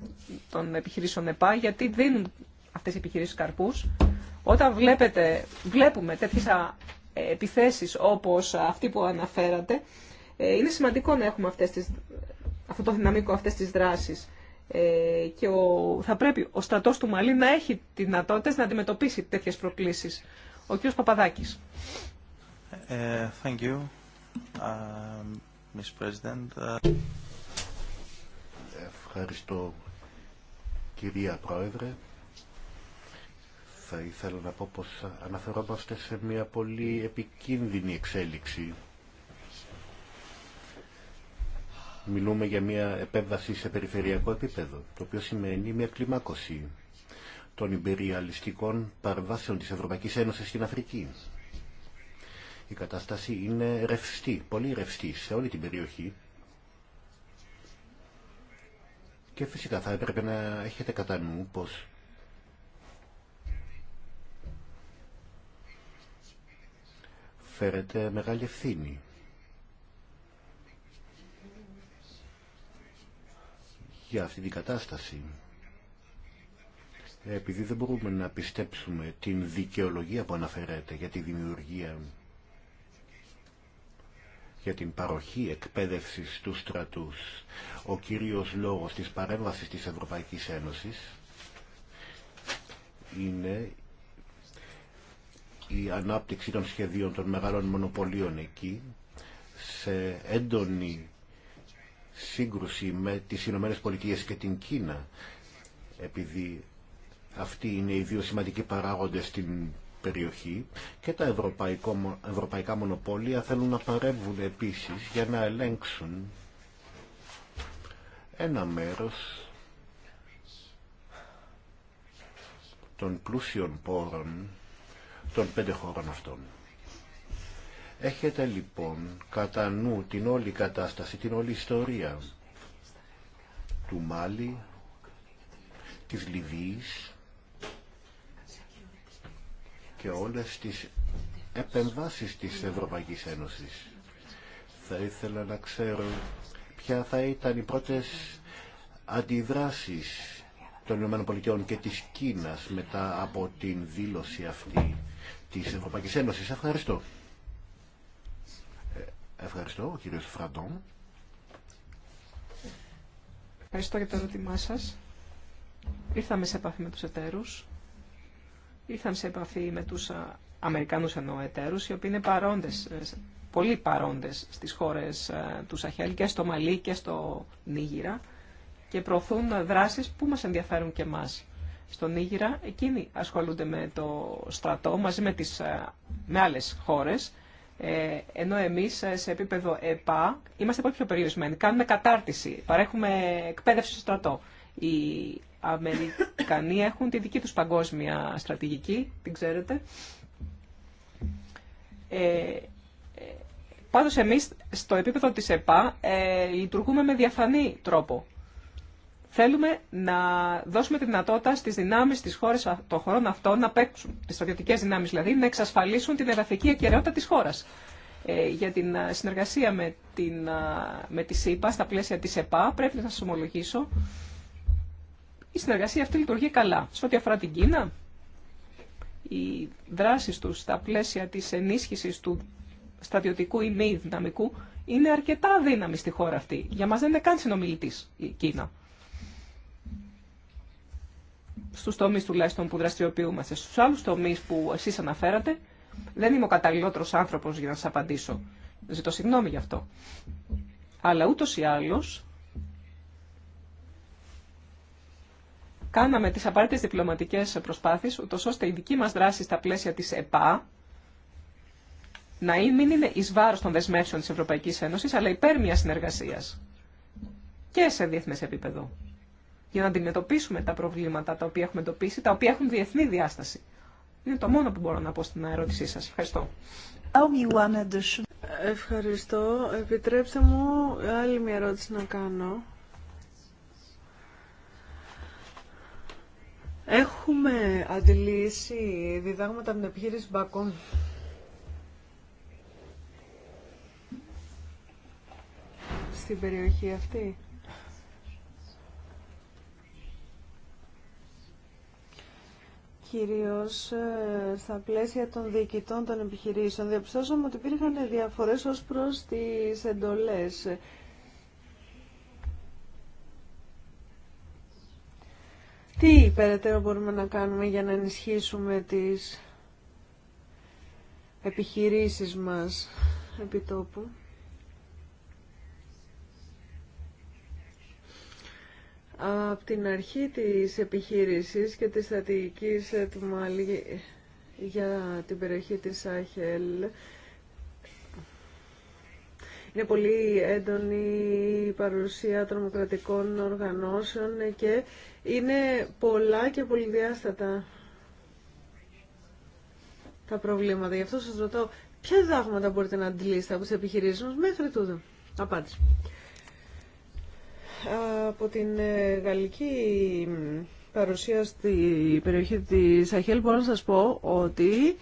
των επιχειρήσεων ΕΠΑ, γιατί δίνουν αυτές οι επιχειρήσεις καρπούς. Όταν βλέπετε, βλέπουμε τέτοιες επιθέσεις όπως αυτή που αναφέρατε, ε, είναι σημαντικό να έχουμε αυτές τις, αυτό το δυναμικό, αυτές τις δράσεις. Ε, και ο, θα πρέπει ο στρατός του Μαλή να έχει τη δυνατότητες να αντιμετωπίσει τέτοιες προκλήσεις. Ο κ. Παπαδάκης. Ε, thank um, President. Ευχαριστώ, κυρία Πρόεδρε θα ήθελα να πω πως αναφερόμαστε σε μια πολύ επικίνδυνη εξέλιξη. Μιλούμε για μια επέμβαση σε περιφερειακό επίπεδο, το οποίο σημαίνει μια κλιμάκωση των υπεριαλιστικών παρεμβάσεων της Ευρωπαϊκής Ένωσης στην Αφρική. Η κατάσταση είναι ρευστή, πολύ ρευστή σε όλη την περιοχή και φυσικά θα έπρεπε να έχετε κατά νου πως φέρεται μεγάλη ευθύνη. για αυτή την κατάσταση. Επειδή δεν μπορούμε να πιστέψουμε την δικαιολογία που αναφέρεται για τη δημιουργία, για την παροχή εκπαίδευσης του στρατούς, ο κύριος λόγος της παρέμβασης της Ευρωπαϊκής Ένωσης είναι η ανάπτυξη των σχεδίων των μεγάλων μονοπωλίων εκεί σε έντονη σύγκρουση με τις Ηνωμένε Πολιτείε και την Κίνα επειδή αυτοί είναι οι δύο σημαντικοί παράγοντες στην περιοχή και τα ευρωπαϊκά μονοπόλια θέλουν να παρέμβουν επίσης για να ελέγξουν ένα μέρος των πλούσιων πόρων των πέντε χώρων αυτών. Έχετε λοιπόν κατά νου την όλη κατάσταση, την όλη ιστορία του Μάλι, της Λιβύης και όλες τις επεμβάσεις της Ευρωπαϊκής Ένωσης. Θα ήθελα να ξέρω ποια θα ήταν οι πρώτες αντιδράσεις των ΗΠΑ και της Κίνας μετά από την δήλωση αυτή Τη Ευρωπαϊκή Ένωση. Ευχαριστώ. Ε, ευχαριστώ, ο κύριος Φραντόν. Ευχαριστώ για το ερώτημά σα. Ήρθαμε σε επαφή με τους εταίρου. Ήρθαμε σε επαφή με τους Αμερικάνους εννοώ οι οποίοι είναι παρόντες, ε, πολύ παρόντες στις χώρες ε, του Σαχέλ και στο Μαλί και στο Νίγηρα και προωθούν δράσεις που μας ενδιαφέρουν και εμάς στον Ήγηρα, εκείνοι ασχολούνται με το στρατό μαζί με, τις, ε, με άλλες χώρες, ε, ενώ εμείς ε, σε επίπεδο ΕΠΑ είμαστε πολύ πιο περιορισμένοι. Κάνουμε κατάρτιση, παρέχουμε εκπαίδευση στο στρατό. Οι Αμερικανοί έχουν τη δική τους παγκόσμια στρατηγική, την ξέρετε. Ε, πάντως εμείς στο επίπεδο της ΕΠΑ ε, λειτουργούμε με διαφανή τρόπο. Θέλουμε να δώσουμε τη δυνατότητα στι δυνάμει τη χώρα των χωρών αυτών να παίξουν, τις στρατιωτικέ δυνάμεις δηλαδή, να εξασφαλίσουν την εδαφική ακαιρεότητα τη χώρα. Ε, για την ε, συνεργασία με, την, ε, με τη ΣΥΠΑ στα πλαίσια τη ΕΠΑ πρέπει να σα ομολογήσω η συνεργασία αυτή λειτουργεί καλά. Σε ό,τι αφορά την Κίνα, οι δράσει του στα πλαίσια τη ενίσχυση του στρατιωτικού ή μη δυναμικού είναι αρκετά δύναμη στη χώρα αυτή. Για μα δεν είναι καν συνομιλητή η Κίνα στους τομείς τουλάχιστον που δραστηριοποιούμαστε. Στους άλλους τομείς που εσείς αναφέρατε, δεν είμαι ο καταλληλότερος άνθρωπος για να σας απαντήσω. Ζητώ συγγνώμη γι' αυτό. Αλλά ούτως ή άλλως, κάναμε τις απαραίτητες διπλωματικές προσπάθειες, ούτως ώστε η δική μας δράση στα πλαίσια της ΕΠΑ, να μην είναι εις βάρος των δεσμεύσεων της Ευρωπαϊκής Ένωσης, αλλά υπέρ μιας συνεργασίας και σε διεθνές επίπεδο για να αντιμετωπίσουμε τα προβλήματα τα οποία έχουμε εντοπίσει, τα οποία έχουν διεθνή διάσταση. Είναι το μόνο που μπορώ να πω στην ερώτησή σας. Ευχαριστώ. Oh, Ευχαριστώ. Επιτρέψτε μου άλλη μια ερώτηση να κάνω. Έχουμε αντιλήσει διδάγματα από την επιχείρηση Μπακόν. Στην περιοχή αυτή. κυρίως ε, στα πλαίσια των διοικητών των επιχειρήσεων. Διαπιστώσαμε ότι υπήρχαν διαφορές ως προς τις εντολές. Τι περαιτέρω μπορούμε να κάνουμε για να ενισχύσουμε τις επιχειρήσεις μας επιτόπου Από την αρχή της επιχείρησης και της στρατηγικής ε, του Μάλι για την περιοχή της Σάχελ είναι πολύ έντονη η παρουσία τρομοκρατικών οργανώσεων και είναι πολλά και πολυδιάστατα τα προβλήματα. Γι' αυτό σας ρωτώ, ποια δάγματα μπορείτε να αντιλήσετε από τις επιχειρήσεις μας μέχρι τούτο. Απάντηση από την ε, γαλλική παρουσία στη περιοχή της Αχέλ, μπορώ να σας πω ότι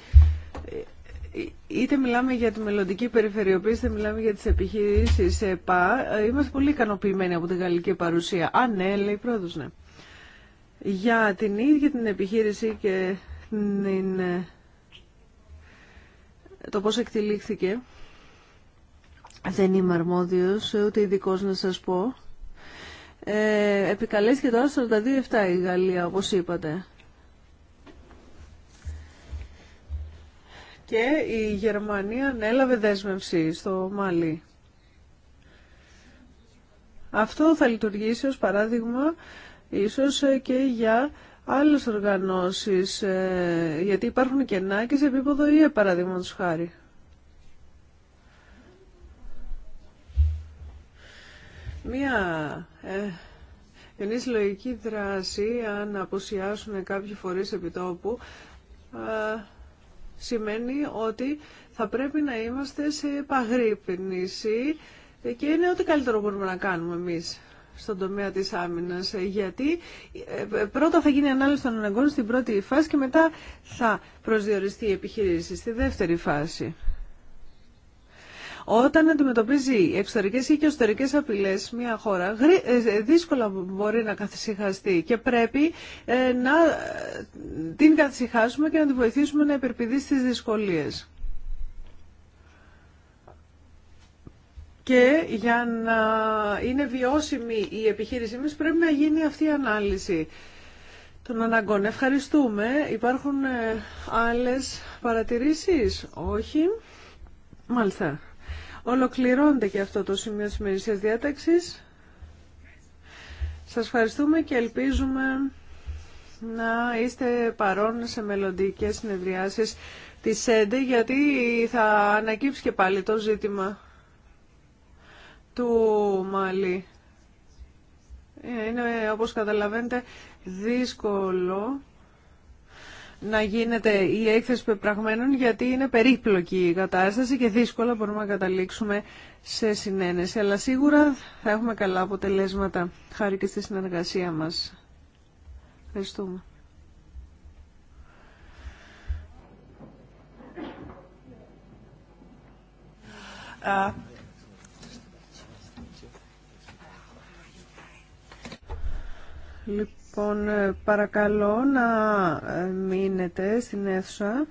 ε, είτε μιλάμε για τη μελλοντική περιφερειοποίηση, είτε μιλάμε για τις επιχειρήσεις ΕΠΑ, ε, είμαστε πολύ ικανοποιημένοι από την γαλλική παρουσία. Α, ναι, λέει πρόεδρος, ναι. Για την ίδια την επιχείρηση και την... το πώς εκτελήχθηκε, δεν είμαι αρμόδιος, ούτε ειδικό να σας πω ε, επικαλέσει το άρθρο 42.7 η Γαλλία, όπως είπατε. Και η Γερμανία ανέλαβε δέσμευση στο Μαλί. Αυτό θα λειτουργήσει ως παράδειγμα ίσως ε, και για άλλες οργανώσεις, ε, γιατί υπάρχουν κενά και σε επίπεδο παράδειγμα του χάρη. Μία ε, ενής λογική δράση, αν αποσιάσουν κάποιοι φορείς επιτόπου, ε, σημαίνει ότι θα πρέπει να είμαστε σε παγρύπνηση και είναι ό,τι καλύτερο μπορούμε να κάνουμε εμείς στον τομέα της άμυνας, ε, γιατί πρώτα θα γίνει ανάλυση των αναγκών στην πρώτη φάση και μετά θα προσδιοριστεί η επιχείρηση στη δεύτερη φάση. Όταν αντιμετωπίζει εξωτερικές ή και εσωτερικές απειλές μια χώρα, ε, ε, δύσκολα μπορεί να καθησυχαστεί και πρέπει ε, να την καθησυχάσουμε και να την βοηθήσουμε να υπερπηδεί στις δυσκολίες. Και για να είναι βιώσιμη η επιχείρησή μας πρέπει να γίνει αυτή η ανάλυση των αναγκών. Ευχαριστούμε. Υπάρχουν άλλες παρατηρήσεις. Όχι. Μάλιστα. Ολοκληρώνεται και αυτό το σημείο της ημερησίας διάταξης. Σας ευχαριστούμε και ελπίζουμε να είστε παρόν σε μελλοντικές συνεδριάσεις της ΣΕΝΤΕ γιατί θα ανακύψει και πάλι το ζήτημα του Μαλή. Είναι όπως καταλαβαίνετε δύσκολο να γίνεται η έκθεση πεπραγμένων γιατί είναι περίπλοκη η κατάσταση και δύσκολα μπορούμε να καταλήξουμε σε συνένεση. Αλλά σίγουρα θα έχουμε καλά αποτελέσματα χάρη και στη συνεργασία μας. Ευχαριστούμε. Λοιπόν, ε, παρακαλώ να ε, μείνετε στην αίθουσα.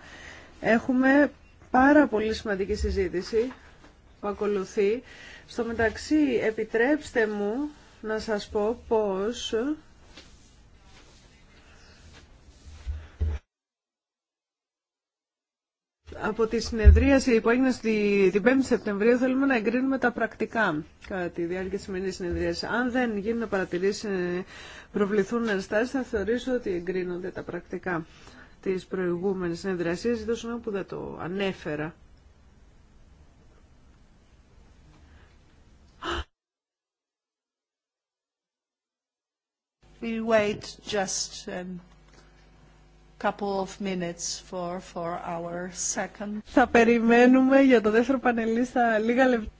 Έχουμε πάρα πολύ σημαντική συζήτηση που ακολουθεί. Στο μεταξύ, επιτρέψτε μου να σας πω πώς από τη συνεδρίαση που έγινε την 5η Σεπτεμβρίου θέλουμε να εγκρίνουμε τα πρακτικά κατά τη διάρκεια της σημερινής συνεδρίασης. Αν δεν γίνουν παρατηρήσεις, ε, προβληθούν ενστάσεις θα θεωρήσω ότι εγκρίνονται τα πρακτικά της προηγούμενης συνεδρίασης, Ζητώ συγγνώμη που δεν το ανέφερα. We wait just um, θα περιμένουμε για το δεύτερο πανελίστα λίγα λεπτά.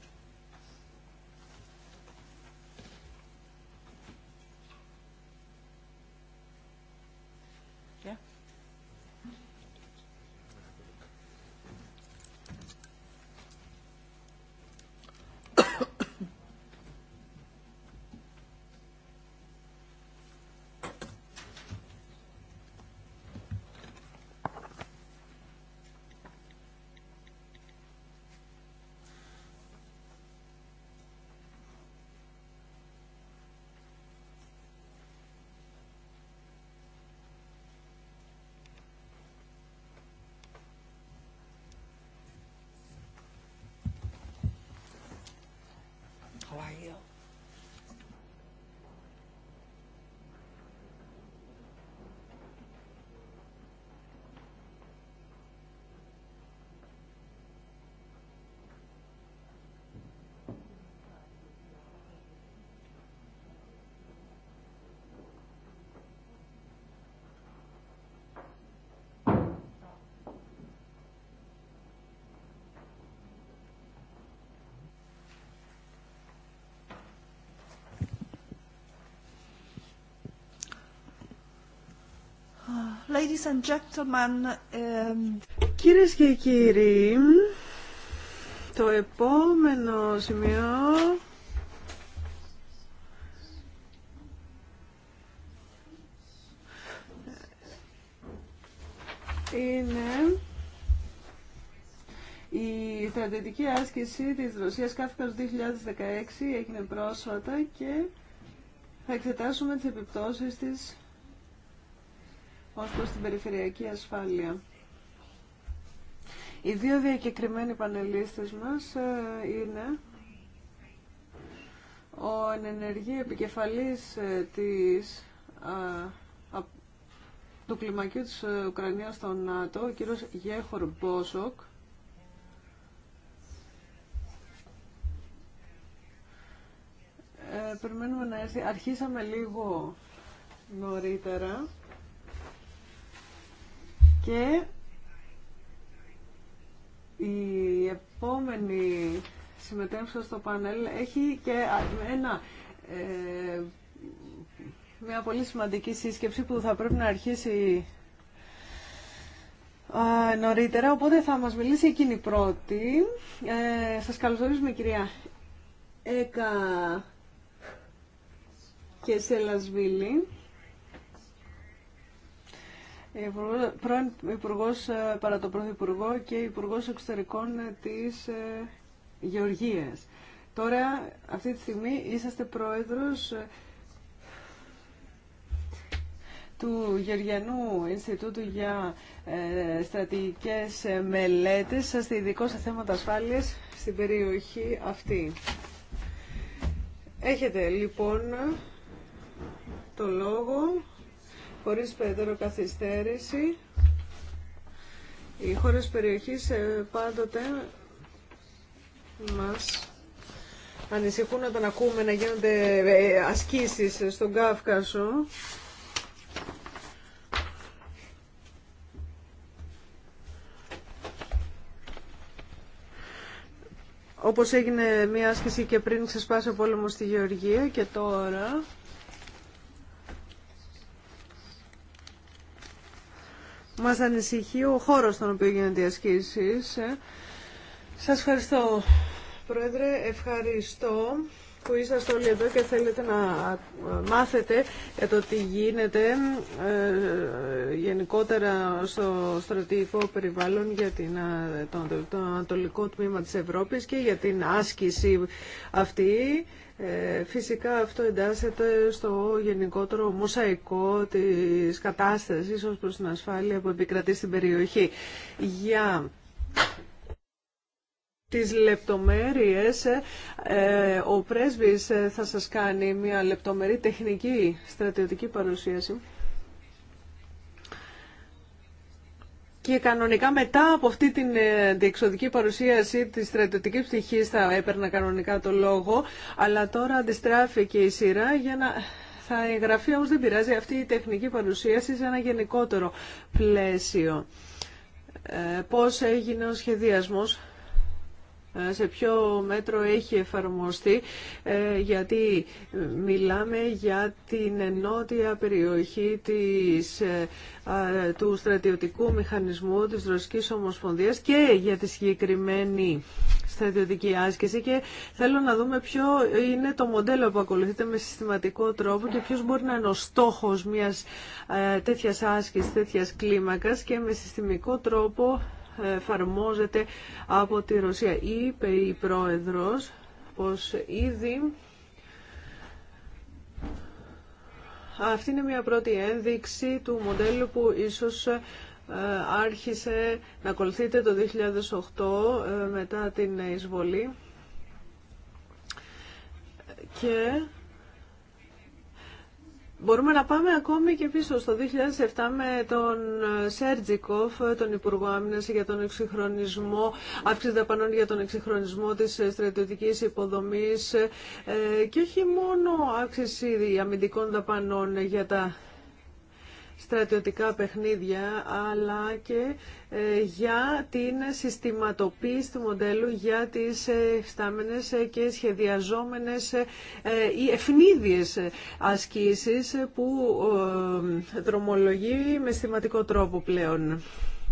Ladies um, Κυρίες και κύριοι, το επόμενο σημείο είναι η στρατιωτική άσκηση της Ρωσίας Κάφικας 2016 έγινε πρόσφατα και θα εξετάσουμε τις επιπτώσεις της ως προς την περιφερειακή ασφάλεια. Οι δύο διακεκριμένοι πανελίστες μας ε, είναι ο ενεργή επικεφαλής ε, της, του κλιμακίου της ε, Ουκρανίας στο ΝΑΤΟ, ο κύριος Γέχορ Μπόσοκ, ε, περιμένουμε να έρθει. Αρχίσαμε λίγο νωρίτερα. Και η επόμενη συμμετέχουσα στο πάνελ έχει και ένα, ε, μια πολύ σημαντική σύσκεψη που θα πρέπει να αρχίσει νωρίτερα, οπότε θα μας μιλήσει εκείνη πρώτη. Ε, σας καλωσορίζουμε κυρία Έκα και Σελασβίλη. Ε, πρώην Υπουργό παρά τον Πρωθυπουργό και Υπουργό Εξωτερικών ε, της ε, Γεωργίας. Τώρα, αυτή τη στιγμή, είσαστε πρόεδρος του Γεωργιανού Ινστιτούτου για στρατηγικέ Στρατηγικές Μελέτες. Είστε ειδικό σε θέματα ασφάλειας στην περιοχή αυτή. Έχετε, λοιπόν, το λόγο. Χωρίς περαιτέρω καθυστέρηση, οι χώρες περιοχής ε, πάντοτε μας ανησυχούν όταν ακούμε να γίνονται ε, ασκήσεις στον Κάφκασο. Όπως έγινε μια άσκηση και πριν ξεσπάσει ο πόλεμος στη Γεωργία και τώρα Μας ανησυχεί ο χώρος στον οποίο γίνονται οι ασκήσεις. Ε. Σας ευχαριστώ, Πρόεδρε. Ευχαριστώ που είσαστε όλοι εδώ και θέλετε να μάθετε για το τι γίνεται ε, γενικότερα στο στρατηγικό περιβάλλον για το, το, το ανατολικό τμήμα της Ευρώπης και για την άσκηση αυτή. Ε, φυσικά αυτό εντάσσεται στο γενικότερο μοσαϊκό της κατάστασης ως προς την ασφάλεια που επικρατεί στην περιοχή. Για τις λεπτομέρειες ε, ο πρέσβης ε, θα σας κάνει μια λεπτομερή τεχνική στρατιωτική παρουσίαση. και κανονικά μετά από αυτή την ε, διεξοδική παρουσίαση της στρατιωτική πτυχή θα έπαιρνα κανονικά το λόγο, αλλά τώρα αντιστράφηκε η σειρά για να... Θα εγγραφεί όμως δεν πειράζει αυτή η τεχνική παρουσίαση σε ένα γενικότερο πλαίσιο. Ε, πώς έγινε ο σχεδιασμός ε, σε ποιο μέτρο έχει εφαρμοστεί, ε, γιατί μιλάμε για την ενότια περιοχή της, ε, του στρατιωτικού μηχανισμού της Ρωσικής Ομοσπονδίας και για τη συγκεκριμένη στρατιωτική άσκηση και θέλω να δούμε ποιο είναι το μοντέλο που ακολουθείται με συστηματικό τρόπο και ποιος μπορεί να είναι ο στόχος μιας τέτοιας άσκησης, τέτοιας κλίμακας και με συστημικό τρόπο εφαρμόζεται από τη Ρωσία. Είπε η Πρόεδρος πως ήδη αυτή είναι μια πρώτη ένδειξη του μοντέλου που ίσως ε, άρχισε να ακολουθείται το 2008 ε, μετά την εισβολή και Μπορούμε να πάμε ακόμη και πίσω στο 2007 με τον ε, Σέρτζικοφ, τον Υπουργό Άμυνας για τον εξυγχρονισμό, αύξηση δαπανών για τον εξυγχρονισμό της ε, στρατιωτικής υποδομής ε, και όχι μόνο αύξηση αμυντικών δαπανών για τα στρατιωτικά παιχνίδια, αλλά και ε, για την συστηματοποίηση του μοντέλου για τις ε, και σχεδιαζόμενες ή ε, ευνίδιες ασκήσεις που ε, δρομολογεί με συστηματικό τρόπο πλέον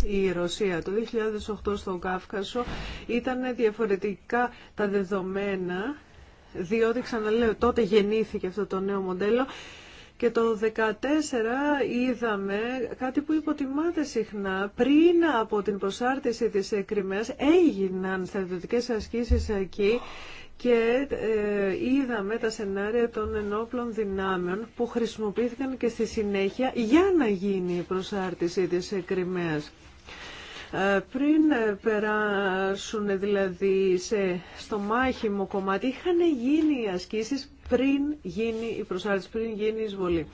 η Ρωσία. Το 2008 στον Κάφκασο ήταν διαφορετικά τα δεδομένα, διότι ξαναλέω τότε γεννήθηκε αυτό το νέο μοντέλο και το 2014 είδαμε κάτι που υποτιμάται συχνά. Πριν από την προσάρτηση της Κρυμαίας έγιναν στρατιωτικές ασκήσεις εκεί και ε, είδαμε τα σενάρια των ενόπλων δυνάμεων που χρησιμοποιήθηκαν και στη συνέχεια για να γίνει η προσάρτηση της Κρυμαίας. Ε, πριν περάσουν δηλαδή σε, στο μάχημο κομμάτι είχαν γίνει οι ασκήσεις πριν γίνει η προσάρτηση, πριν γίνει η εισβολή.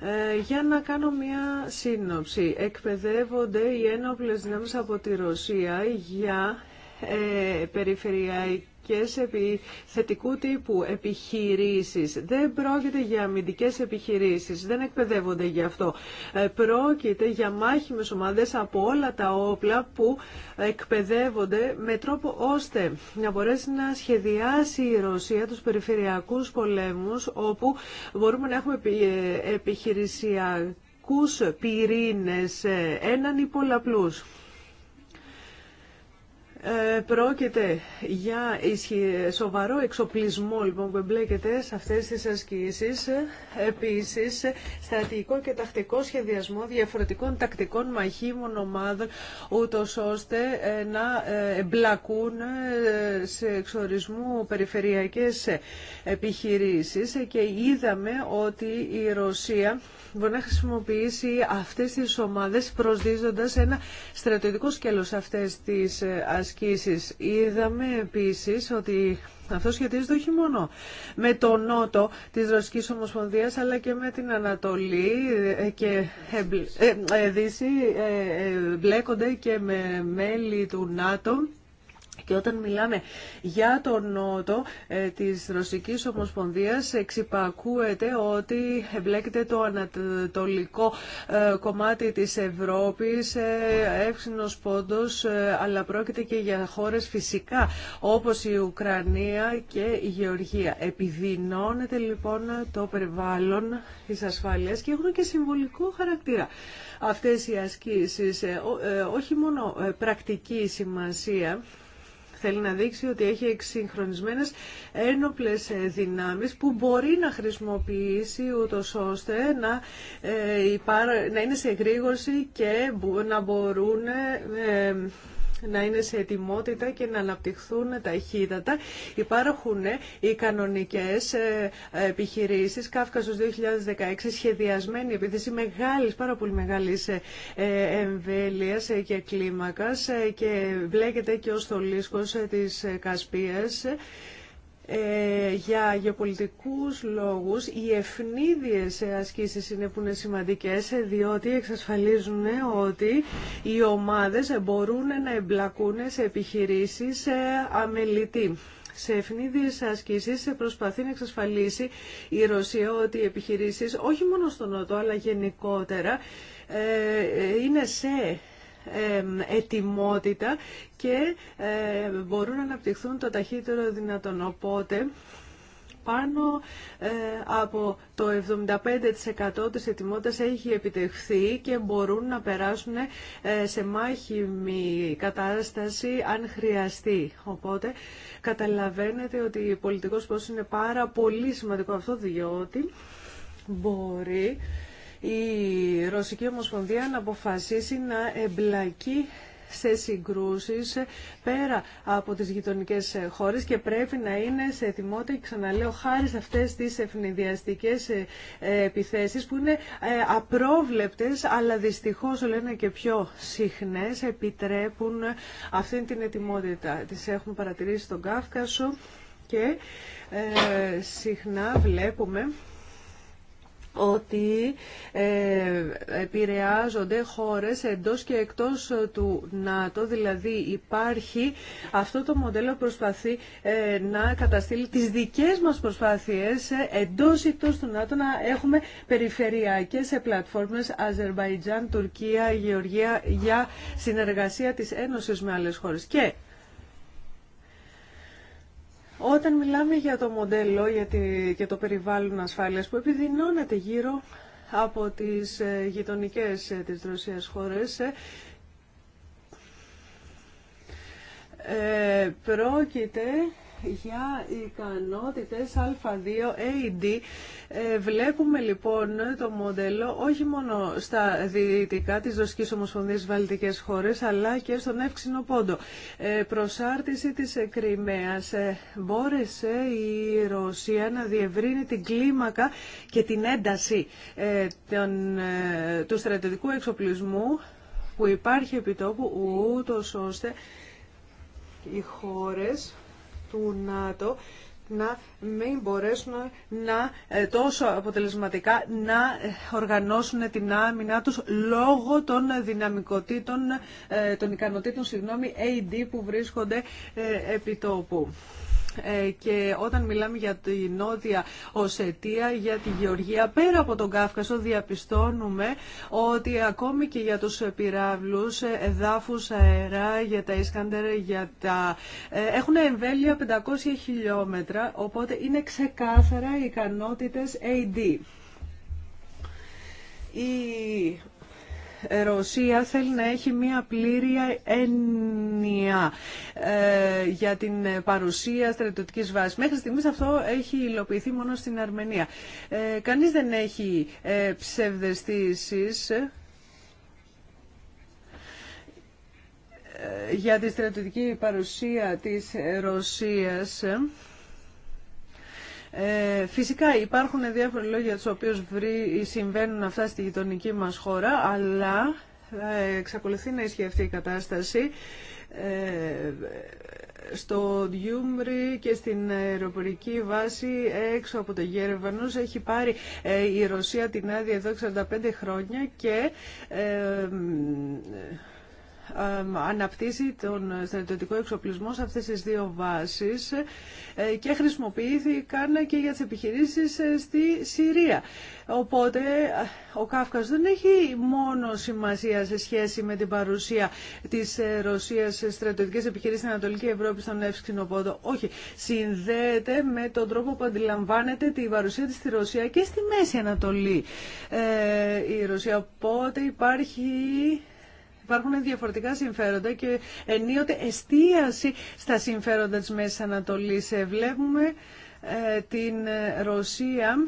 Ε, για να κάνω μια σύνοψη. Εκπαιδεύονται οι ένοπλες δυνάμεις από τη Ρωσία για ε, περιφερειακή αμυντικές θετικού τύπου επιχειρήσεις. Δεν πρόκειται για αμυντικές επιχειρήσεις, δεν εκπαιδεύονται για αυτό. Ε, πρόκειται για μάχημες ομάδες από όλα τα όπλα που εκπαιδεύονται με τρόπο ώστε να μπορέσει να σχεδιάσει η Ρωσία τους περιφερειακούς πολέμους όπου μπορούμε να έχουμε επιχειρησιακούς πυρήνες, ε, έναν ή πολλαπλούς. Ε, πρόκειται για σοβαρό εξοπλισμό λοιπόν, που εμπλέκεται σε αυτές τις ασκήσεις. Επίσης, στρατηγικό και τακτικό σχεδιασμό διαφορετικών τακτικών μαχήμων ομάδων, ούτω ώστε ε, να ε, εμπλακούν σε εξορισμού περιφερειακές επιχειρήσεις και είδαμε ότι η Ρωσία μπορεί να χρησιμοποιήσει αυτές τις ομάδες προσδίζοντα ένα στρατιωτικό σκέλος αυτές τις ασκήσεις Είδαμε επίσης ότι αυτό σχετίζεται όχι μόνο με το νότο της Ρωσικής Ομοσπονδίας αλλά και με την Ανατολή και ε, ε, Δύση, ε, μπλέκονται και με μέλη του ΝΑΤΟ και όταν μιλάμε για τον νότο ε, της Ρωσικής Ομοσπονδίας εξυπακούεται ότι εμπλέκεται το ανατολικό ε, κομμάτι της Ευρώπης, ε, πόντος, ε, αλλά πρόκειται και για χώρες φυσικά όπως η Ουκρανία και η Γεωργία. Επιδεινώνεται λοιπόν το περιβάλλον της ασφάλειας και έχουν και συμβολικό χαρακτήρα αυτές οι ασκήσεις, ε, όχι μόνο πρακτική σημασία, Θέλει να δείξει ότι έχει εξυγχρονισμένες ένοπλες ε, δυνάμεις που μπορεί να χρησιμοποιήσει ούτω ώστε να, ε, να είναι σε εγρήγορση και να μπορούν ε, να είναι σε ετοιμότητα και να αναπτυχθούν ταχύτατα. Υπάρχουν ε, οι κανονικές ε, επιχειρήσεις, Κάφκασος 2016, σχεδιασμένη επίθεση μεγάλης, πάρα πολύ μεγάλης ε, εμβέλειας και κλίμακας και βλέκεται και ο θολίσκος της Κασπίας. Ε, για γεωπολιτικούς λόγους οι ευνίδιες ασκήσεις είναι που είναι σημαντικές διότι εξασφαλίζουν ότι οι ομάδες μπορούν να εμπλακούν σε επιχειρήσεις ε, αμελητή. Σε ευνίδιες ασκήσεις προσπαθεί να εξασφαλίσει η Ρωσία ότι οι επιχειρήσεις όχι μόνο στον Νότο αλλά γενικότερα ε, ε, είναι σε ετοιμότητα και μπορούν να αναπτυχθούν το ταχύτερο δυνατόν. Οπότε πάνω ε, από το 75% της ετοιμότητας έχει επιτευχθεί και μπορούν να περάσουν ε, σε μάχημη κατάσταση αν χρειαστεί. Οπότε καταλαβαίνετε ότι ο πολιτικός πόσο είναι πάρα πολύ σημαντικό αυτό διότι μπορεί η Ρωσική Ομοσπονδία να αποφασίσει να εμπλακεί σε συγκρούσεις πέρα από τις γειτονικές χώρες και πρέπει να είναι σε ετοιμότητα και ξαναλέω χάρη σε αυτές τις ευνηδιαστικές ε, επιθέσεις που είναι ε, απρόβλεπτες αλλά δυστυχώς λένε και πιο συχνές επιτρέπουν αυτή την ετοιμότητα. Τις έχουμε παρατηρήσει στον Κάφκασο και ε, συχνά βλέπουμε ότι ε, επηρεάζονται χώρες εντός και εκτός ε, του ΝΑΤΟ, δηλαδή υπάρχει αυτό το μοντέλο προσπαθεί ε, να καταστήλει τις δικές μας προσπάθειες εντός ή εκτός του ΝΑΤΟ να έχουμε περιφερειακές πλατφόρμες Αζερβαϊτζάν, Τουρκία, Γεωργία για συνεργασία της Ένωσης με άλλες χώρες. Και όταν μιλάμε για το μοντέλο για, τη, το περιβάλλον ασφάλειας που επιδεινώνεται γύρω από τις ε, γειτονικές ε, της Ρωσίας χώρες, ε, πρόκειται για ικανότητες α2AD. Ε ε, βλέπουμε λοιπόν το μοντέλο όχι μόνο στα δυτικά της Δοσκής Ομοσπονδίας Βαλτικές χώρες, αλλά και στον Εύξηνο Πόντο. Ε, προσάρτηση της Κρυμαίας. Μπόρεσε η Ρωσία να διευρύνει την κλίμακα και την ένταση του στρατιωτικού εξοπλισμού που υπάρχει επιτόπου ούτως ώστε οι χώρες του ΝΑΤΟ να μην μπορέσουν να ε, τόσο αποτελεσματικά να ε, οργανώσουν την άμυνά τους λόγω των δυναμικοτήτων, ε, των ικανοτήτων, συγγνώμη, AD που βρίσκονται επί τόπου. Ε, και όταν μιλάμε για τη Νότια Οσετία, για τη Γεωργία, πέρα από τον Κάφκασο διαπιστώνουμε ότι ακόμη και για τους πυράβλους, ε, εδάφους, αερά, για τα Ισκάντερ, για τα... Ε, έχουν εμβέλεια 500 χιλιόμετρα, οπότε είναι ξεκάθαρα οι ικανότητες AD. Ρωσία θέλει να έχει μια πλήρη έννοια ε, για την παρουσία στρατιωτικής βάσης. Μέχρι στιγμής αυτό έχει υλοποιηθεί μόνο στην Αρμενία. Ε, κανείς δεν έχει ε, ψευδεστήσεις για τη στρατιωτική παρουσία της Ρωσίας ε, φυσικά υπάρχουν διάφοροι λόγοι για τους οποίους συμβαίνουν αυτά στη γειτονική μας χώρα, αλλά εξακολουθεί να ισχύει αυτή η κατάσταση ε, στο Διούμρι και στην αεροπορική βάση έξω από το Γέρεβανος έχει πάρει ε, η Ρωσία την άδεια εδώ 45 χρόνια και αναπτύσσει τον στρατιωτικό εξοπλισμό σε αυτές τις δύο βάσεις ε, και χρησιμοποιήθηκαν και για τις επιχειρήσεις ε, στη Συρία. Οπότε ε, ο Κάφκας δεν έχει μόνο σημασία σε σχέση με την παρουσία της Ρωσίας σε στρατιωτικές επιχειρήσεις στην Ανατολική Ευρώπη στον Εύσκηνο πόδο. Όχι, συνδέεται με τον τρόπο που αντιλαμβάνεται τη παρουσία της στη Ρωσία και στη Μέση Ανατολή η Ρωσία. Οπότε υπάρχει υπάρχουν διαφορετικά συμφέροντα και ενίοτε εστίαση στα συμφέροντα της Μέσης Ανατολής. Ε, βλέπουμε ε, την Ρωσία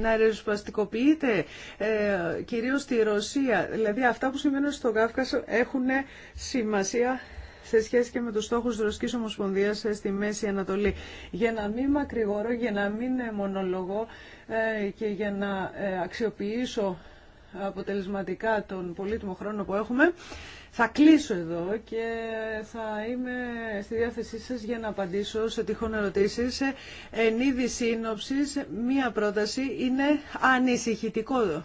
να ρευσπαστικοποιείται, ε, κυρίως στη Ρωσία. Δηλαδή αυτά που συμβαίνουν στο Κάφκασο έχουν σημασία σε σχέση και με τους στόχους της Ρωσικής Ομοσπονδίας ε, στη Μέση Ανατολή. Για να μην μακρηγορώ, για να μην μονολογώ και για να αξιοποιήσω αποτελεσματικά τον πολύτιμο χρόνο που έχουμε. Θα κλείσω εδώ και θα είμαι στη διάθεσή σας για να απαντήσω σε τυχόν ερωτήσεις. Εν είδη σύνοψης, μία πρόταση είναι ανησυχητικό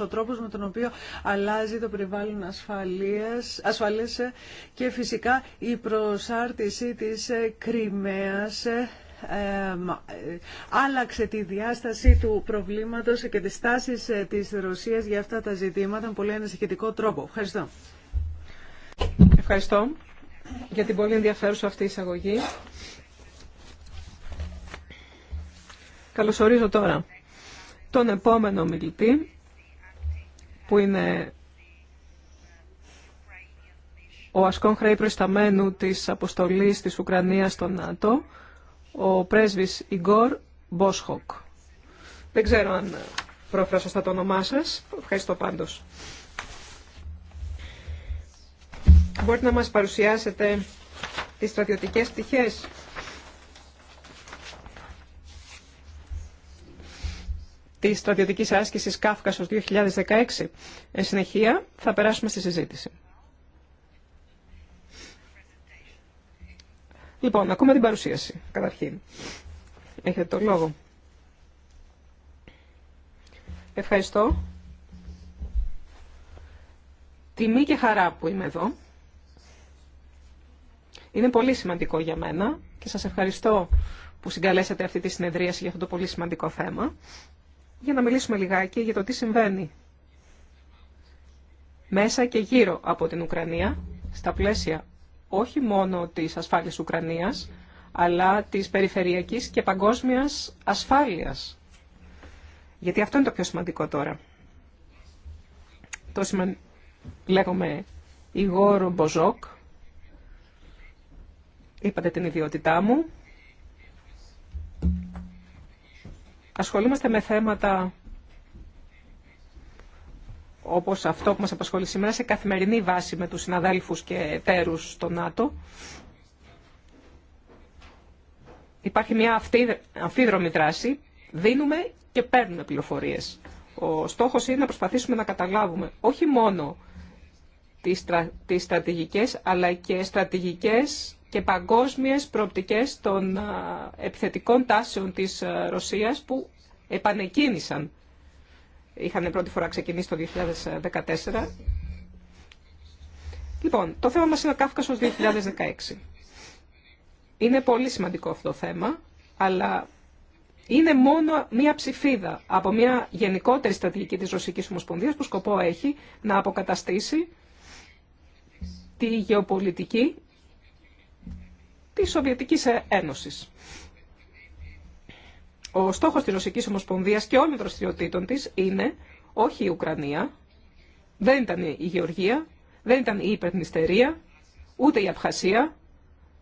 ο τρόπος με τον οποίο αλλάζει το περιβάλλον ασφαλείας, και φυσικά η προσάρτηση της Κρυμαίας ε, άλλαξε τη διάσταση του προβλήματος και τις στάσεις ε, της Ρωσίας για αυτά τα ζητήματα με πολύ ανησυχητικό τρόπο. Ευχαριστώ. Ευχαριστώ για την πολύ ενδιαφέρουσα αυτή η εισαγωγή. Καλωσορίζω τώρα τον επόμενο μιλητή που είναι ο Ασκόν Χρέη Προϊσταμένου της Αποστολής της Ουκρανίας στο ΝΑΤΟ ο πρέσβης Ιγκόρ Μπόσχοκ. Δεν ξέρω αν πρόφερα σωστά το όνομά σας. Ευχαριστώ πάντως. Μπορείτε να μας παρουσιάσετε τις στρατιωτικές πτυχές. Τη στρατιωτική άσκηση Κάφκασο 2016. Εν συνεχεία θα περάσουμε στη συζήτηση. Λοιπόν, ακούμε την παρουσίαση, καταρχήν. Έχετε το λόγο. Ευχαριστώ. Τιμή και χαρά που είμαι εδώ. Είναι πολύ σημαντικό για μένα και σας ευχαριστώ που συγκαλέσατε αυτή τη συνεδρίαση για αυτό το πολύ σημαντικό θέμα, για να μιλήσουμε λιγάκι για το τι συμβαίνει μέσα και γύρω από την Ουκρανία, στα πλαίσια όχι μόνο της ασφάλειας Ουκρανίας, αλλά της περιφερειακής και παγκόσμιας ασφάλειας. Γιατί αυτό είναι το πιο σημαντικό τώρα. Το σημαν... Λέγομαι Ιγόρο Μποζόκ. Είπατε την ιδιότητά μου. Ασχολούμαστε με θέματα όπως αυτό που μας απασχολεί σήμερα σε καθημερινή βάση με τους συναδέλφους και εταίρους στο ΝΑΤΟ. Υπάρχει μια αμφίδρομη δράση, δίνουμε και παίρνουμε πληροφορίες. Ο στόχος είναι να προσπαθήσουμε να καταλάβουμε όχι μόνο τις, στρατηγικές, αλλά και στρατηγικές και παγκόσμιες προοπτικές των επιθετικών τάσεων της Ρωσίας που επανεκκίνησαν είχαν πρώτη φορά ξεκινήσει το 2014. Λοιπόν, το θέμα μας είναι ο Κάφκασος 2016. Είναι πολύ σημαντικό αυτό το θέμα, αλλά είναι μόνο μία ψηφίδα από μία γενικότερη στρατηγική της Ρωσικής Ομοσπονδίας που σκοπό έχει να αποκαταστήσει τη γεωπολιτική της Σοβιετικής Ένωσης. Ο στόχος της Ρωσική Ομοσπονδία και όλων των δραστηριοτήτων της είναι όχι η Ουκρανία, δεν ήταν η Γεωργία, δεν ήταν η Υπερνηστερία, ούτε η Αφχασία,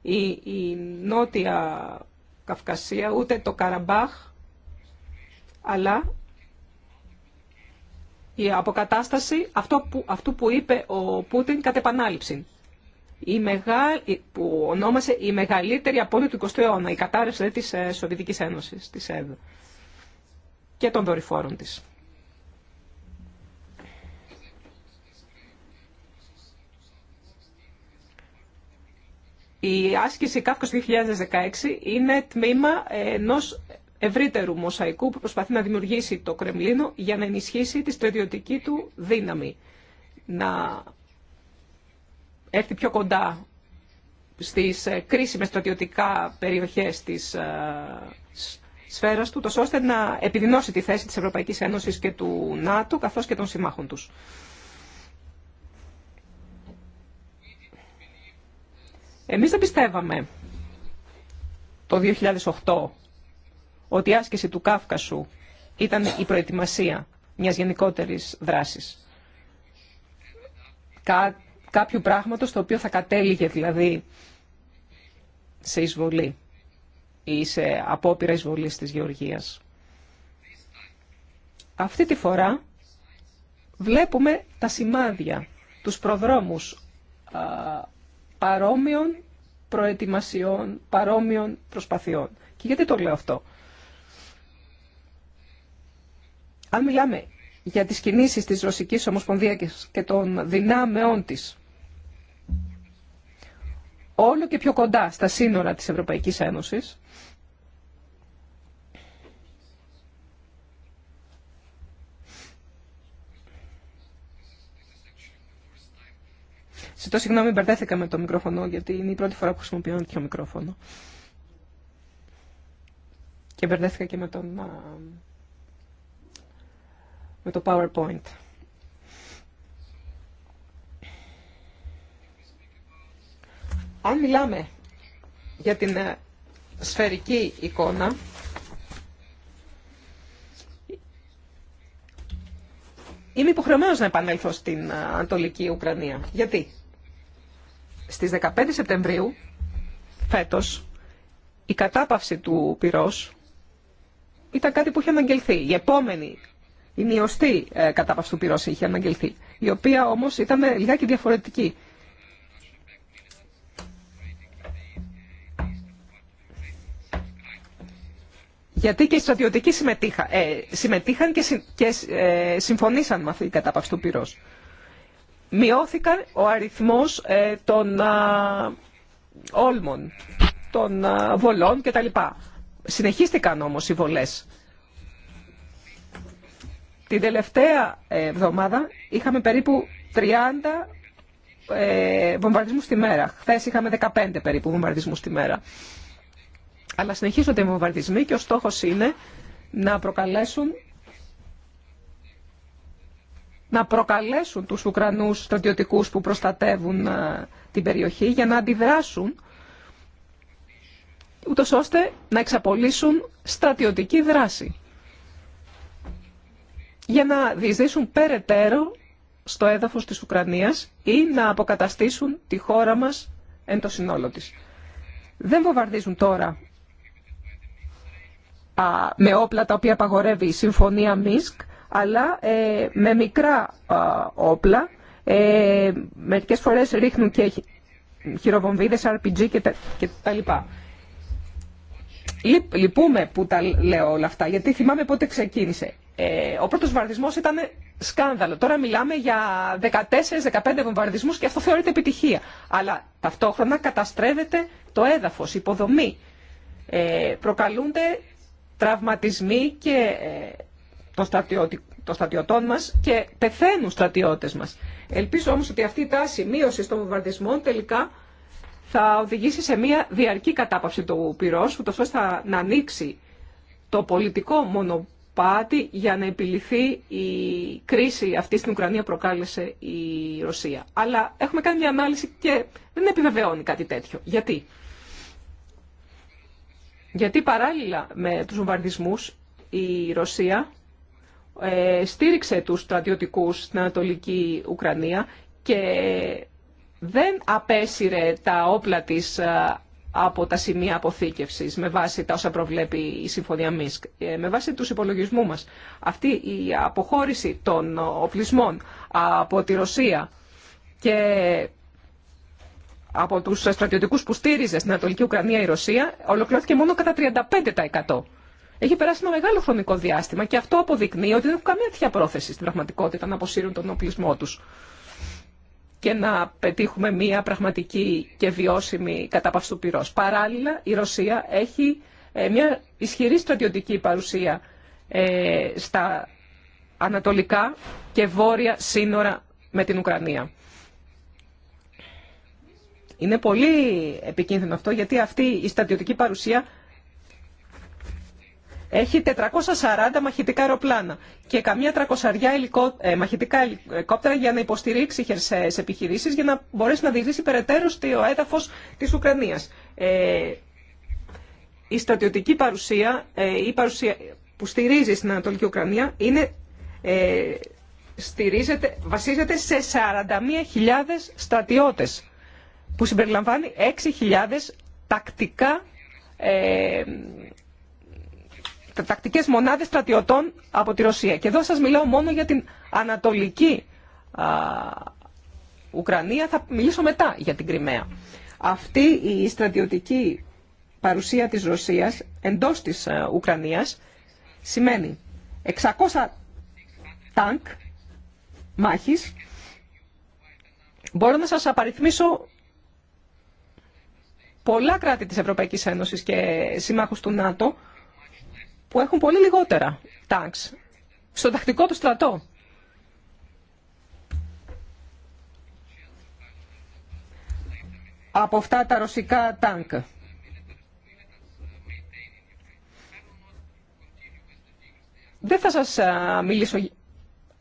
η, η Νότια Καυκασία, ούτε το Καραμπάχ, αλλά η αποκατάσταση που, αυτού που είπε ο Πούτιν κατ' επανάληψη η μεγάλη, που ονόμασε η μεγαλύτερη απόλυτη του 20ου αιώνα, η κατάρρευση δηλαδή, της ε, Σοβιετικής Ένωσης, της ΕΔ και των δορυφόρων της. Η άσκηση ΚΑΦΚΟΣ 2016 είναι τμήμα ενός ευρύτερου μοσαϊκού που προσπαθεί να δημιουργήσει το Κρεμλίνο για να ενισχύσει τη στρατιωτική του δύναμη. Να έρθει πιο κοντά στις ε, κρίσιμες στρατιωτικά περιοχές της ε, σφαίρας του, τόσο ώστε να επιδεινώσει τη θέση της Ευρωπαϊκής Ένωσης και του ΝΑΤΟ, καθώς και των συμμάχων τους. Εμείς δεν πιστεύαμε το 2008 ότι η άσκηση του Κάφκασου ήταν η προετοιμασία μιας γενικότερης δράσης. Κάτι κάποιου πράγματος το οποίο θα κατέληγε δηλαδή σε εισβολή ή σε απόπειρα εισβολή της Γεωργίας. Αυτή τη φορά βλέπουμε τα σημάδια, τους προδρόμους α, παρόμοιων προετοιμασιών, παρόμοιων προσπαθειών. Και γιατί το λέω αυτό. Αν μιλάμε για τις κινήσεις της Ρωσικής Ομοσπονδίας και των δυνάμεών της όλο και πιο κοντά στα σύνορα της Ευρωπαϊκής Ένωσης. Ζητώ συγγνώμη, μπερδέθηκα με το μικρόφωνο, γιατί είναι η πρώτη φορά που χρησιμοποιώ τέτοιο μικρόφωνο. Και μπερδέθηκα και με, τον, με το PowerPoint. Αν μιλάμε για την ε, σφαιρική εικόνα, είμαι υποχρεωμένος να επανέλθω στην ε, Ανατολική Ουκρανία. Γιατί στις 15 Σεπτεμβρίου φέτος η κατάπαυση του πυρός ήταν κάτι που είχε αναγγελθεί. Η επόμενη, η μειωστή ε, κατάπαυση του πυρός είχε αναγγελθεί, η οποία όμως ήταν λιγάκι διαφορετική. Γιατί και οι στρατιωτικοί συμμετείχαν, ε, συμμετείχαν και, και ε, συμφωνήσαν με αυτή την κατάπαυση του πυρός. Μειώθηκαν ο αριθμός ε, των όλμων, των βολών κτλ. Συνεχίστηκαν όμως οι βολές. Την τελευταία εβδομάδα είχαμε περίπου 30 βομβαρδισμούς τη μέρα. Χθες είχαμε 15 περίπου βομβαρδισμούς τη μέρα. Αλλά συνεχίζονται οι βομβαρδισμοί και ο στόχος είναι να προκαλέσουν να προκαλέσουν τους Ουκρανούς στρατιωτικούς που προστατεύουν ε, την περιοχή για να αντιδράσουν ούτως ώστε να εξαπολύσουν στρατιωτική δράση για να διεισδύσουν περαιτέρω στο έδαφος της Ουκρανίας ή να αποκαταστήσουν τη χώρα μας εν το συνόλο της. Δεν βομβαρδίζουν τώρα με όπλα τα οποία απαγορεύει η Συμφωνία Μίσκ, αλλά ε, με μικρά όπλα. Ε, μερικές φορές ρίχνουν και χειροβομβίδες, RPG και τα λοιπά. Λυπούμε που τα λέω όλα αυτά, γιατί θυμάμαι πότε ξεκίνησε. Ε, ο πρώτος βαρδισμός ήταν σκάνδαλο. Τώρα μιλάμε για 14-15 βομβαρδισμούς και αυτό θεωρείται επιτυχία. Αλλά ταυτόχρονα καταστρέφεται το έδαφος, η υποδομή. Ε, προκαλούνται τραυματισμοί και ε, των το στρατιωτών μας και πεθαίνουν στρατιώτες μας. Ελπίζω όμως ότι αυτή η τάση μείωση των βομβαρδισμών τελικά θα οδηγήσει σε μια διαρκή κατάπαυση του πυρός, ούτως ώστε να ανοίξει το πολιτικό μονοπάτι για να επιληθεί η κρίση αυτή στην Ουκρανία προκάλεσε η Ρωσία. Αλλά έχουμε κάνει μια ανάλυση και δεν επιβεβαιώνει κάτι τέτοιο. Γιατί? Γιατί παράλληλα με τους βομβαρδισμούς η Ρωσία ε, στήριξε τους στρατιωτικούς στην Ανατολική Ουκρανία και δεν απέσυρε τα όπλα της ε, από τα σημεία αποθήκευσης με βάση τα όσα προβλέπει η Συμφωνία Μίσκ, ε, με βάση τους υπολογισμού μας. Αυτή η αποχώρηση των οπλισμών από τη Ρωσία και από του στρατιωτικού που στήριζε στην Ανατολική Ουκρανία η Ρωσία ολοκληρώθηκε μόνο κατά 35%. Έχει περάσει ένα μεγάλο χρονικό διάστημα και αυτό αποδεικνύει ότι δεν έχουν καμία τέτοια πρόθεση στην πραγματικότητα να αποσύρουν τον οπλισμό τους και να πετύχουμε μία πραγματική και βιώσιμη κατάπαυση του πυρός. Παράλληλα, η Ρωσία έχει ε, μια ισχυρή στρατιωτική παρουσία ε, στα ανατολικά και βόρεια σύνορα με την Ουκρανία. Είναι πολύ επικίνδυνο αυτό γιατί αυτή η στατιωτική παρουσία έχει 440 μαχητικά αεροπλάνα και καμία τρακοσαριά ε, μαχητικά ελικόπτερα για να υποστηρίξει χερσαίες επιχειρήσεις για να μπορέσει να διευρύσει περαιτέρω το έδαφος της Ουκρανίας. Ε, η στρατιωτική παρουσία, ε, η παρουσία που στηρίζει στην Ανατολική Ουκρανία είναι, βασίζεται σε 41.000 στρατιώτες που συμπεριλαμβάνει 6.000 τακτικά ε, τακτικές μονάδες στρατιωτών από τη Ρωσία. Και εδώ σας μιλάω μόνο για την ανατολική α, Ουκρανία, θα μιλήσω μετά για την Κρυμαία. Αυτή η στρατιωτική παρουσία της Ρωσίας εντός της α, ε, Ουκρανίας σημαίνει 600 τάγκ μάχης. Μπορώ να σας απαριθμίσω πολλά κράτη της Ευρωπαϊκής Ένωσης και συμμάχους του ΝΑΤΟ που έχουν πολύ λιγότερα τάξ στο τακτικό του στρατό. από αυτά τα ρωσικά τάγκ. Δεν θα σας μιλήσω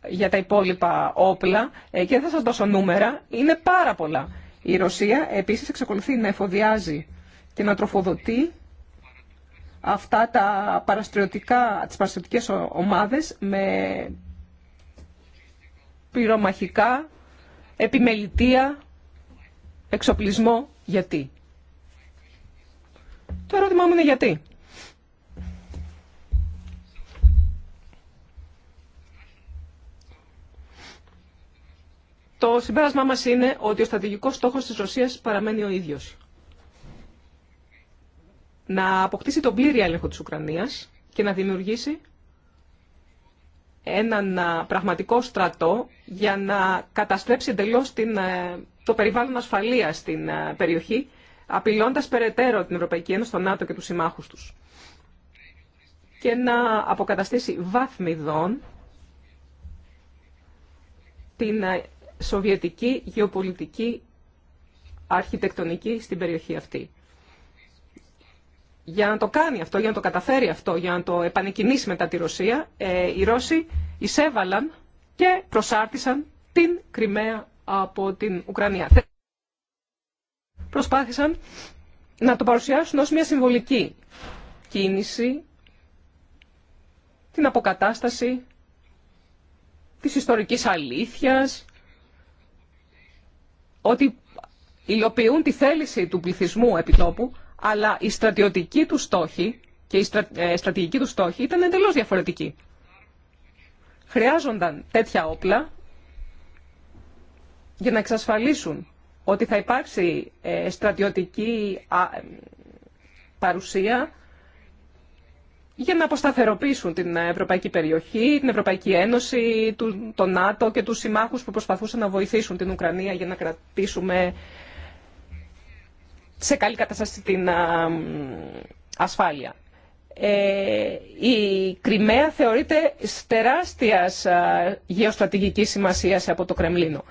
για τα υπόλοιπα όπλα ε, και δεν θα σας δώσω νούμερα. Είναι πάρα πολλά. Η Ρωσία επίσης εξακολουθεί να εφοδιάζει και να τροφοδοτεί αυτά τα παραστριωτικά, τις παραστριωτικές ομάδες με πυρομαχικά, επιμελητεία, εξοπλισμό. Γιατί. Το ερώτημά μου είναι γιατί. Το συμπέρασμά μας είναι ότι ο στρατηγικός στόχος της Ρωσίας παραμένει ο ίδιος. Να αποκτήσει τον πλήρη έλεγχο της Ουκρανίας και να δημιουργήσει έναν πραγματικό στρατό για να καταστρέψει εντελώς το περιβάλλον ασφαλείας στην περιοχή, απειλώντας περαιτέρω την Ευρωπαϊκή Ένωση, τον ΝΑΤΟ και τους συμμάχους τους. Και να αποκαταστήσει βάθμιδόν την σοβιετική γεωπολιτική αρχιτεκτονική στην περιοχή αυτή. Για να το κάνει αυτό, για να το καταφέρει αυτό, για να το επανεκκινήσει μετά τη Ρωσία, ε, οι Ρώσοι εισέβαλαν και προσάρτησαν την Κρυμαία από την Ουκρανία. Προσπάθησαν να το παρουσιάσουν ως μια συμβολική κίνηση, την αποκατάσταση της ιστορικής αλήθειας, ότι υλοποιούν τη θέληση του πληθυσμού επιτόπου, αλλά η στρατιωτική του στόχη και η ε, στρατηγική του στόχη ήταν εντελώς διαφορετική. Χρειάζονταν τέτοια όπλα για να εξασφαλίσουν ότι θα υπάρξει ε, στρατιωτική ε, παρουσία για να αποσταθεροποιήσουν την Ευρωπαϊκή Περιοχή, την Ευρωπαϊκή Ένωση, το ΝΑΤΟ και τους συμμάχους που προσπαθούσαν να βοηθήσουν την Ουκρανία για να κρατήσουμε σε καλή κατάσταση την ασφάλεια. Ε, η Κρυμαία θεωρείται τεράστιας γεωστρατηγικής σημασίας από το Κρεμλίνο.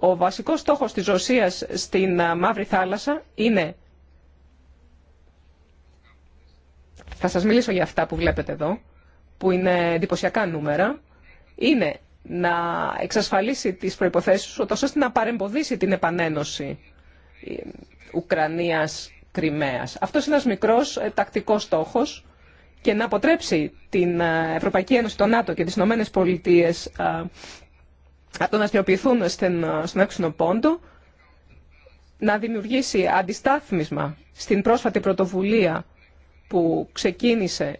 Ο βασικός στόχος της Ρωσίας στην Μαύρη Θάλασσα είναι Θα σας μιλήσω για αυτά που βλέπετε εδώ, που είναι εντυπωσιακά νούμερα. Είναι να εξασφαλίσει τις προϋποθέσεις ώστε να παρεμποδίσει την επανένωση Ουκρανίας Κρυμαίας. Αυτό είναι ένας μικρός ε, τακτικός στόχος και να αποτρέψει την ε, Ευρωπαϊκή Ένωση, το ΝΑΤΟ και τις Ηνωμένες Πολιτείες ε, από το να αστυνοποιηθούν στον έξινο πόντο, να δημιουργήσει αντιστάθμισμα στην πρόσφατη πρωτοβουλία που ξεκίνησε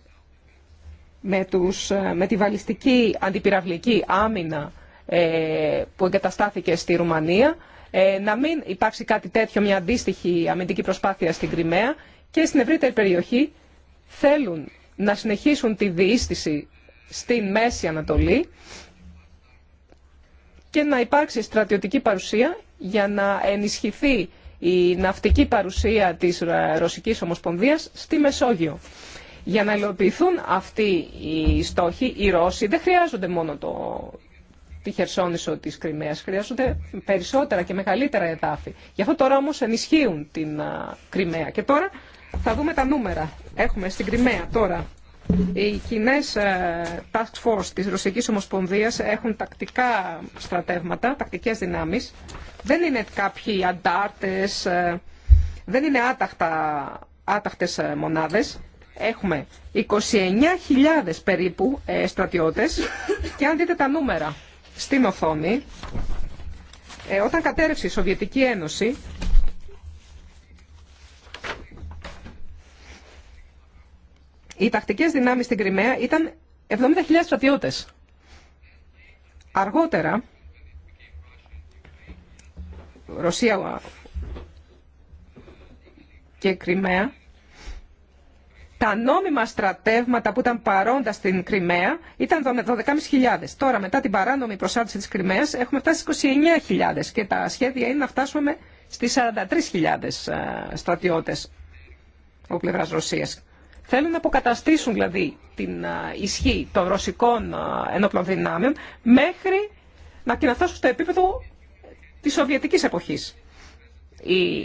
με, τους, με τη βαλιστική αντιπυραυλική άμυνα ε, που εγκαταστάθηκε στη Ρουμανία, ε, να μην υπάρξει κάτι τέτοιο, μια αντίστοιχη αμυντική προσπάθεια στην Κρυμαία και στην ευρύτερη περιοχή θέλουν να συνεχίσουν τη διείστηση στην Μέση Ανατολή και να υπάρξει στρατιωτική παρουσία για να ενισχυθεί η ναυτική παρουσία της Ρωσικής Ομοσπονδίας στη Μεσόγειο. Για να υλοποιηθούν αυτοί οι στόχοι, οι Ρώσοι δεν χρειάζονται μόνο το, τη χερσόνησο της Κρυμαίας, χρειάζονται περισσότερα και μεγαλύτερα εδάφη. Γι' αυτό τώρα όμως ενισχύουν την Κρυμαία. Και τώρα θα δούμε τα νούμερα. Έχουμε στην Κρυμαία τώρα οι κοινέ ε, task force της Ρωσικής Ομοσπονδίας έχουν τακτικά στρατεύματα, τακτικές δυνάμεις. Δεν είναι κάποιοι αντάρτες, ε, δεν είναι άταχτα, άταχτες ε, μονάδες. Έχουμε 29.000 περίπου στρατιώτες και αν δείτε τα νούμερα στην οθόνη, όταν κατέρευσε η Σοβιετική Ένωση οι τακτικές δυνάμει στην Κρυμαία ήταν 70.000 στρατιώτες. Αργότερα, Ρωσία και Κρυμαία, τα νόμιμα στρατεύματα που ήταν παρόντα στην Κρυμαία ήταν 12.500. Τώρα μετά την παράνομη προσάρτηση της Κρυμαίας έχουμε φτάσει στις 29.000 και τα σχέδια είναι να φτάσουμε στις 43.000 ε, στρατιώτες ο πλευρά Ρωσίας. Θέλουν να αποκαταστήσουν δηλαδή την ισχύ των ρωσικών ενόπλων δυνάμεων μέχρι να, κοινοθώσουν στο επίπεδο της Σοβιετικής εποχής. Η,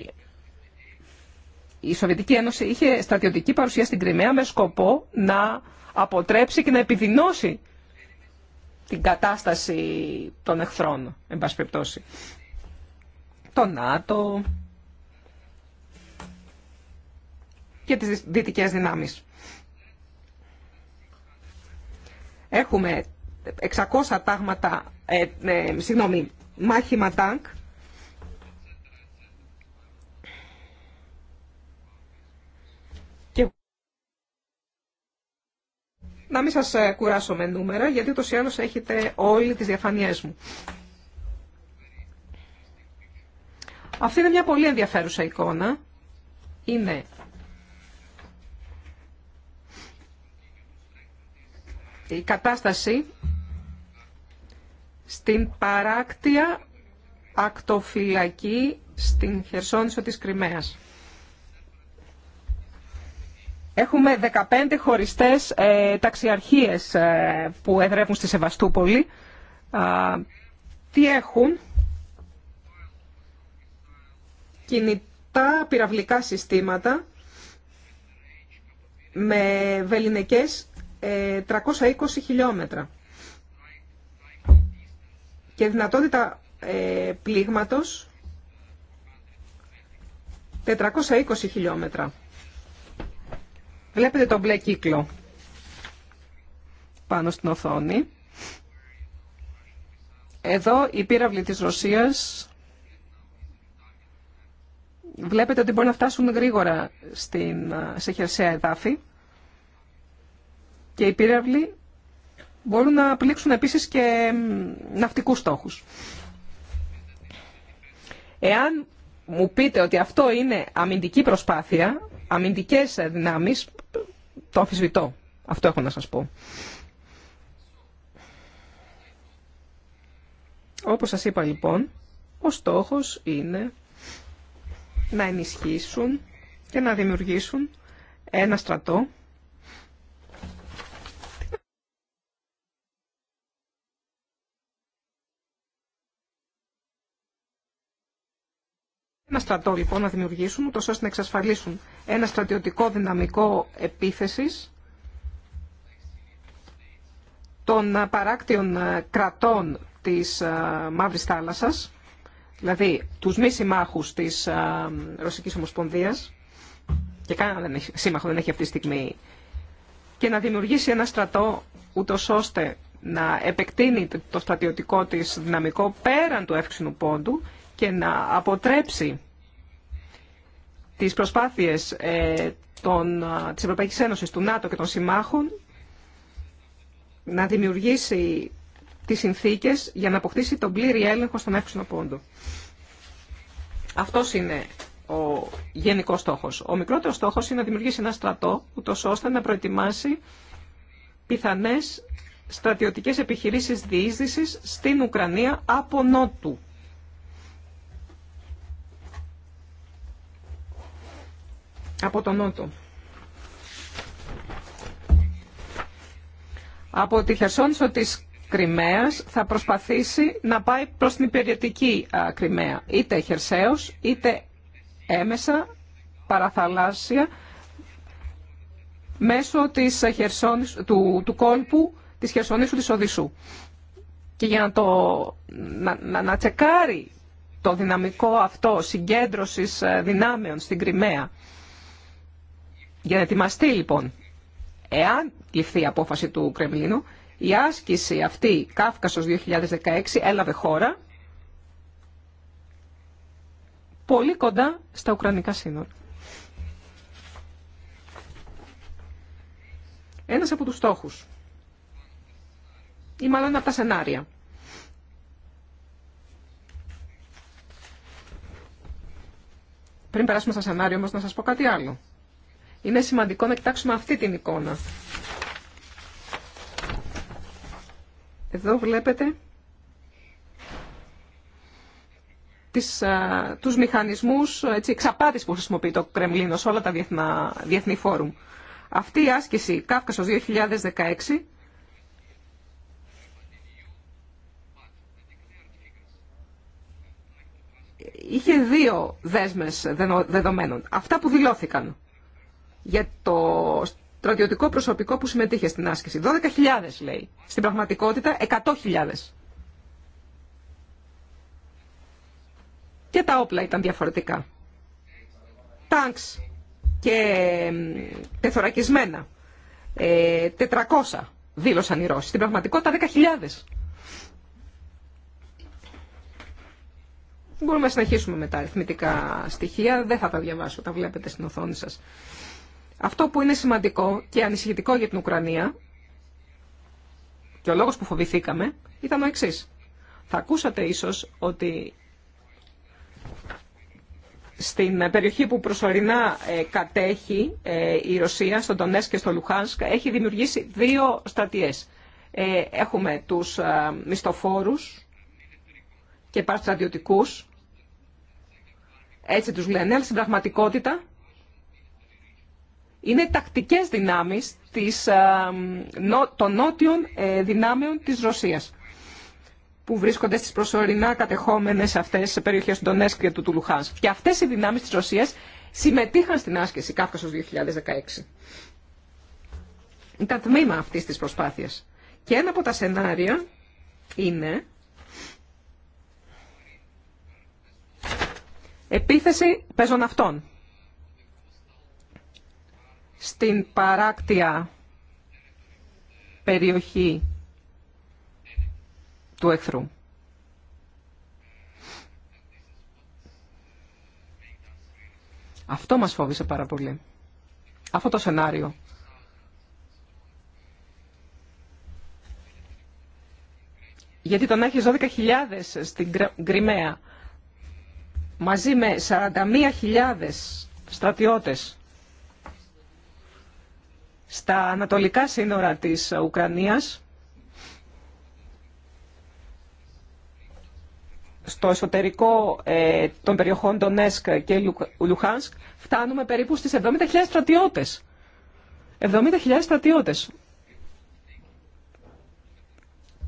η Σοβιετική Ένωση είχε στρατιωτική παρουσία στην Κρυμαία με σκοπό να αποτρέψει και να επιδεινώσει την κατάσταση των εχθρών, εν πάση περιπτώσει. Το ΝΑΤΟ, και τις δυτικές δυνάμεις. Έχουμε 600 τάγματα, ε, ε, συγγνώμη, μάχημα τάγκ, Να μην σας ε, κουράσω με νούμερα, γιατί το ή έχετε όλοι τις διαφανίες μου. Αυτή είναι μια πολύ ενδιαφέρουσα εικόνα. Είναι η κατάσταση στην παράκτια ακτοφυλακή στην Χερσόνησο της Κρυμαίας. Έχουμε 15 χωριστές ε, ταξιαρχίες ε, που εδρεύουν στη Σεβαστούπολη. τι έχουν κινητά πυραυλικά συστήματα με βεληνικές 320 ε, χιλιόμετρα και δυνατότητα ε, πλήγματος 420 χιλιόμετρα. Βλέπετε τον μπλε κύκλο πάνω στην οθόνη. Εδώ η πύραυλη της Ρωσίας βλέπετε ότι μπορεί να φτάσουν γρήγορα στην, σε χερσαία εδάφη και οι πύραυλοι μπορούν να πλήξουν επίσης και ναυτικούς στόχους. Εάν μου πείτε ότι αυτό είναι αμυντική προσπάθεια, αμυντικές δυνάμεις, το αμφισβητώ. Αυτό έχω να σας πω. Όπως σας είπα λοιπόν, ο στόχος είναι να ενισχύσουν και να δημιουργήσουν ένα στρατό ένα στρατό λοιπόν να δημιουργήσουν, τόσο ώστε να εξασφαλίσουν ένα στρατιωτικό δυναμικό επίθεσης των παράκτιων ε, κρατών της ε, Μαύρης Θάλασσας, δηλαδή τους μη συμμάχους της ε, Ρωσικής Ομοσπονδίας, και κανένα δεν σύμμαχο δεν έχει αυτή τη στιγμή, και να δημιουργήσει ένα στρατό ούτω ώστε να επεκτείνει το στρατιωτικό της δυναμικό πέραν του εύξηνου πόντου και να αποτρέψει τις προσπάθειες ε, των, της Ευρωπαϊκής Ένωσης, του ΝΑΤΟ και των συμμάχων να δημιουργήσει τις συνθήκες για να αποκτήσει τον πλήρη έλεγχο στον εύξηνο πόντο. Αυτός είναι ο γενικός στόχος. Ο μικρότερος στόχος είναι να δημιουργήσει ένα στρατό, ούτως ώστε να προετοιμάσει πιθανές στρατιωτικές επιχειρήσεις διείσδυσης στην Ουκρανία από νότου. από τον Νότο. Από τη Χερσόνησο της Κρυμαίας θα προσπαθήσει να πάει προς την υπηρετική Κρυμαία, είτε χερσαίος, είτε έμεσα, παραθαλάσσια, μέσω της του, του κόλπου της Χερσόνησου της Οδυσσού. Και για να, το, να, τσεκάρει το δυναμικό αυτό συγκέντρωσης ε, δυνάμεων στην Κρυμαία για να ετοιμαστεί λοιπόν, εάν ληφθεί η απόφαση του Κρεμλίνου, η άσκηση αυτή Κάφκασος 2016 έλαβε χώρα πολύ κοντά στα Ουκρανικά σύνορα. Ένας από τους στόχους ή μάλλον από τα σενάρια. Πριν περάσουμε στα σενάρια όμως να σας πω κάτι άλλο. Είναι σημαντικό να κοιτάξουμε αυτή την εικόνα. Εδώ βλέπετε τις, α, τους μηχανισμούς έτσι, εξαπάτης που χρησιμοποιεί το Κρεμλίνο σε όλα τα διεθνα, διεθνή φόρουμ. Αυτή η άσκηση Κάφκασος 2016 είχε δύο δέσμες δεδομένων. Αυτά που δηλώθηκαν για το στρατιωτικό προσωπικό που συμμετείχε στην άσκηση. 12.000 λέει. Στην πραγματικότητα 100.000. Και τα όπλα ήταν διαφορετικά. Τάγκς και τεθωρακισμένα. 400 ε, δήλωσαν οι Ρώσοι. Στην πραγματικότητα 10.000. Μπορούμε να συνεχίσουμε με τα αριθμητικά στοιχεία. Δεν θα τα διαβάσω, τα βλέπετε στην οθόνη σας. Αυτό που είναι σημαντικό και ανησυχητικό για την Ουκρανία και ο λόγος που φοβηθήκαμε ήταν ο εξή. Θα ακούσατε ίσως ότι στην περιοχή που προσωρινά ε, κατέχει ε, η Ρωσία, στον Τονές και στο Λουχάνσκ, έχει δημιουργήσει δύο στρατιές. Ε, έχουμε τους μισθοφόρους και παραστρατιωτικούς, έτσι τους λένε, αλλά στην πραγματικότητα είναι τακτικές δυνάμεις ε, των νότιων ε, δυνάμεων της Ρωσίας που βρίσκονται στις προσωρινά κατεχόμενες αυτές σε περιοχές του Ντονέσκ και του Τουλουχάς. Και αυτές οι δυνάμεις της Ρωσίας συμμετείχαν στην άσκηση Κάφκασος 2016. Ήταν τμήμα αυτής της προσπάθειας. Και ένα από τα σενάρια είναι επίθεση πεζοναυτών στην παράκτια περιοχή του εχθρού. Αυτό μας φόβησε πάρα πολύ. Αυτό το σενάριο. Γιατί τον έχεις 12.000 στην Κρυμαία μαζί με 41.000 στρατιώτες στα ανατολικά σύνορα της Ουκρανίας, στο εσωτερικό ε, των περιοχών Ντονέσκ και Λουχάνσκ, φτάνουμε περίπου στις 70.000 στρατιώτες. 70.000 στρατιώτες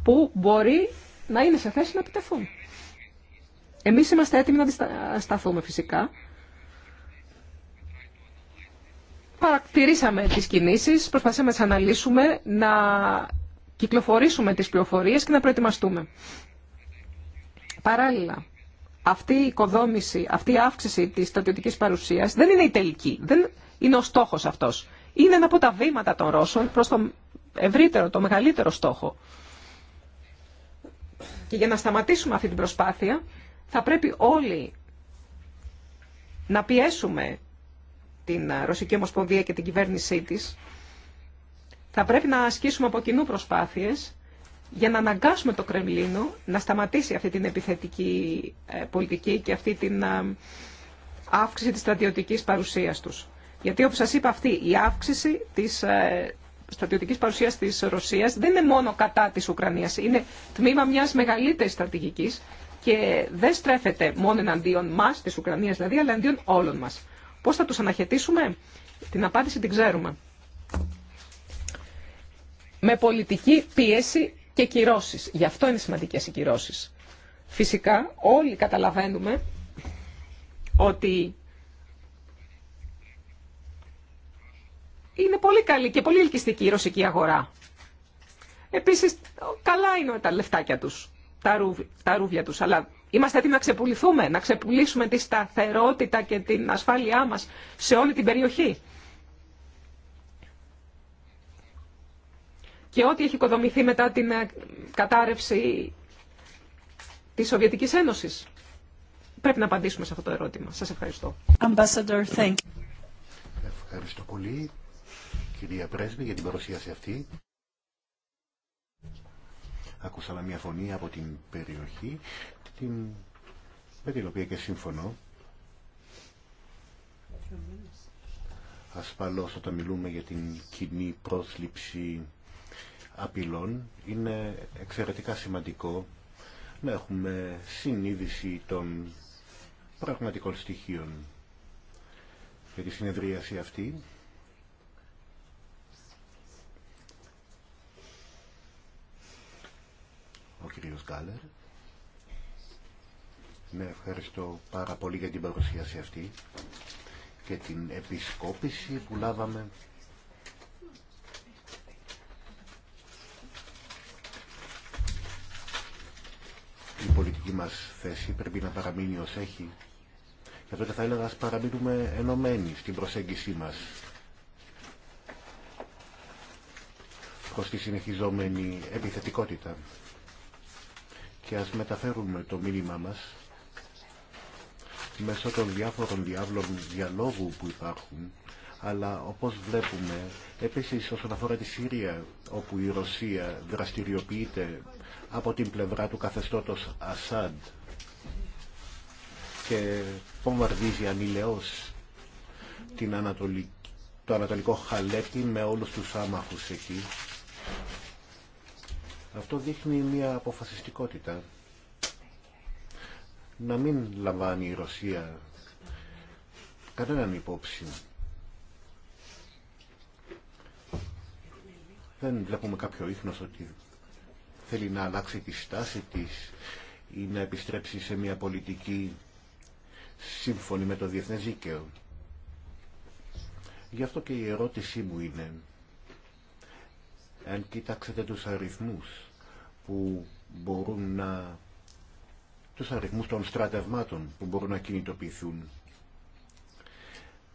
που μπορεί να είναι σε θέση να επιτεθούν. Εμείς είμαστε έτοιμοι να αντισταθούμε φυσικά, Παρακτηρήσαμε τις κινήσεις, προσπαθήσαμε να τις αναλύσουμε, να κυκλοφορήσουμε τις πληροφορίες και να προετοιμαστούμε. Παράλληλα, αυτή η οικοδόμηση, αυτή η αύξηση της στρατιωτικής παρουσίας δεν είναι η τελική, δεν είναι ο στόχος αυτός. Είναι ένα από τα βήματα των Ρώσων προς το ευρύτερο, το μεγαλύτερο στόχο. Και για να σταματήσουμε αυτή την προσπάθεια θα πρέπει όλοι να πιέσουμε την ε, Ρωσική Ομοσπονδία και την κυβέρνησή τη, θα πρέπει να ασκήσουμε από κοινού προσπάθειες για να αναγκάσουμε το Κρεμλίνο να σταματήσει αυτή την επιθετική ε, πολιτική και αυτή την ε, αύξηση της στρατιωτικής παρουσίας τους. Γιατί όπως σας είπα αυτή η αύξηση της στρατιωτικής παρουσίας της Ρωσίας δεν είναι μόνο κατά της Ουκρανίας, είναι τμήμα μιας μεγαλύτερης στρατηγικής και δεν στρέφεται μόνο εναντίον μας, της Ουκρανίας δηλαδή, αλλά εναντίον όλων μας. Πώς θα τους αναχαιτήσουμε, την απάντηση την ξέρουμε. Με πολιτική πίεση και κυρώσεις. Γι' αυτό είναι σημαντικές οι κυρώσεις. Φυσικά όλοι καταλαβαίνουμε ότι είναι πολύ καλή και πολύ ελκυστική η ρωσική αγορά. Επίσης, καλά είναι τα λεφτάκια τους, τα, ρούβια, τα τους, αλλά Είμαστε έτοιμοι να ξεπουληθούμε, να ξεπουλήσουμε τη σταθερότητα και την ασφάλειά μας σε όλη την περιοχή. Και ό,τι έχει οικοδομηθεί μετά την ε, κατάρρευση της Σοβιετικής Ένωσης. Πρέπει να απαντήσουμε σε αυτό το ερώτημα. Σας ευχαριστώ. Ambassador, thank Ευχαριστώ πολύ, κυρία Πρέσβη, για την παρουσίαση αυτή. Ακούσαμε μια φωνή από την περιοχή την, με την οποία και συμφωνώ. Ασφαλώς όταν μιλούμε για την κοινή πρόσληψη απειλών είναι εξαιρετικά σημαντικό να έχουμε συνείδηση των πραγματικών στοιχείων για τη συνεδρίαση αυτή. Ο κύριος Γκάλερ. Ναι, ευχαριστώ πάρα πολύ για την παρουσίαση αυτή και την επισκόπηση που λάβαμε. Η πολιτική μας θέση πρέπει να παραμείνει ως έχει. Γι' αυτό και θα έλεγα ας παραμείνουμε ενωμένοι στην προσέγγιση μας προς τη συνεχιζόμενη επιθετικότητα και ας μεταφέρουμε το μήνυμά μας μέσω των διάφορων διάβλων διαλόγου που υπάρχουν αλλά όπως βλέπουμε επίσης όσον αφορά τη Συρία όπου η Ρωσία δραστηριοποιείται από την πλευρά του καθεστώτος Ασάντ και πομβαρδίζει ανηλαιώς την το Ανατολικό Χαλέπι με όλους τους άμαχους εκεί. Αυτό δείχνει μια αποφασιστικότητα να μην λαμβάνει η Ρωσία κανέναν υπόψη. Δεν βλέπουμε κάποιο ίχνος ότι θέλει να αλλάξει τη στάση της ή να επιστρέψει σε μια πολιτική σύμφωνη με το διεθνές δίκαιο. Γι' αυτό και η ερώτησή μου είναι, αν κοιτάξετε τους αριθμούς που μπορούν να τους αριθμούς των στρατευμάτων που μπορούν να κινητοποιηθούν.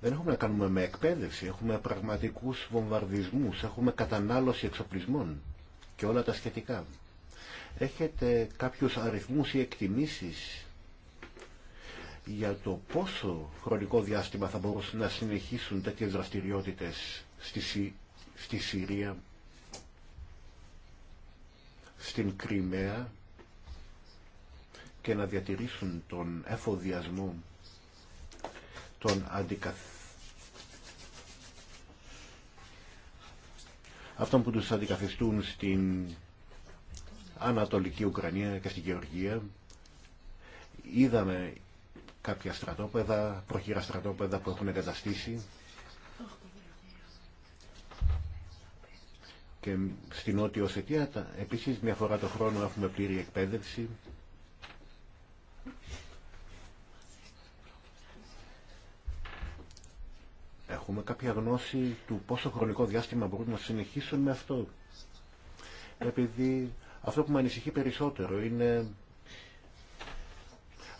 Δεν έχουμε να κάνουμε με εκπαίδευση, έχουμε πραγματικούς βομβαρδισμούς, έχουμε κατανάλωση εξοπλισμών και όλα τα σχετικά. Έχετε κάποιους αριθμούς ή εκτιμήσεις για το πόσο χρονικό διάστημα θα μπορούσαν να συνεχίσουν τέτοιες δραστηριότητες στη, στη Συρία, στην Κρυμαία και να διατηρήσουν τον εφοδιασμό των αντικαθ... αυτών που τους αντικαθιστούν στην Ανατολική Ουκρανία και στην Γεωργία. Είδαμε κάποια στρατόπεδα, προχειρά στρατόπεδα που έχουν εγκαταστήσει και στην Νότια Οσετία επίσης μια φορά το χρόνο έχουμε πλήρη εκπαίδευση Έχουμε κάποια γνώση του πόσο χρονικό διάστημα μπορούν να συνεχίσουν με αυτό. Επειδή αυτό που με ανησυχεί περισσότερο είναι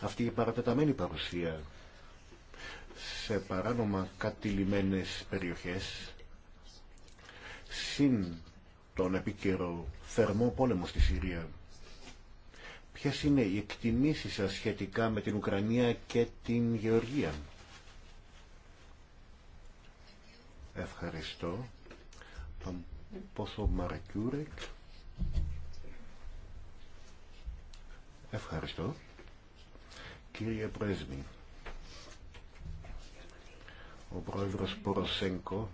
αυτή η παρατεταμένη παρουσία σε παράνομα κατηλημένες περιοχές συν τον επίκαιρο θερμό πόλεμο στη Συρία. Ποιες είναι οι εκτιμήσεις σας σχετικά με την Ουκρανία και την Γεωργία. Ευχαριστώ. Τον Πόσο Μαρακιούρεκ. Ευχαριστώ. Κύριε Πρέσβη, ο πρόεδρος Ποροσέγκο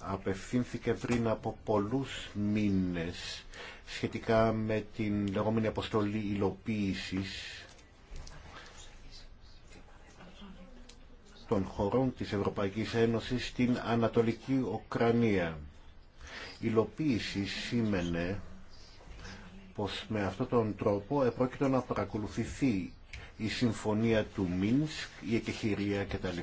απευθύνθηκε πριν από πολλούς μήνες σχετικά με την λεγόμενη αποστολή υλοποίησης των χωρών της Ευρωπαϊκής Ένωσης στην Ανατολική Ουκρανία. Η υλοποίηση σήμαινε πως με αυτόν τον τρόπο επρόκειτο να παρακολουθηθεί η συμφωνία του Μίνσκ, η εκεχηρία κτλ.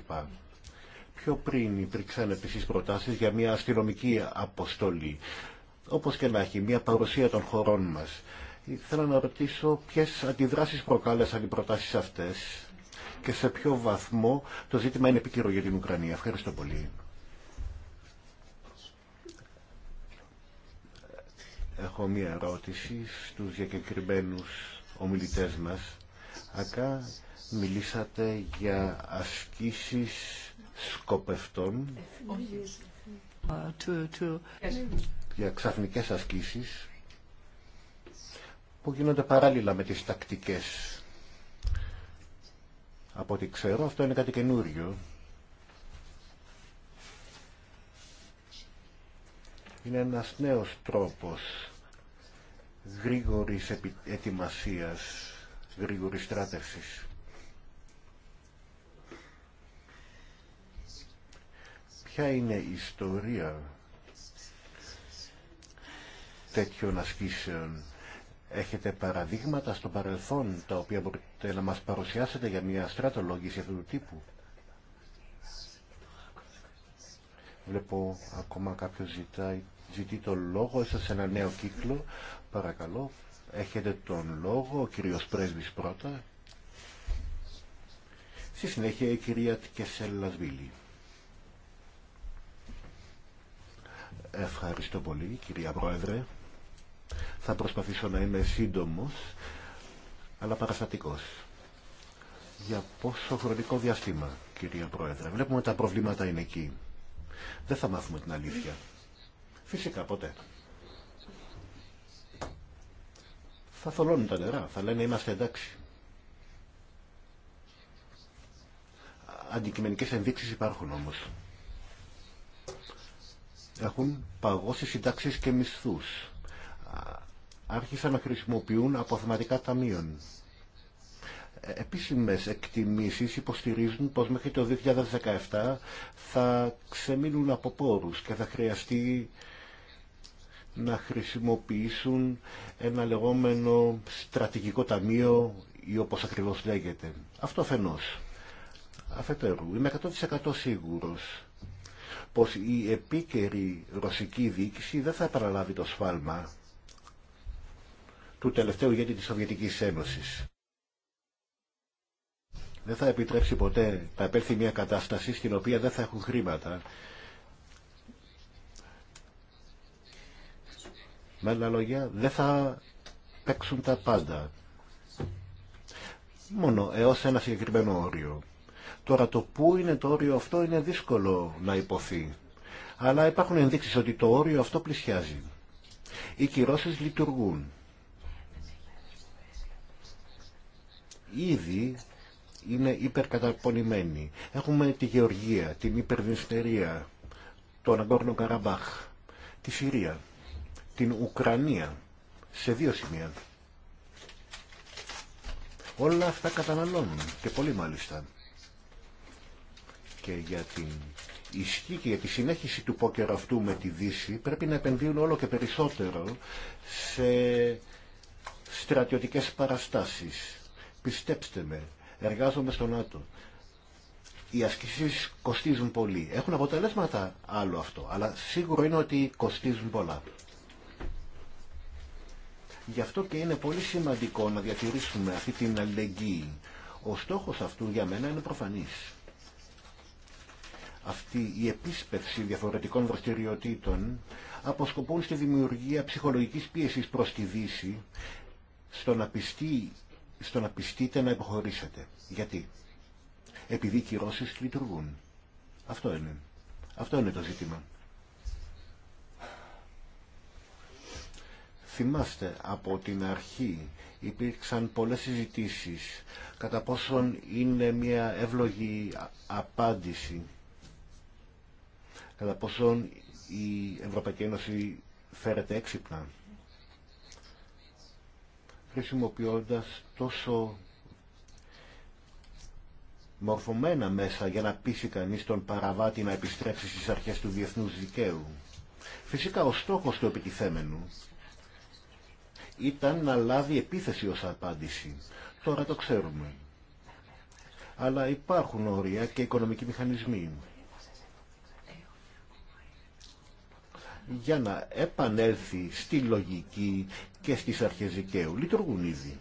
Πιο πριν υπήρξαν επίσης προτάσεις για μια αστυνομική αποστολή, όπως και να έχει μια παρουσία των χωρών μας. Θέλω να ρωτήσω ποιες αντιδράσεις προκάλεσαν οι προτάσεις αυτές και σε ποιο βαθμό το ζήτημα είναι επίκαιρο για την Ουκρανία. Ευχαριστώ πολύ. Έχω μία ερώτηση στους διακεκριμένους ομιλητές μας. Ακά μιλήσατε για ασκήσεις σκοπευτών ε, για ξαφνικές ασκήσεις που γίνονται παράλληλα με τις τακτικές από ό,τι ξέρω αυτό είναι κάτι καινούριο. Είναι ένας νέος τρόπος γρήγορης ετοιμασίας, γρήγορης στράτευσης. Ποια είναι η ιστορία τέτοιων ασκήσεων. Έχετε παραδείγματα στο παρελθόν τα οποία μπορείτε να μας παρουσιάσετε για μια στρατολόγηση αυτού του τύπου. Βλέπω ακόμα κάποιος ζητάει, ζητεί το λόγο, είστε σε ένα νέο κύκλο. Παρακαλώ, έχετε τον λόγο, ο κύριος Πρέσβης πρώτα. Στη συνέχεια η κυρία Βίλη Ευχαριστώ πολύ κυρία Πρόεδρε. Θα προσπαθήσω να είμαι σύντομος αλλά παραστατικός. Για πόσο χρονικό διαστήμα, κυρία Πρόεδρε. Βλέπουμε τα προβλήματα είναι εκεί. Δεν θα μάθουμε την αλήθεια. Φυσικά, ποτέ. Θα θολώνουν τα νερά, θα λένε είμαστε εντάξει. Αντικειμενικές ενδείξεις υπάρχουν όμως. Έχουν παγώσει συντάξεις και μισθούς άρχισαν να χρησιμοποιούν αποθεματικά ταμείων. Ε, επίσημες εκτιμήσεις υποστηρίζουν πως μέχρι το 2017 θα ξεμείνουν από πόρους και θα χρειαστεί να χρησιμοποιήσουν ένα λεγόμενο στρατηγικό ταμείο ή όπως ακριβώς λέγεται. Αυτό αφενός. Αφετέρου, είμαι 100% σίγουρος πως η επίκαιρη ρωσική διοίκηση δεν θα παραλάβει το σφάλμα του τελευταίου γέννη της Σοβιετικής Ένωσης. Δεν θα επιτρέψει ποτέ να επέλθει μια κατάσταση στην οποία δεν θα έχουν χρήματα. Με άλλα λόγια, δεν θα παίξουν τα πάντα. Μόνο έως ένα συγκεκριμένο όριο. Τώρα το πού είναι το όριο αυτό είναι δύσκολο να υποθεί. Αλλά υπάρχουν ενδείξεις ότι το όριο αυτό πλησιάζει. Οι κυρώσεις λειτουργούν. ήδη είναι υπερκαταπονημένοι. Έχουμε τη Γεωργία, την υπερδυστερία, τον Αγκόρνο Καραμπάχ, τη Συρία, την Ουκρανία, σε δύο σημεία. Όλα αυτά καταναλώνουν και πολύ μάλιστα. Και για την ισχύ και για τη συνέχιση του πόκερ αυτού με τη Δύση πρέπει να επενδύουν όλο και περισσότερο σε στρατιωτικές παραστάσεις Πιστέψτε με, εργάζομαι στον ΝΑΤΟ. Οι ασκήσεις κοστίζουν πολύ. Έχουν αποτελέσματα άλλο αυτό, αλλά σίγουρο είναι ότι κοστίζουν πολλά. Γι' αυτό και είναι πολύ σημαντικό να διατηρήσουμε αυτή την αλληλεγγύη. Ο στόχος αυτού για μένα είναι προφανής. Αυτή η επίσπευση διαφορετικών δραστηριοτήτων αποσκοπούν στη δημιουργία ψυχολογικής πίεσης προς τη Δύση, στο να πιστεί στο να πιστείτε να υποχωρήσετε. Γιατί. Επειδή οι κυρώσεις λειτουργούν. Αυτό είναι. Αυτό είναι το ζήτημα. Θυμάστε, από την αρχή υπήρξαν πολλές συζητήσεις κατά πόσον είναι μια εύλογη απάντηση, κατά πόσον η Ευρωπαϊκή Ένωση φέρεται έξυπνα χρησιμοποιώντας τόσο μορφωμένα μέσα για να πείσει κανείς τον παραβάτη να επιστρέψει στις αρχές του διεθνούς δικαίου. Φυσικά ο στόχος του επιτιθέμενου ήταν να λάβει επίθεση ως απάντηση. Τώρα το ξέρουμε. Αλλά υπάρχουν όρια και οικονομικοί μηχανισμοί. για να επανέλθει στη λογική και στις αρχές δικαίου. Λειτουργούν ήδη.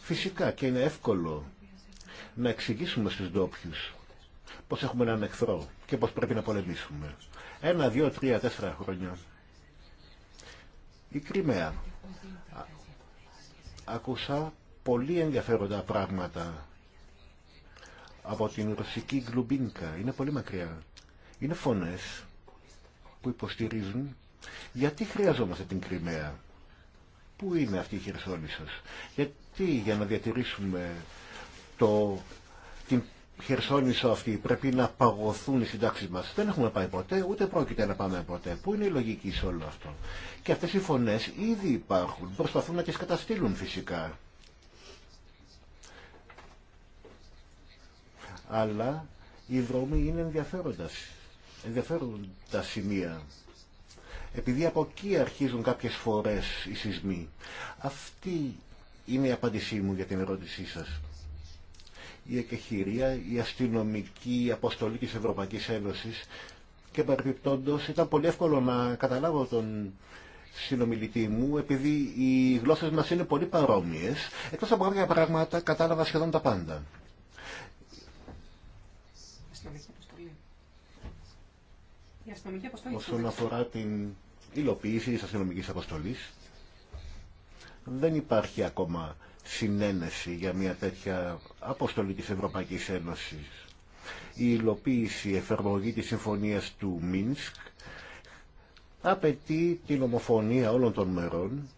Φυσικά και είναι εύκολο να εξηγήσουμε στους ντόπιου πώς έχουμε έναν εχθρό και πώς πρέπει να πολεμήσουμε. Ένα, δύο, τρία, τέσσερα χρόνια. Η Κρυμαία. Ακούσα πολύ ενδιαφέροντα πράγματα από την ρωσική γκλουμπίνκα. Είναι πολύ μακριά. Είναι φωνές που υποστηρίζουν γιατί χρειαζόμαστε την Κρυμαία. Πού είναι αυτή η Χερσόνησος. Γιατί για να διατηρήσουμε το, την Χερσόνησο αυτή πρέπει να παγωθούν οι συντάξεις μας. Δεν έχουμε πάει ποτέ, ούτε πρόκειται να πάμε ποτέ. Πού είναι η λογική σε όλο αυτό. Και αυτές οι φωνές ήδη υπάρχουν. Προσπαθούν να τις καταστήλουν φυσικά. Αλλά οι δρόμοι είναι ενδιαφέροντας ενδιαφέρουν τα σημεία. Επειδή από εκεί αρχίζουν κάποιες φορές οι σεισμοί. Αυτή είναι η απάντησή μου για την ερώτησή σας. Η εκεχηρία, η αστυνομική αποστολή της Ευρωπαϊκής Ένωσης και παρεπιπτόντως ήταν πολύ εύκολο να καταλάβω τον συνομιλητή μου επειδή οι γλώσσες μας είναι πολύ παρόμοιες. Εκτός από κάποια πράγματα κατάλαβα σχεδόν τα πάντα. Όσον αφορά την υλοποίηση της αστυνομική αποστολή. δεν υπάρχει ακόμα συνένεση για μια τέτοια αποστολή της Ευρωπαϊκής Ένωσης. Η υλοποίηση, η εφαρμογή της συμφωνίας του Μίνσκ απαιτεί την ομοφωνία όλων των μερών,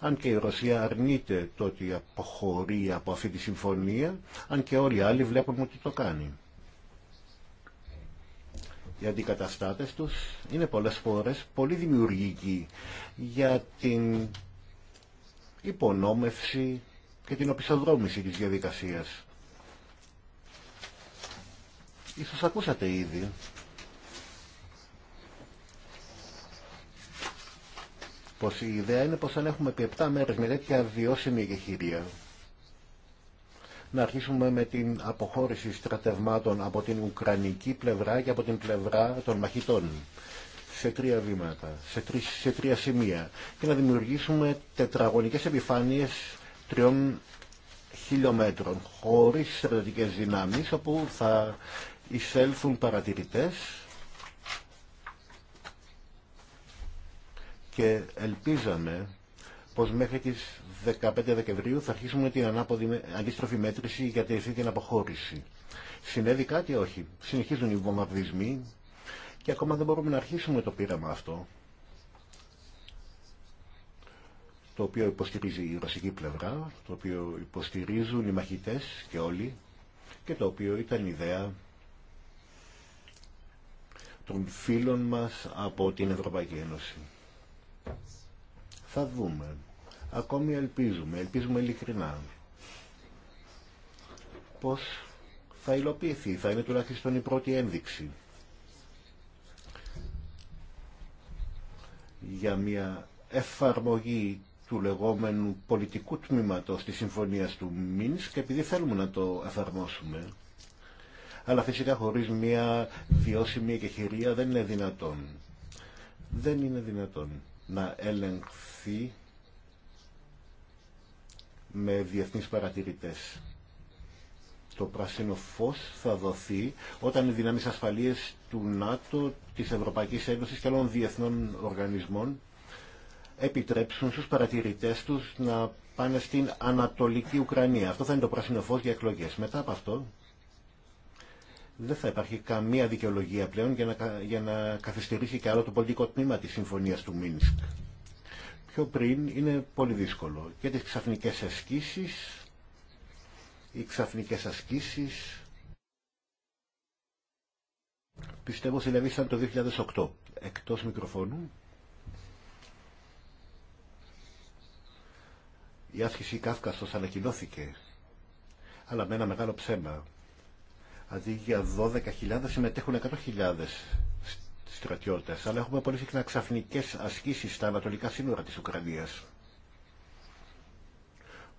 αν και η Ρωσία αρνείται το ότι αποχωρεί από αυτή τη συμφωνία, αν και όλοι οι άλλοι βλέπουν ότι το κάνει οι αντικαταστάτες τους είναι πολλές φορές πολύ δημιουργικοί για την υπονόμευση και την οπισθοδρόμηση της διαδικασίας. Ίσως ακούσατε ήδη πως η ιδέα είναι πως αν έχουμε επί 7 μέρες με τέτοια βιώσιμη εγχειρία να αρχίσουμε με την αποχώρηση στρατευμάτων από την Ουκρανική πλευρά και από την πλευρά των μαχητών σε τρία βήματα, σε, τρία σημεία και να δημιουργήσουμε τετραγωνικές επιφάνειες τριών χιλιόμετρων χωρίς στρατιωτικές δυνάμεις όπου θα εισέλθουν παρατηρητές και ελπίζαμε πως μέχρι τις 15 Δεκεμβρίου θα αρχίσουμε την ανάποδη, αντίστροφη μέτρηση για τη την αποχώρηση. Συνέβη κάτι όχι. Συνεχίζουν οι βομβαρδισμοί και ακόμα δεν μπορούμε να αρχίσουμε το πείραμα αυτό το οποίο υποστηρίζει η ρωσική πλευρά, το οποίο υποστηρίζουν οι μαχητές και όλοι και το οποίο ήταν ιδέα των φίλων μας από την Ευρωπαϊκή Ένωση. Θα δούμε. Ακόμη ελπίζουμε, ελπίζουμε ειλικρινά. Πώς θα υλοποιηθεί, θα είναι τουλάχιστον η πρώτη ένδειξη. για μια εφαρμογή του λεγόμενου πολιτικού τμήματος της συμφωνίας του Μίνσκ και επειδή θέλουμε να το εφαρμόσουμε. Αλλά φυσικά χωρίς μια βιώσιμη εκεχηρία δεν είναι δυνατόν. Δεν είναι δυνατόν να ελεγχθεί με διεθνείς παρατηρητές. Το πράσινο φως θα δοθεί όταν οι δυνάμεις ασφαλείας του ΝΑΤΟ, της Ευρωπαϊκής Ένωσης και άλλων διεθνών οργανισμών επιτρέψουν στους παρατηρητές τους να πάνε στην Ανατολική Ουκρανία. Αυτό θα είναι το πράσινο φως για εκλογές. Μετά από αυτό δεν θα υπάρχει καμία δικαιολογία πλέον για να, για να καθυστερήσει και άλλο το πολιτικό τμήμα της Συμφωνίας του Μίνσκ πιο πριν είναι πολύ δύσκολο. Και τις ξαφνικές ασκήσεις, οι ξαφνικές ασκήσεις, πιστεύω δηλαδή σαν το 2008, εκτός μικροφώνου, η άσκηση Κάφκαστος ανακοινώθηκε, αλλά με ένα μεγάλο ψέμα. Αντί για 12.000 συμμετέχουν 100.000 στρατιώτες, αλλά έχουμε πολύ συχνά ξαφνικές ασκήσεις στα ανατολικά σύνορα της Ουκρανίας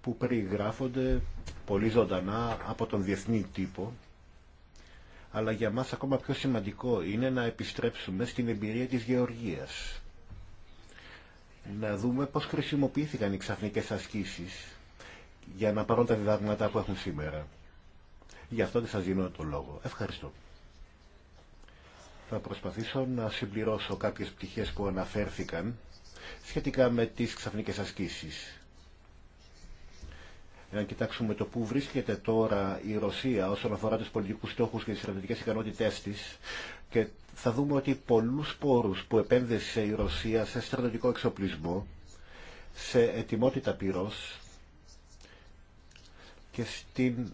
που περιγράφονται πολύ ζωντανά από τον διεθνή τύπο αλλά για μας ακόμα πιο σημαντικό είναι να επιστρέψουμε στην εμπειρία της γεωργίας. Να δούμε πώς χρησιμοποιήθηκαν οι ξαφνικές ασκήσεις για να πάρουν τα διδάγματα που έχουν σήμερα. Γι' αυτό δεν σας δίνω το λόγο. Ευχαριστώ. Θα προσπαθήσω να συμπληρώσω κάποιες πτυχές που αναφέρθηκαν σχετικά με τις ξαφνικές ασκήσεις. Εάν κοιτάξουμε το πού βρίσκεται τώρα η Ρωσία όσον αφορά τους πολιτικούς στόχους και τις στρατιωτικές ικανότητές της και θα δούμε ότι πολλούς πόρους που επένδυσε η Ρωσία σε στρατιωτικό εξοπλισμό, σε ετοιμότητα πυρός και στην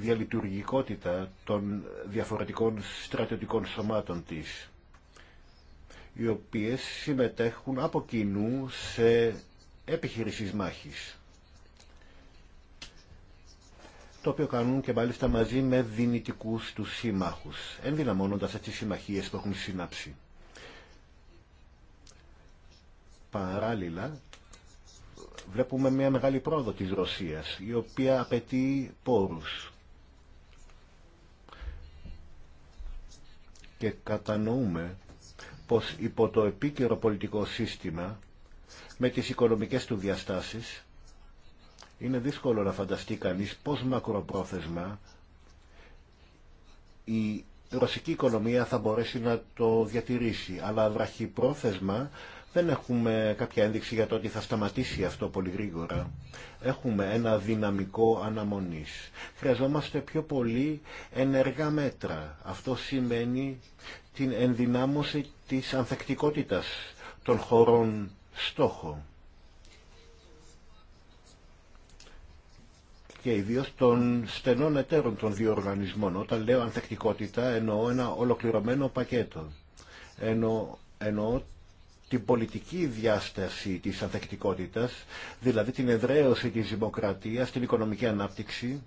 διαλειτουργικότητα των διαφορετικών στρατιωτικών σωμάτων της, οι οποίες συμμετέχουν από κοινού σε επιχειρήσεις μάχης, το οποίο κάνουν και μάλιστα μαζί με δυνητικούς τους σύμμαχους, ενδυναμώνοντας έτσι τις συμμαχίες που έχουν συνάψει. Παράλληλα, βλέπουμε μια μεγάλη πρόοδο της Ρωσίας, η οποία απαιτεί πόρους. και κατανοούμε πως υπό το επίκαιρο πολιτικό σύστημα με τις οικονομικές του διαστάσεις είναι δύσκολο να φανταστεί κανείς πως μακροπρόθεσμα η ρωσική οικονομία θα μπορέσει να το διατηρήσει αλλά βραχυπρόθεσμα δεν έχουμε κάποια ένδειξη για το ότι θα σταματήσει αυτό πολύ γρήγορα. Έχουμε ένα δυναμικό αναμονής. Χρειαζόμαστε πιο πολύ ενεργά μέτρα. Αυτό σημαίνει την ενδυνάμωση της ανθεκτικότητας των χωρών στόχο. και ιδίως των στενών εταίρων των δύο οργανισμών. Όταν λέω ανθεκτικότητα εννοώ ένα ολοκληρωμένο πακέτο την πολιτική διάσταση της ανθεκτικότητας, δηλαδή την εδραίωση της δημοκρατίας, την οικονομική ανάπτυξη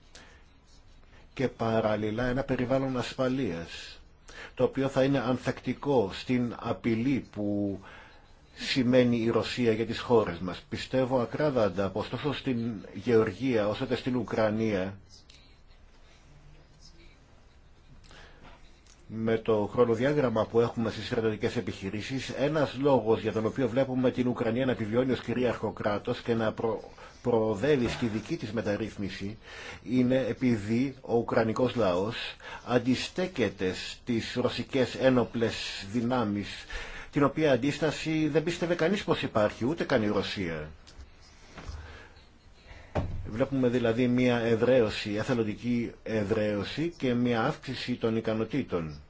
και παράλληλα ένα περιβάλλον ασφαλείας, το οποίο θα είναι ανθεκτικό στην απειλή που σημαίνει η Ρωσία για τις χώρες μας. Πιστεύω ακράδαντα πως τόσο στην Γεωργία όσο και στην Ουκρανία με το χρονοδιάγραμμα που έχουμε στις στρατιωτικές επιχειρήσεις, ένας λόγος για τον οποίο βλέπουμε την Ουκρανία να επιβιώνει ως κυρίαρχο κράτος και να προ... προοδεύει στη δική της μεταρρύθμιση, είναι επειδή ο Ουκρανικός λαός αντιστέκεται στις ρωσικές ένοπλες δυνάμεις, την οποία αντίσταση δεν πίστευε κανείς πως υπάρχει, ούτε καν η Ρωσία. Βλέπουμε δηλαδή μια εδραίωση, εθελοντική εδραίωση και μια αύξηση των ικανοτήτων.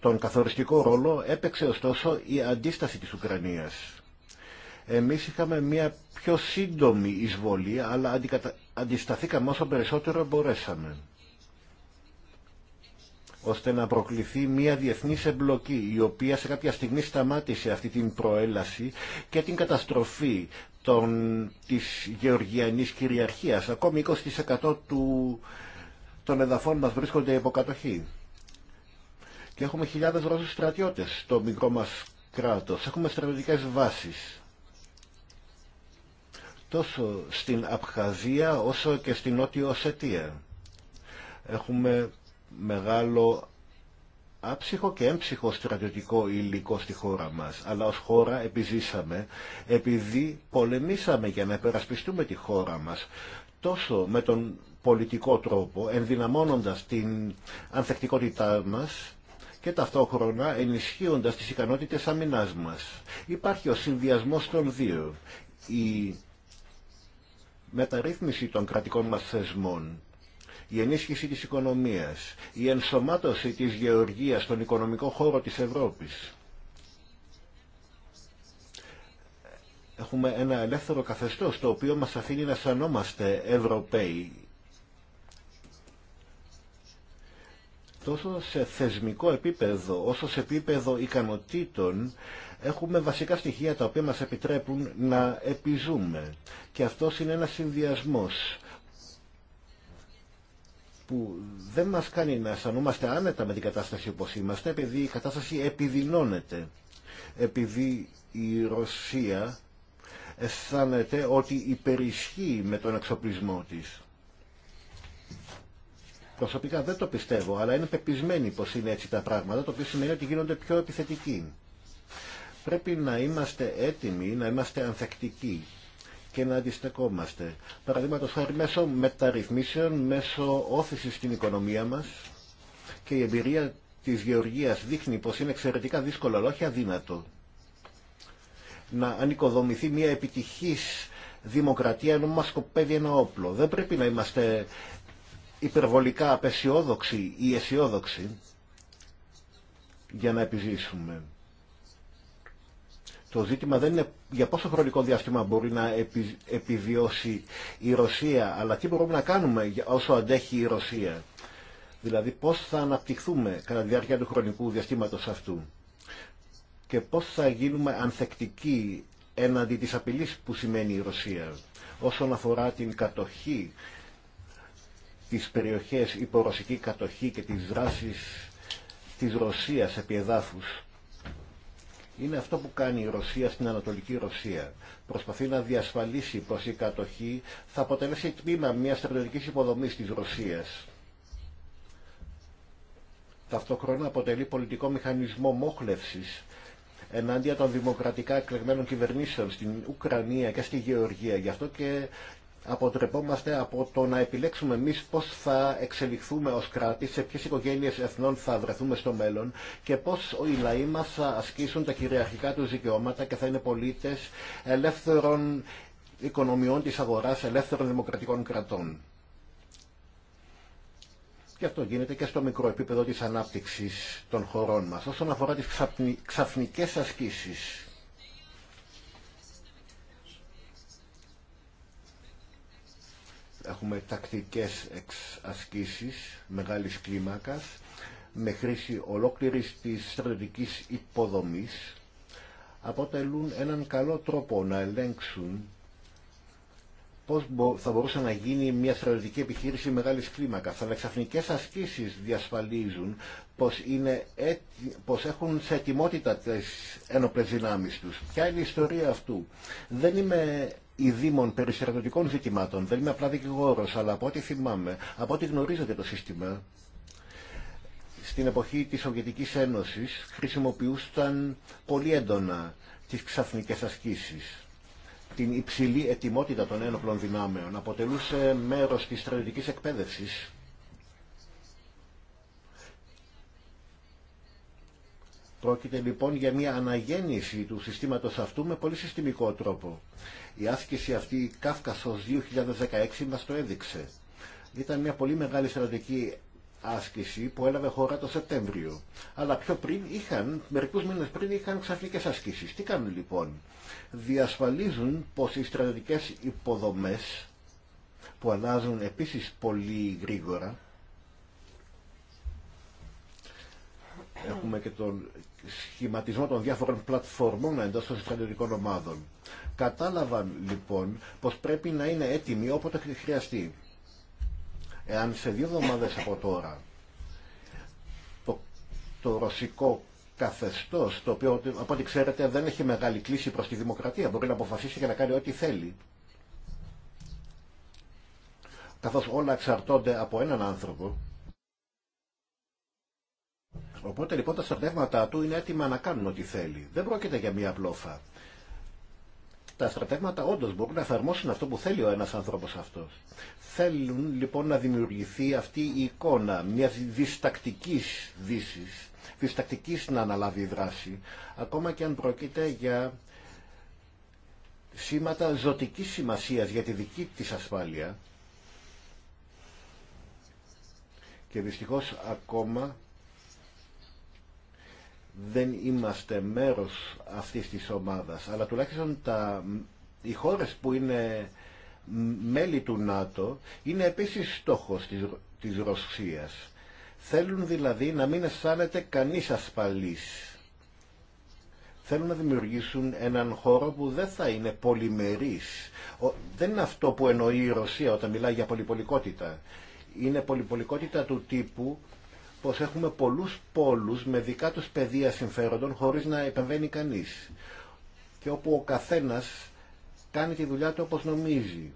Τον καθοριστικό ρόλο έπαιξε ωστόσο η αντίσταση της Ουκρανίας. Εμείς είχαμε μια πιο σύντομη εισβολή, αλλά αντισταθήκαμε όσο περισσότερο μπορέσαμε ώστε να προκληθεί μια διεθνής εμπλοκή η οποία σε κάποια στιγμή σταμάτησε αυτή την προέλαση και την καταστροφή των, της γεωργιανής κυριαρχίας. Ακόμη 20% του, των εδαφών μας βρίσκονται υποκατοχή. Και έχουμε χιλιάδες Ρώσους στρατιώτες στο μικρό μας κράτος. Έχουμε στρατιωτικές βάσεις τόσο στην Απχαζία όσο και στην Νότιο Οσετία. Έχουμε μεγάλο άψυχο και έμψυχο στρατιωτικό υλικό στη χώρα μας. Αλλά ως χώρα επιζήσαμε επειδή πολεμήσαμε για να επερασπιστούμε τη χώρα μας τόσο με τον πολιτικό τρόπο, ενδυναμώνοντας την ανθεκτικότητά μας και ταυτόχρονα ενισχύοντας τις ικανότητες αμυνάς μας. Υπάρχει ο συνδυασμός των δύο. Η μεταρρύθμιση των κρατικών μας θεσμών η ενίσχυση της οικονομίας, η ενσωμάτωση της γεωργίας στον οικονομικό χώρο της Ευρώπης. Έχουμε ένα ελεύθερο καθεστώς το οποίο μας αφήνει να σανόμαστε Ευρωπαίοι. Τόσο σε θεσμικό επίπεδο όσο σε επίπεδο ικανοτήτων έχουμε βασικά στοιχεία τα οποία μας επιτρέπουν να επιζούμε. Και αυτό είναι ένας συνδυασμός που δεν μας κάνει να αισθανόμαστε άνετα με την κατάσταση όπως είμαστε επειδή η κατάσταση επιδεινώνεται επειδή η Ρωσία αισθάνεται ότι υπερισχύει με τον εξοπλισμό της. Προσωπικά δεν το πιστεύω, αλλά είναι πεπισμένη πως είναι έτσι τα πράγματα, το οποίο σημαίνει ότι γίνονται πιο επιθετικοί. Πρέπει να είμαστε έτοιμοι, να είμαστε ανθεκτικοί και να αντιστεκόμαστε. Παραδείγματο χάρη μέσω μεταρρυθμίσεων, μέσω όθηση στην οικονομία μας και η εμπειρία της γεωργίας δείχνει πως είναι εξαιρετικά δύσκολο αλλά όχι αδύνατο να ανοικοδομηθεί μια επιτυχής δημοκρατία ενώ μας σκοπεύει ένα όπλο. Δεν πρέπει να είμαστε υπερβολικά απεσιόδοξοι ή αισιόδοξοι για να επιζήσουμε. Το ζήτημα δεν είναι για πόσο χρονικό διάστημα μπορεί να επιβιώσει η Ρωσία, αλλά τι μπορούμε να κάνουμε όσο αντέχει η Ρωσία. Δηλαδή πώς θα αναπτυχθούμε κατά τη διάρκεια του χρονικού διαστήματος αυτού και πώς θα γίνουμε ανθεκτικοί έναντι της απειλής που σημαίνει η Ρωσία όσον αφορά την κατοχή τις περιοχές υπορωσική κατοχή και τις δράσεις της Ρωσίας επί εδάφους είναι αυτό που κάνει η Ρωσία στην Ανατολική Ρωσία. Προσπαθεί να διασφαλίσει πως η κατοχή θα αποτελέσει τμήμα μιας στρατιωτικής υποδομής της Ρωσίας. Ταυτόχρονα αποτελεί πολιτικό μηχανισμό μόχλευσης ενάντια των δημοκρατικά εκλεγμένων κυβερνήσεων στην Ουκρανία και στη Γεωργία. Γι' αυτό και αποτρεπόμαστε από το να επιλέξουμε εμεί πώς θα εξελιχθούμε ως κράτη, σε ποιες οικογένειες εθνών θα βρεθούμε στο μέλλον και πώς οι λαοί μας θα ασκήσουν τα κυριαρχικά τους δικαιώματα και θα είναι πολίτες ελεύθερων οικονομιών της αγοράς, ελεύθερων δημοκρατικών κρατών. Και αυτό γίνεται και στο μικρό επίπεδο της ανάπτυξης των χωρών μας. Όσον αφορά τις ξαφνικές ασκήσεις, Έχουμε τακτικές ασκήσεις μεγάλης κλίμακας με χρήση ολόκληρης της στρατιωτικής υποδομής αποτελούν έναν καλό τρόπο να ελέγξουν πώς θα μπορούσε να γίνει μια στρατιωτική επιχείρηση μεγάλης κλίμακας. Αλλά ξαφνικές ασκήσεις διασφαλίζουν πως, είναι, πως έχουν σε ετοιμότητα τις ένοπλες δυνάμεις τους. Ποια είναι η ιστορία αυτού. Δεν είμαι ειδήμων περιστρατιωτικών ζητημάτων. Δεν είμαι απλά δικηγόρος, αλλά από ό,τι θυμάμαι, από ό,τι γνωρίζετε το σύστημα, στην εποχή της Σοβιετικής Ένωσης χρησιμοποιούσαν πολύ έντονα τις ξαφνικές ασκήσεις. Την υψηλή ετοιμότητα των ένοπλων δυνάμεων αποτελούσε μέρος της στρατιωτικής εκπαίδευσης Πρόκειται λοιπόν για μια αναγέννηση του συστήματος αυτού με πολύ συστημικό τρόπο. Η άσκηση αυτή η Κάφκασος 2016 μας το έδειξε. Ήταν μια πολύ μεγάλη στρατηγική άσκηση που έλαβε χώρα το Σεπτέμβριο. Αλλά πιο πριν είχαν, μερικούς μήνες πριν είχαν ξαφνικές ασκήσεις. Τι κάνουν λοιπόν. Διασφαλίζουν πως οι στρατηγικές υποδομές που αλλάζουν επίσης πολύ γρήγορα Έχουμε και τον σχηματισμό των διάφορων πλατφορμών εντός των στρατιωτικών ομάδων. Κατάλαβαν λοιπόν πως πρέπει να είναι έτοιμοι όποτε χρειαστεί. Εάν σε δύο εβδομάδες από τώρα το, το ρωσικό καθεστώς, το οποίο από ό,τι ξέρετε δεν έχει μεγάλη κλίση προς τη δημοκρατία, μπορεί να αποφασίσει και να κάνει ό,τι θέλει. Καθώς όλα εξαρτώνται από έναν άνθρωπο, Οπότε λοιπόν τα στρατεύματά του είναι έτοιμα να κάνουν ό,τι θέλει. Δεν πρόκειται για μία απλόφα. Τα στρατεύματα όντω μπορούν να εφαρμόσουν αυτό που θέλει ο ένα άνθρωπο αυτό. Θέλουν λοιπόν να δημιουργηθεί αυτή η εικόνα μια διστακτική δύση, διστακτική να αναλάβει δράση, ακόμα και αν πρόκειται για σήματα ζωτικής σημασίας για τη δική της ασφάλεια και δυστυχώς ακόμα δεν είμαστε μέρος αυτής της ομάδας, αλλά τουλάχιστον οι χώρες που είναι μέλη του ΝΑΤΟ είναι επίσης στόχος της, της Ρωσίας. Θέλουν δηλαδή να μην αισθάνεται κανείς ασφαλής. Θέλουν να δημιουργήσουν έναν χώρο που δεν θα είναι πολυμερής. δεν είναι αυτό που εννοεί η Ρωσία όταν μιλάει για πολυπολικότητα. Είναι πολυπολικότητα του τύπου πως έχουμε πολλούς πόλους με δικά τους πεδία συμφέροντων χωρίς να επεμβαίνει κανείς και όπου ο καθένας κάνει τη δουλειά του όπως νομίζει.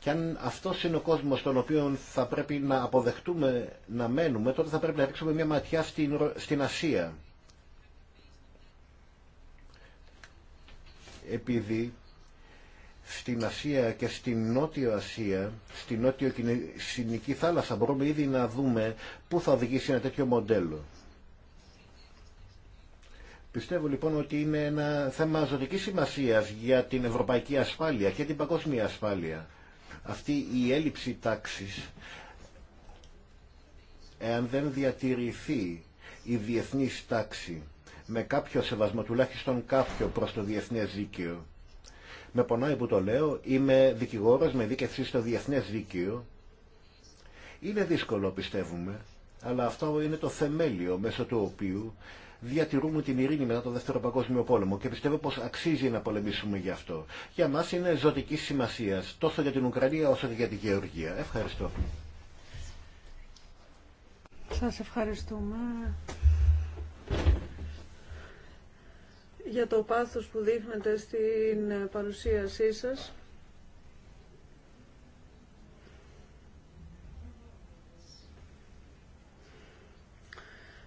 Και αν αυτό είναι ο κόσμο στον οποίο θα πρέπει να αποδεχτούμε να μένουμε, τότε θα πρέπει να ρίξουμε μια ματιά στην, στην Ασία. Επειδή στην Ασία και στην Νότιο Ασία, στην Νότιο Συνική Θάλασσα, μπορούμε ήδη να δούμε πού θα οδηγήσει ένα τέτοιο μοντέλο. Πιστεύω λοιπόν ότι είναι ένα θέμα ζωτική σημασία για την ευρωπαϊκή ασφάλεια και την παγκόσμια ασφάλεια. Αυτή η έλλειψη τάξης, εάν δεν διατηρηθεί η διεθνή τάξη με κάποιο σεβασμό, τουλάχιστον κάποιο προ το διεθνές δίκαιο, με πονάει που το λέω, είμαι δικηγόρος με δίκευση στο διεθνές δίκαιο. Είναι δύσκολο πιστεύουμε, αλλά αυτό είναι το θεμέλιο μέσω του οποίου διατηρούμε την ειρήνη μετά το Δεύτερο Παγκόσμιο Πόλεμο και πιστεύω πως αξίζει να πολεμήσουμε γι' αυτό. Για μας είναι ζωτική σημασία τόσο για την Ουκρανία όσο και για τη Γεωργία. Ευχαριστώ. Σας ευχαριστούμε για το πάθος που δείχνετε στην παρουσίασή σας.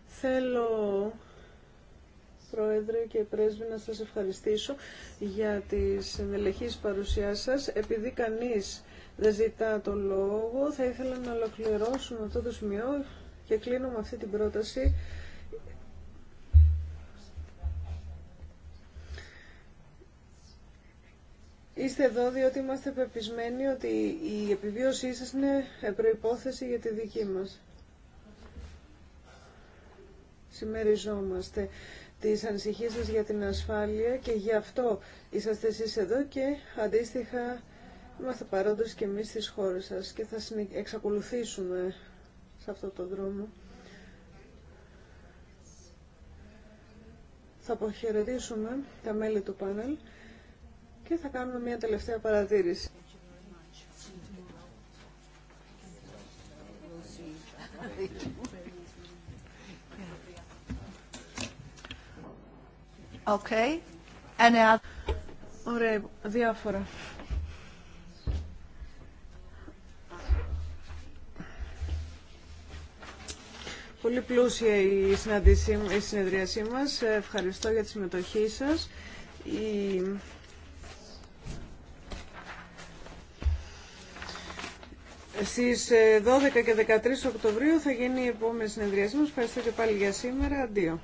Θέλω, Πρόεδρε και Πρέσβη, να σας ευχαριστήσω για τις συνελεχή παρουσία σας. Επειδή κανείς δεν ζητά το λόγο, θα ήθελα να ολοκληρώσουμε αυτό το σημείο και κλείνω με αυτή την πρόταση. Είστε εδώ διότι είμαστε πεπισμένοι ότι η επιβίωσή σας είναι προϋπόθεση για τη δική μας. Σημεριζόμαστε τις ανησυχίες σας για την ασφάλεια και γι' αυτό είσαστε εσείς εδώ και αντίστοιχα είμαστε παρόντες και εμείς στις χώρες σας και θα εξακολουθήσουμε σε αυτό το δρόμο. Θα αποχαιρετήσουμε τα μέλη του πάνελ θα κάνουμε μια τελευταία παρατήρηση. Okay. Ωραία, διάφορα. Πολύ πλούσια η, συνεδρίασή μας. Ευχαριστώ για τη συμμετοχή σας. Η... Στις 12 ε, και 13 Οκτωβρίου θα γίνει η επόμενη συνεδρία. μας. Ευχαριστώ και πάλι για σήμερα. Αντίο.